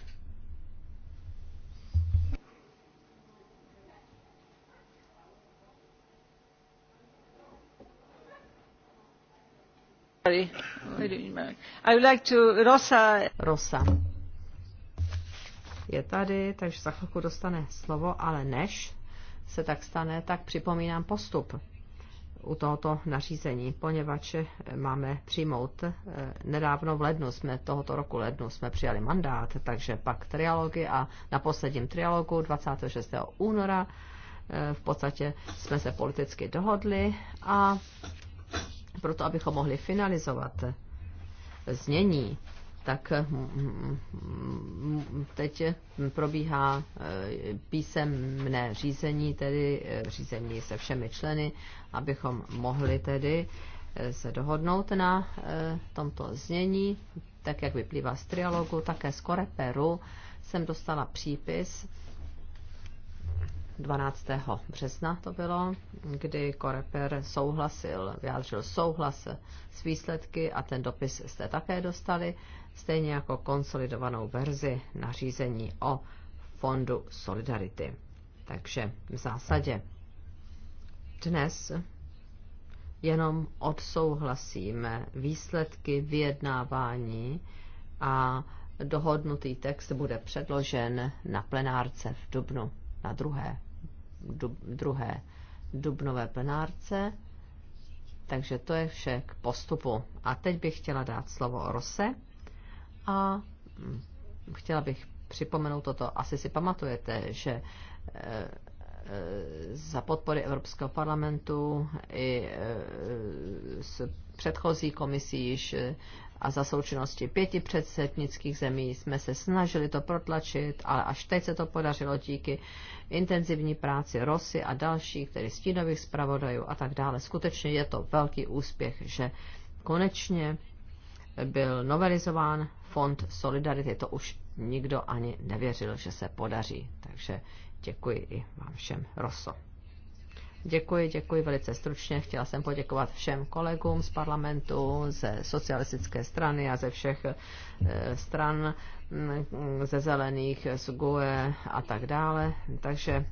A: I would like to Rosa. Rosa.
B: Je tady, takže za chvilku dostane slovo, ale než se tak stane, tak připomínám postup u tohoto nařízení, poněvadž máme přijmout, eh, nedávno v lednu jsme, tohoto roku lednu jsme přijali mandát, takže pak trialogy a na posledním trialogu 26. února eh, v podstatě jsme se politicky dohodli a proto, abychom mohli finalizovat znění tak eh, teď eh, probíhá eh, písemné řízení, tedy řízení se všemi členy, abychom mohli tedy se dohodnout na tomto znění, tak jak vyplývá z trialogu, také z Koreperu jsem dostala přípis 12. března to bylo, kdy Koreper souhlasil, vyjádřil souhlas s výsledky a ten dopis jste také dostali stejně jako konsolidovanou verzi nařízení o Fondu Solidarity. Takže v zásadě dnes jenom odsouhlasíme výsledky vyjednávání a dohodnutý text bude předložen na plenárce v Dubnu, na druhé, dub, druhé dubnové plenárce. Takže to je vše k postupu. A teď bych chtěla dát slovo Rose a chtěla bych připomenout toto. Asi si pamatujete, že eh, eh, za podpory Evropského parlamentu i eh, s předchozí komisí již a za součinnosti pěti předsednických zemí jsme se snažili to protlačit, ale až teď se to podařilo díky intenzivní práci Rosy a dalších, tedy stínových zpravodajů a tak dále. Skutečně je to velký úspěch, že konečně byl novelizován fond Solidarity. To už nikdo ani nevěřil, že se podaří. Takže děkuji i vám všem, Rosso. Děkuji, děkuji velice stručně. Chtěla jsem poděkovat všem kolegům z parlamentu, ze socialistické strany a ze všech eh, stran ze zelených, z GUE a tak dále. Takže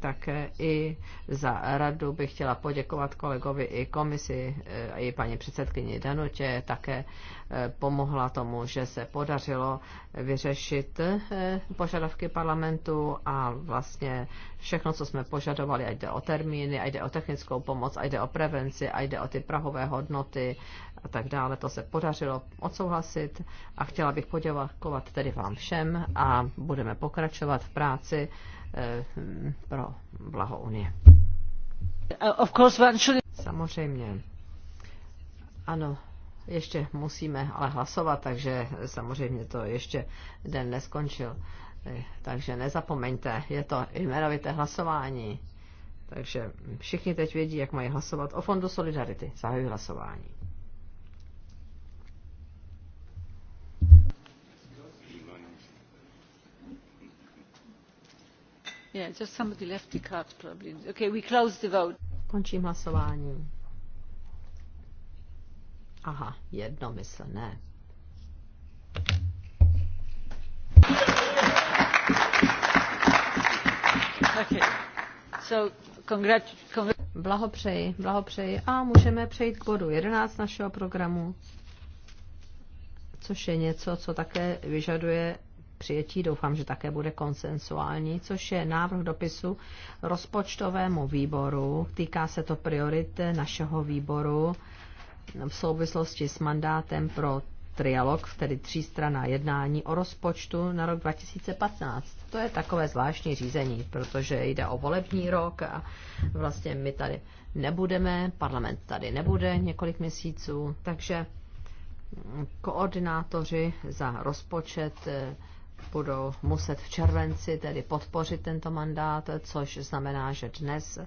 B: také i za radu bych chtěla poděkovat kolegovi i komisi, eh, i paní předsedkyni Danutě, také eh, pomohla tomu, že se podařilo vyřešit eh, požadavky parlamentu a vlastně všechno, co jsme požadovali, ať jde o termíny, ať jde o technickou pomoc, ať jde o prevenci, ať jde o ty prahové hodnoty, a tak dále. To se podařilo odsouhlasit a chtěla bych poděkovat tedy vám všem a budeme pokračovat v práci eh, pro blaho Unie. Uh, samozřejmě. Ano, ještě musíme ale hlasovat, takže samozřejmě to ještě den neskončil. Eh, takže nezapomeňte, je to jmenovité hlasování. Takže všichni teď vědí, jak mají hlasovat o Fondu Solidarity. Zahajuji hlasování. Končím hlasování. Aha, jednomyslné.
A: Okay. So, congrat-
B: congr- blahopřeji, blahopřeji. A můžeme přejít k bodu 11 našeho programu, což je něco, co také vyžaduje přijetí, doufám, že také bude konsensuální, což je návrh dopisu rozpočtovému výboru. Týká se to priorit našeho výboru v souvislosti s mandátem pro trialog, tedy třístrana jednání o rozpočtu na rok 2015. To je takové zvláštní řízení, protože jde o volební rok a vlastně my tady nebudeme, parlament tady nebude několik měsíců, takže koordinátoři za rozpočet budou muset v červenci tedy podpořit tento mandát, což znamená, že dnes eh,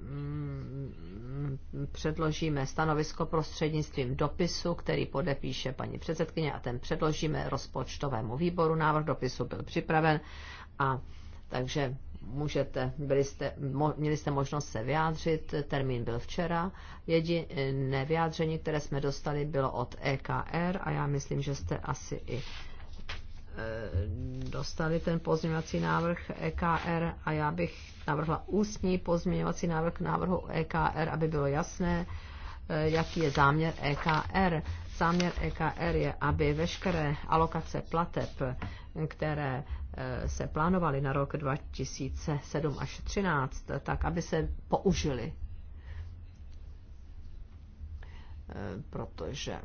B: mm, předložíme stanovisko prostřednictvím dopisu, který podepíše paní předsedkyně a ten předložíme rozpočtovému výboru. Návrh dopisu byl připraven a takže můžete, byli jste, mo, měli jste možnost se vyjádřit, termín byl včera. Jediné vyjádření, které jsme dostali, bylo od EKR a já myslím, že jste asi i Eh, dostali ten pozměňovací návrh EKR a já bych navrhla ústní pozměňovací návrh k návrhu EKR, aby bylo jasné, eh, jaký je záměr EKR. Záměr EKR je, aby veškeré alokace plateb, které eh, se plánovaly na rok 2007 až 2013, tak aby se použily. Protože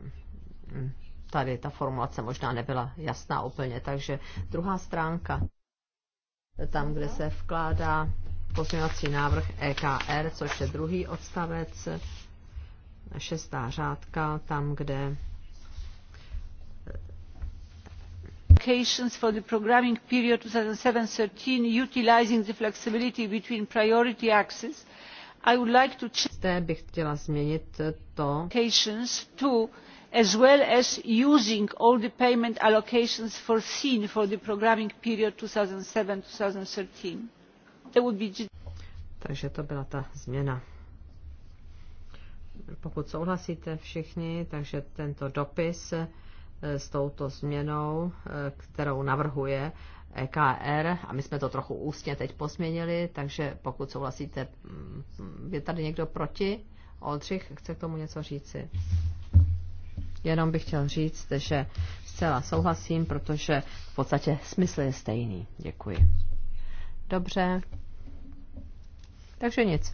B: hm, tady ta formulace možná nebyla jasná úplně. Takže druhá stránka, tam, kde se vkládá pozměňovací návrh EKR, což je druhý odstavec, šestá řádka, tam,
A: kde for the
C: programming period 2007 thousand utilizing the flexibility between priority axes i would like to change to as well as using all the payment allocations foreseen for the programming period. two thousand and seven two thousand and thirteen
B: takže to byla ta změna. Pokud souhlasíte všichni, takže tento dopis eh, s touto změnou, eh, kterou navrhuje EKR, a my jsme to trochu ústně teď posměnili, takže pokud souhlasíte, mm, je tady někdo proti? Oldřich chce k tomu něco říci. Jenom bych chtěl říct, že zcela souhlasím, protože v podstatě smysl je stejný. Děkuji. Dobře. Takže nic.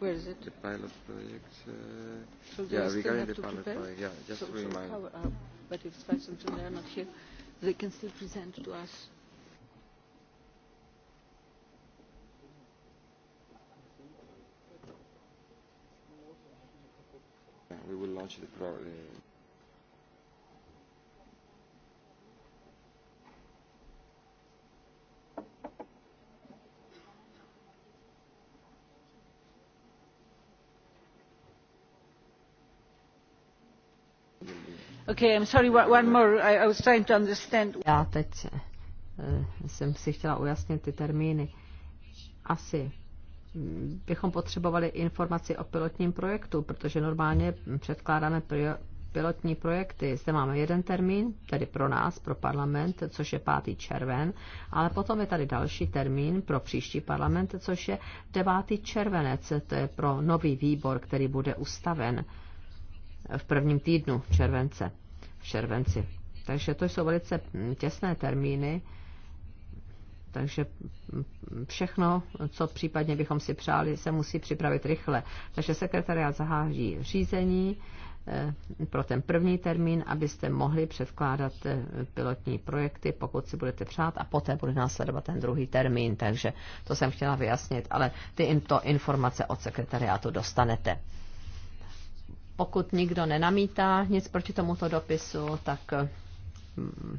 A: Where is it? The pilot project. Uh, so yeah, the pilot prepare? project. Yeah, just so, remind. So how, uh, but if are not here, they can still present to us
B: we will launch the pro. The
A: uh, Okay, I'm sorry, one more. I, I was trying to understand.
B: Já teď uh, jsem si chtěla ujasnit ty termíny. Asi bychom potřebovali informaci o pilotním projektu, protože normálně předkládáme pilotní projekty. Zde máme jeden termín, tedy pro nás, pro parlament, což je 5. červen, ale potom je tady další termín pro příští parlament, což je 9. červenec, to je pro nový výbor, který bude ustaven v prvním týdnu července, v červenci. Takže to jsou velice těsné termíny, takže všechno, co případně bychom si přáli, se musí připravit rychle. Takže sekretariát zaháží řízení eh, pro ten první termín, abyste mohli předkládat eh, pilotní projekty, pokud si budete přát, a poté bude následovat ten druhý termín. Takže to jsem chtěla vyjasnit, ale ty to informace od sekretariátu dostanete. Pokud nikdo nenamítá nic proti tomuto dopisu, tak mm,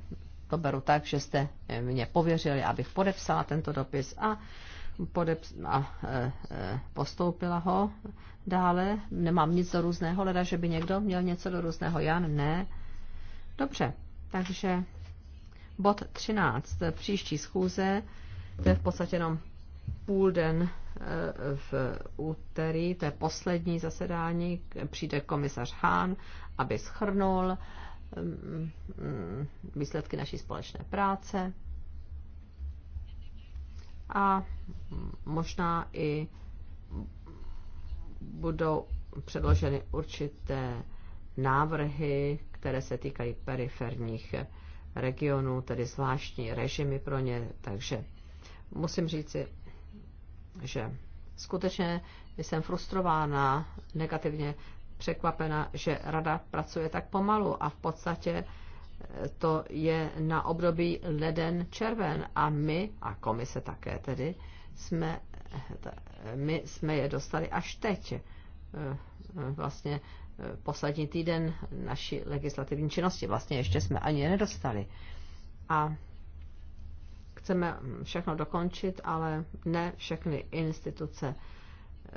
B: to beru tak, že jste eh, mě pověřili, abych podepsala tento dopis a, podeps- a e, e, postoupila ho dále. Nemám nic do různého, leda, že by někdo měl něco do různého. Jan, ne. Dobře, takže bod 13, příští schůze, to je v podstatě jenom půl den v úterý, to je poslední zasedání, přijde komisař Hán, aby schrnul Mm, výsledky naší společné práce a možná i budou předloženy určité návrhy, které se týkají periferních regionů, tedy zvláštní režimy pro ně. Takže musím říci, že skutečně jsem frustrována negativně překvapena, že rada pracuje tak pomalu a v podstatě eh, to je na období leden-červen a my, a komise také tedy, jsme, eh, my jsme je dostali až teď, eh, vlastně poslední týden naší legislativní činnosti. Vlastně ještě jsme ani je nedostali. A chceme všechno dokončit, ale ne všechny instituce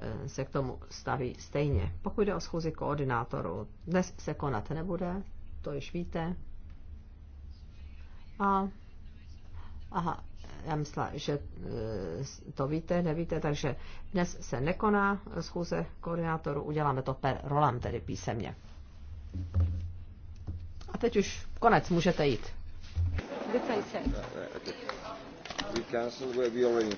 B: Eh, se k tomu staví stejně. Pokud jde o schůzi koordinátorů, dnes se konat nebude, to již víte. A, aha, já myslím, že eh, to víte, nevíte, takže dnes se nekoná schůze koordinátorů, uděláme to per rolam, tedy písemně. A teď už konec, můžete jít.
C: No,
A: we cancel where
B: we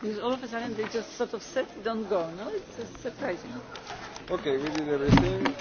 C: Because all of a sudden they just sort of sit, don't go. No, it's surprising.
A: Okay, we did everything.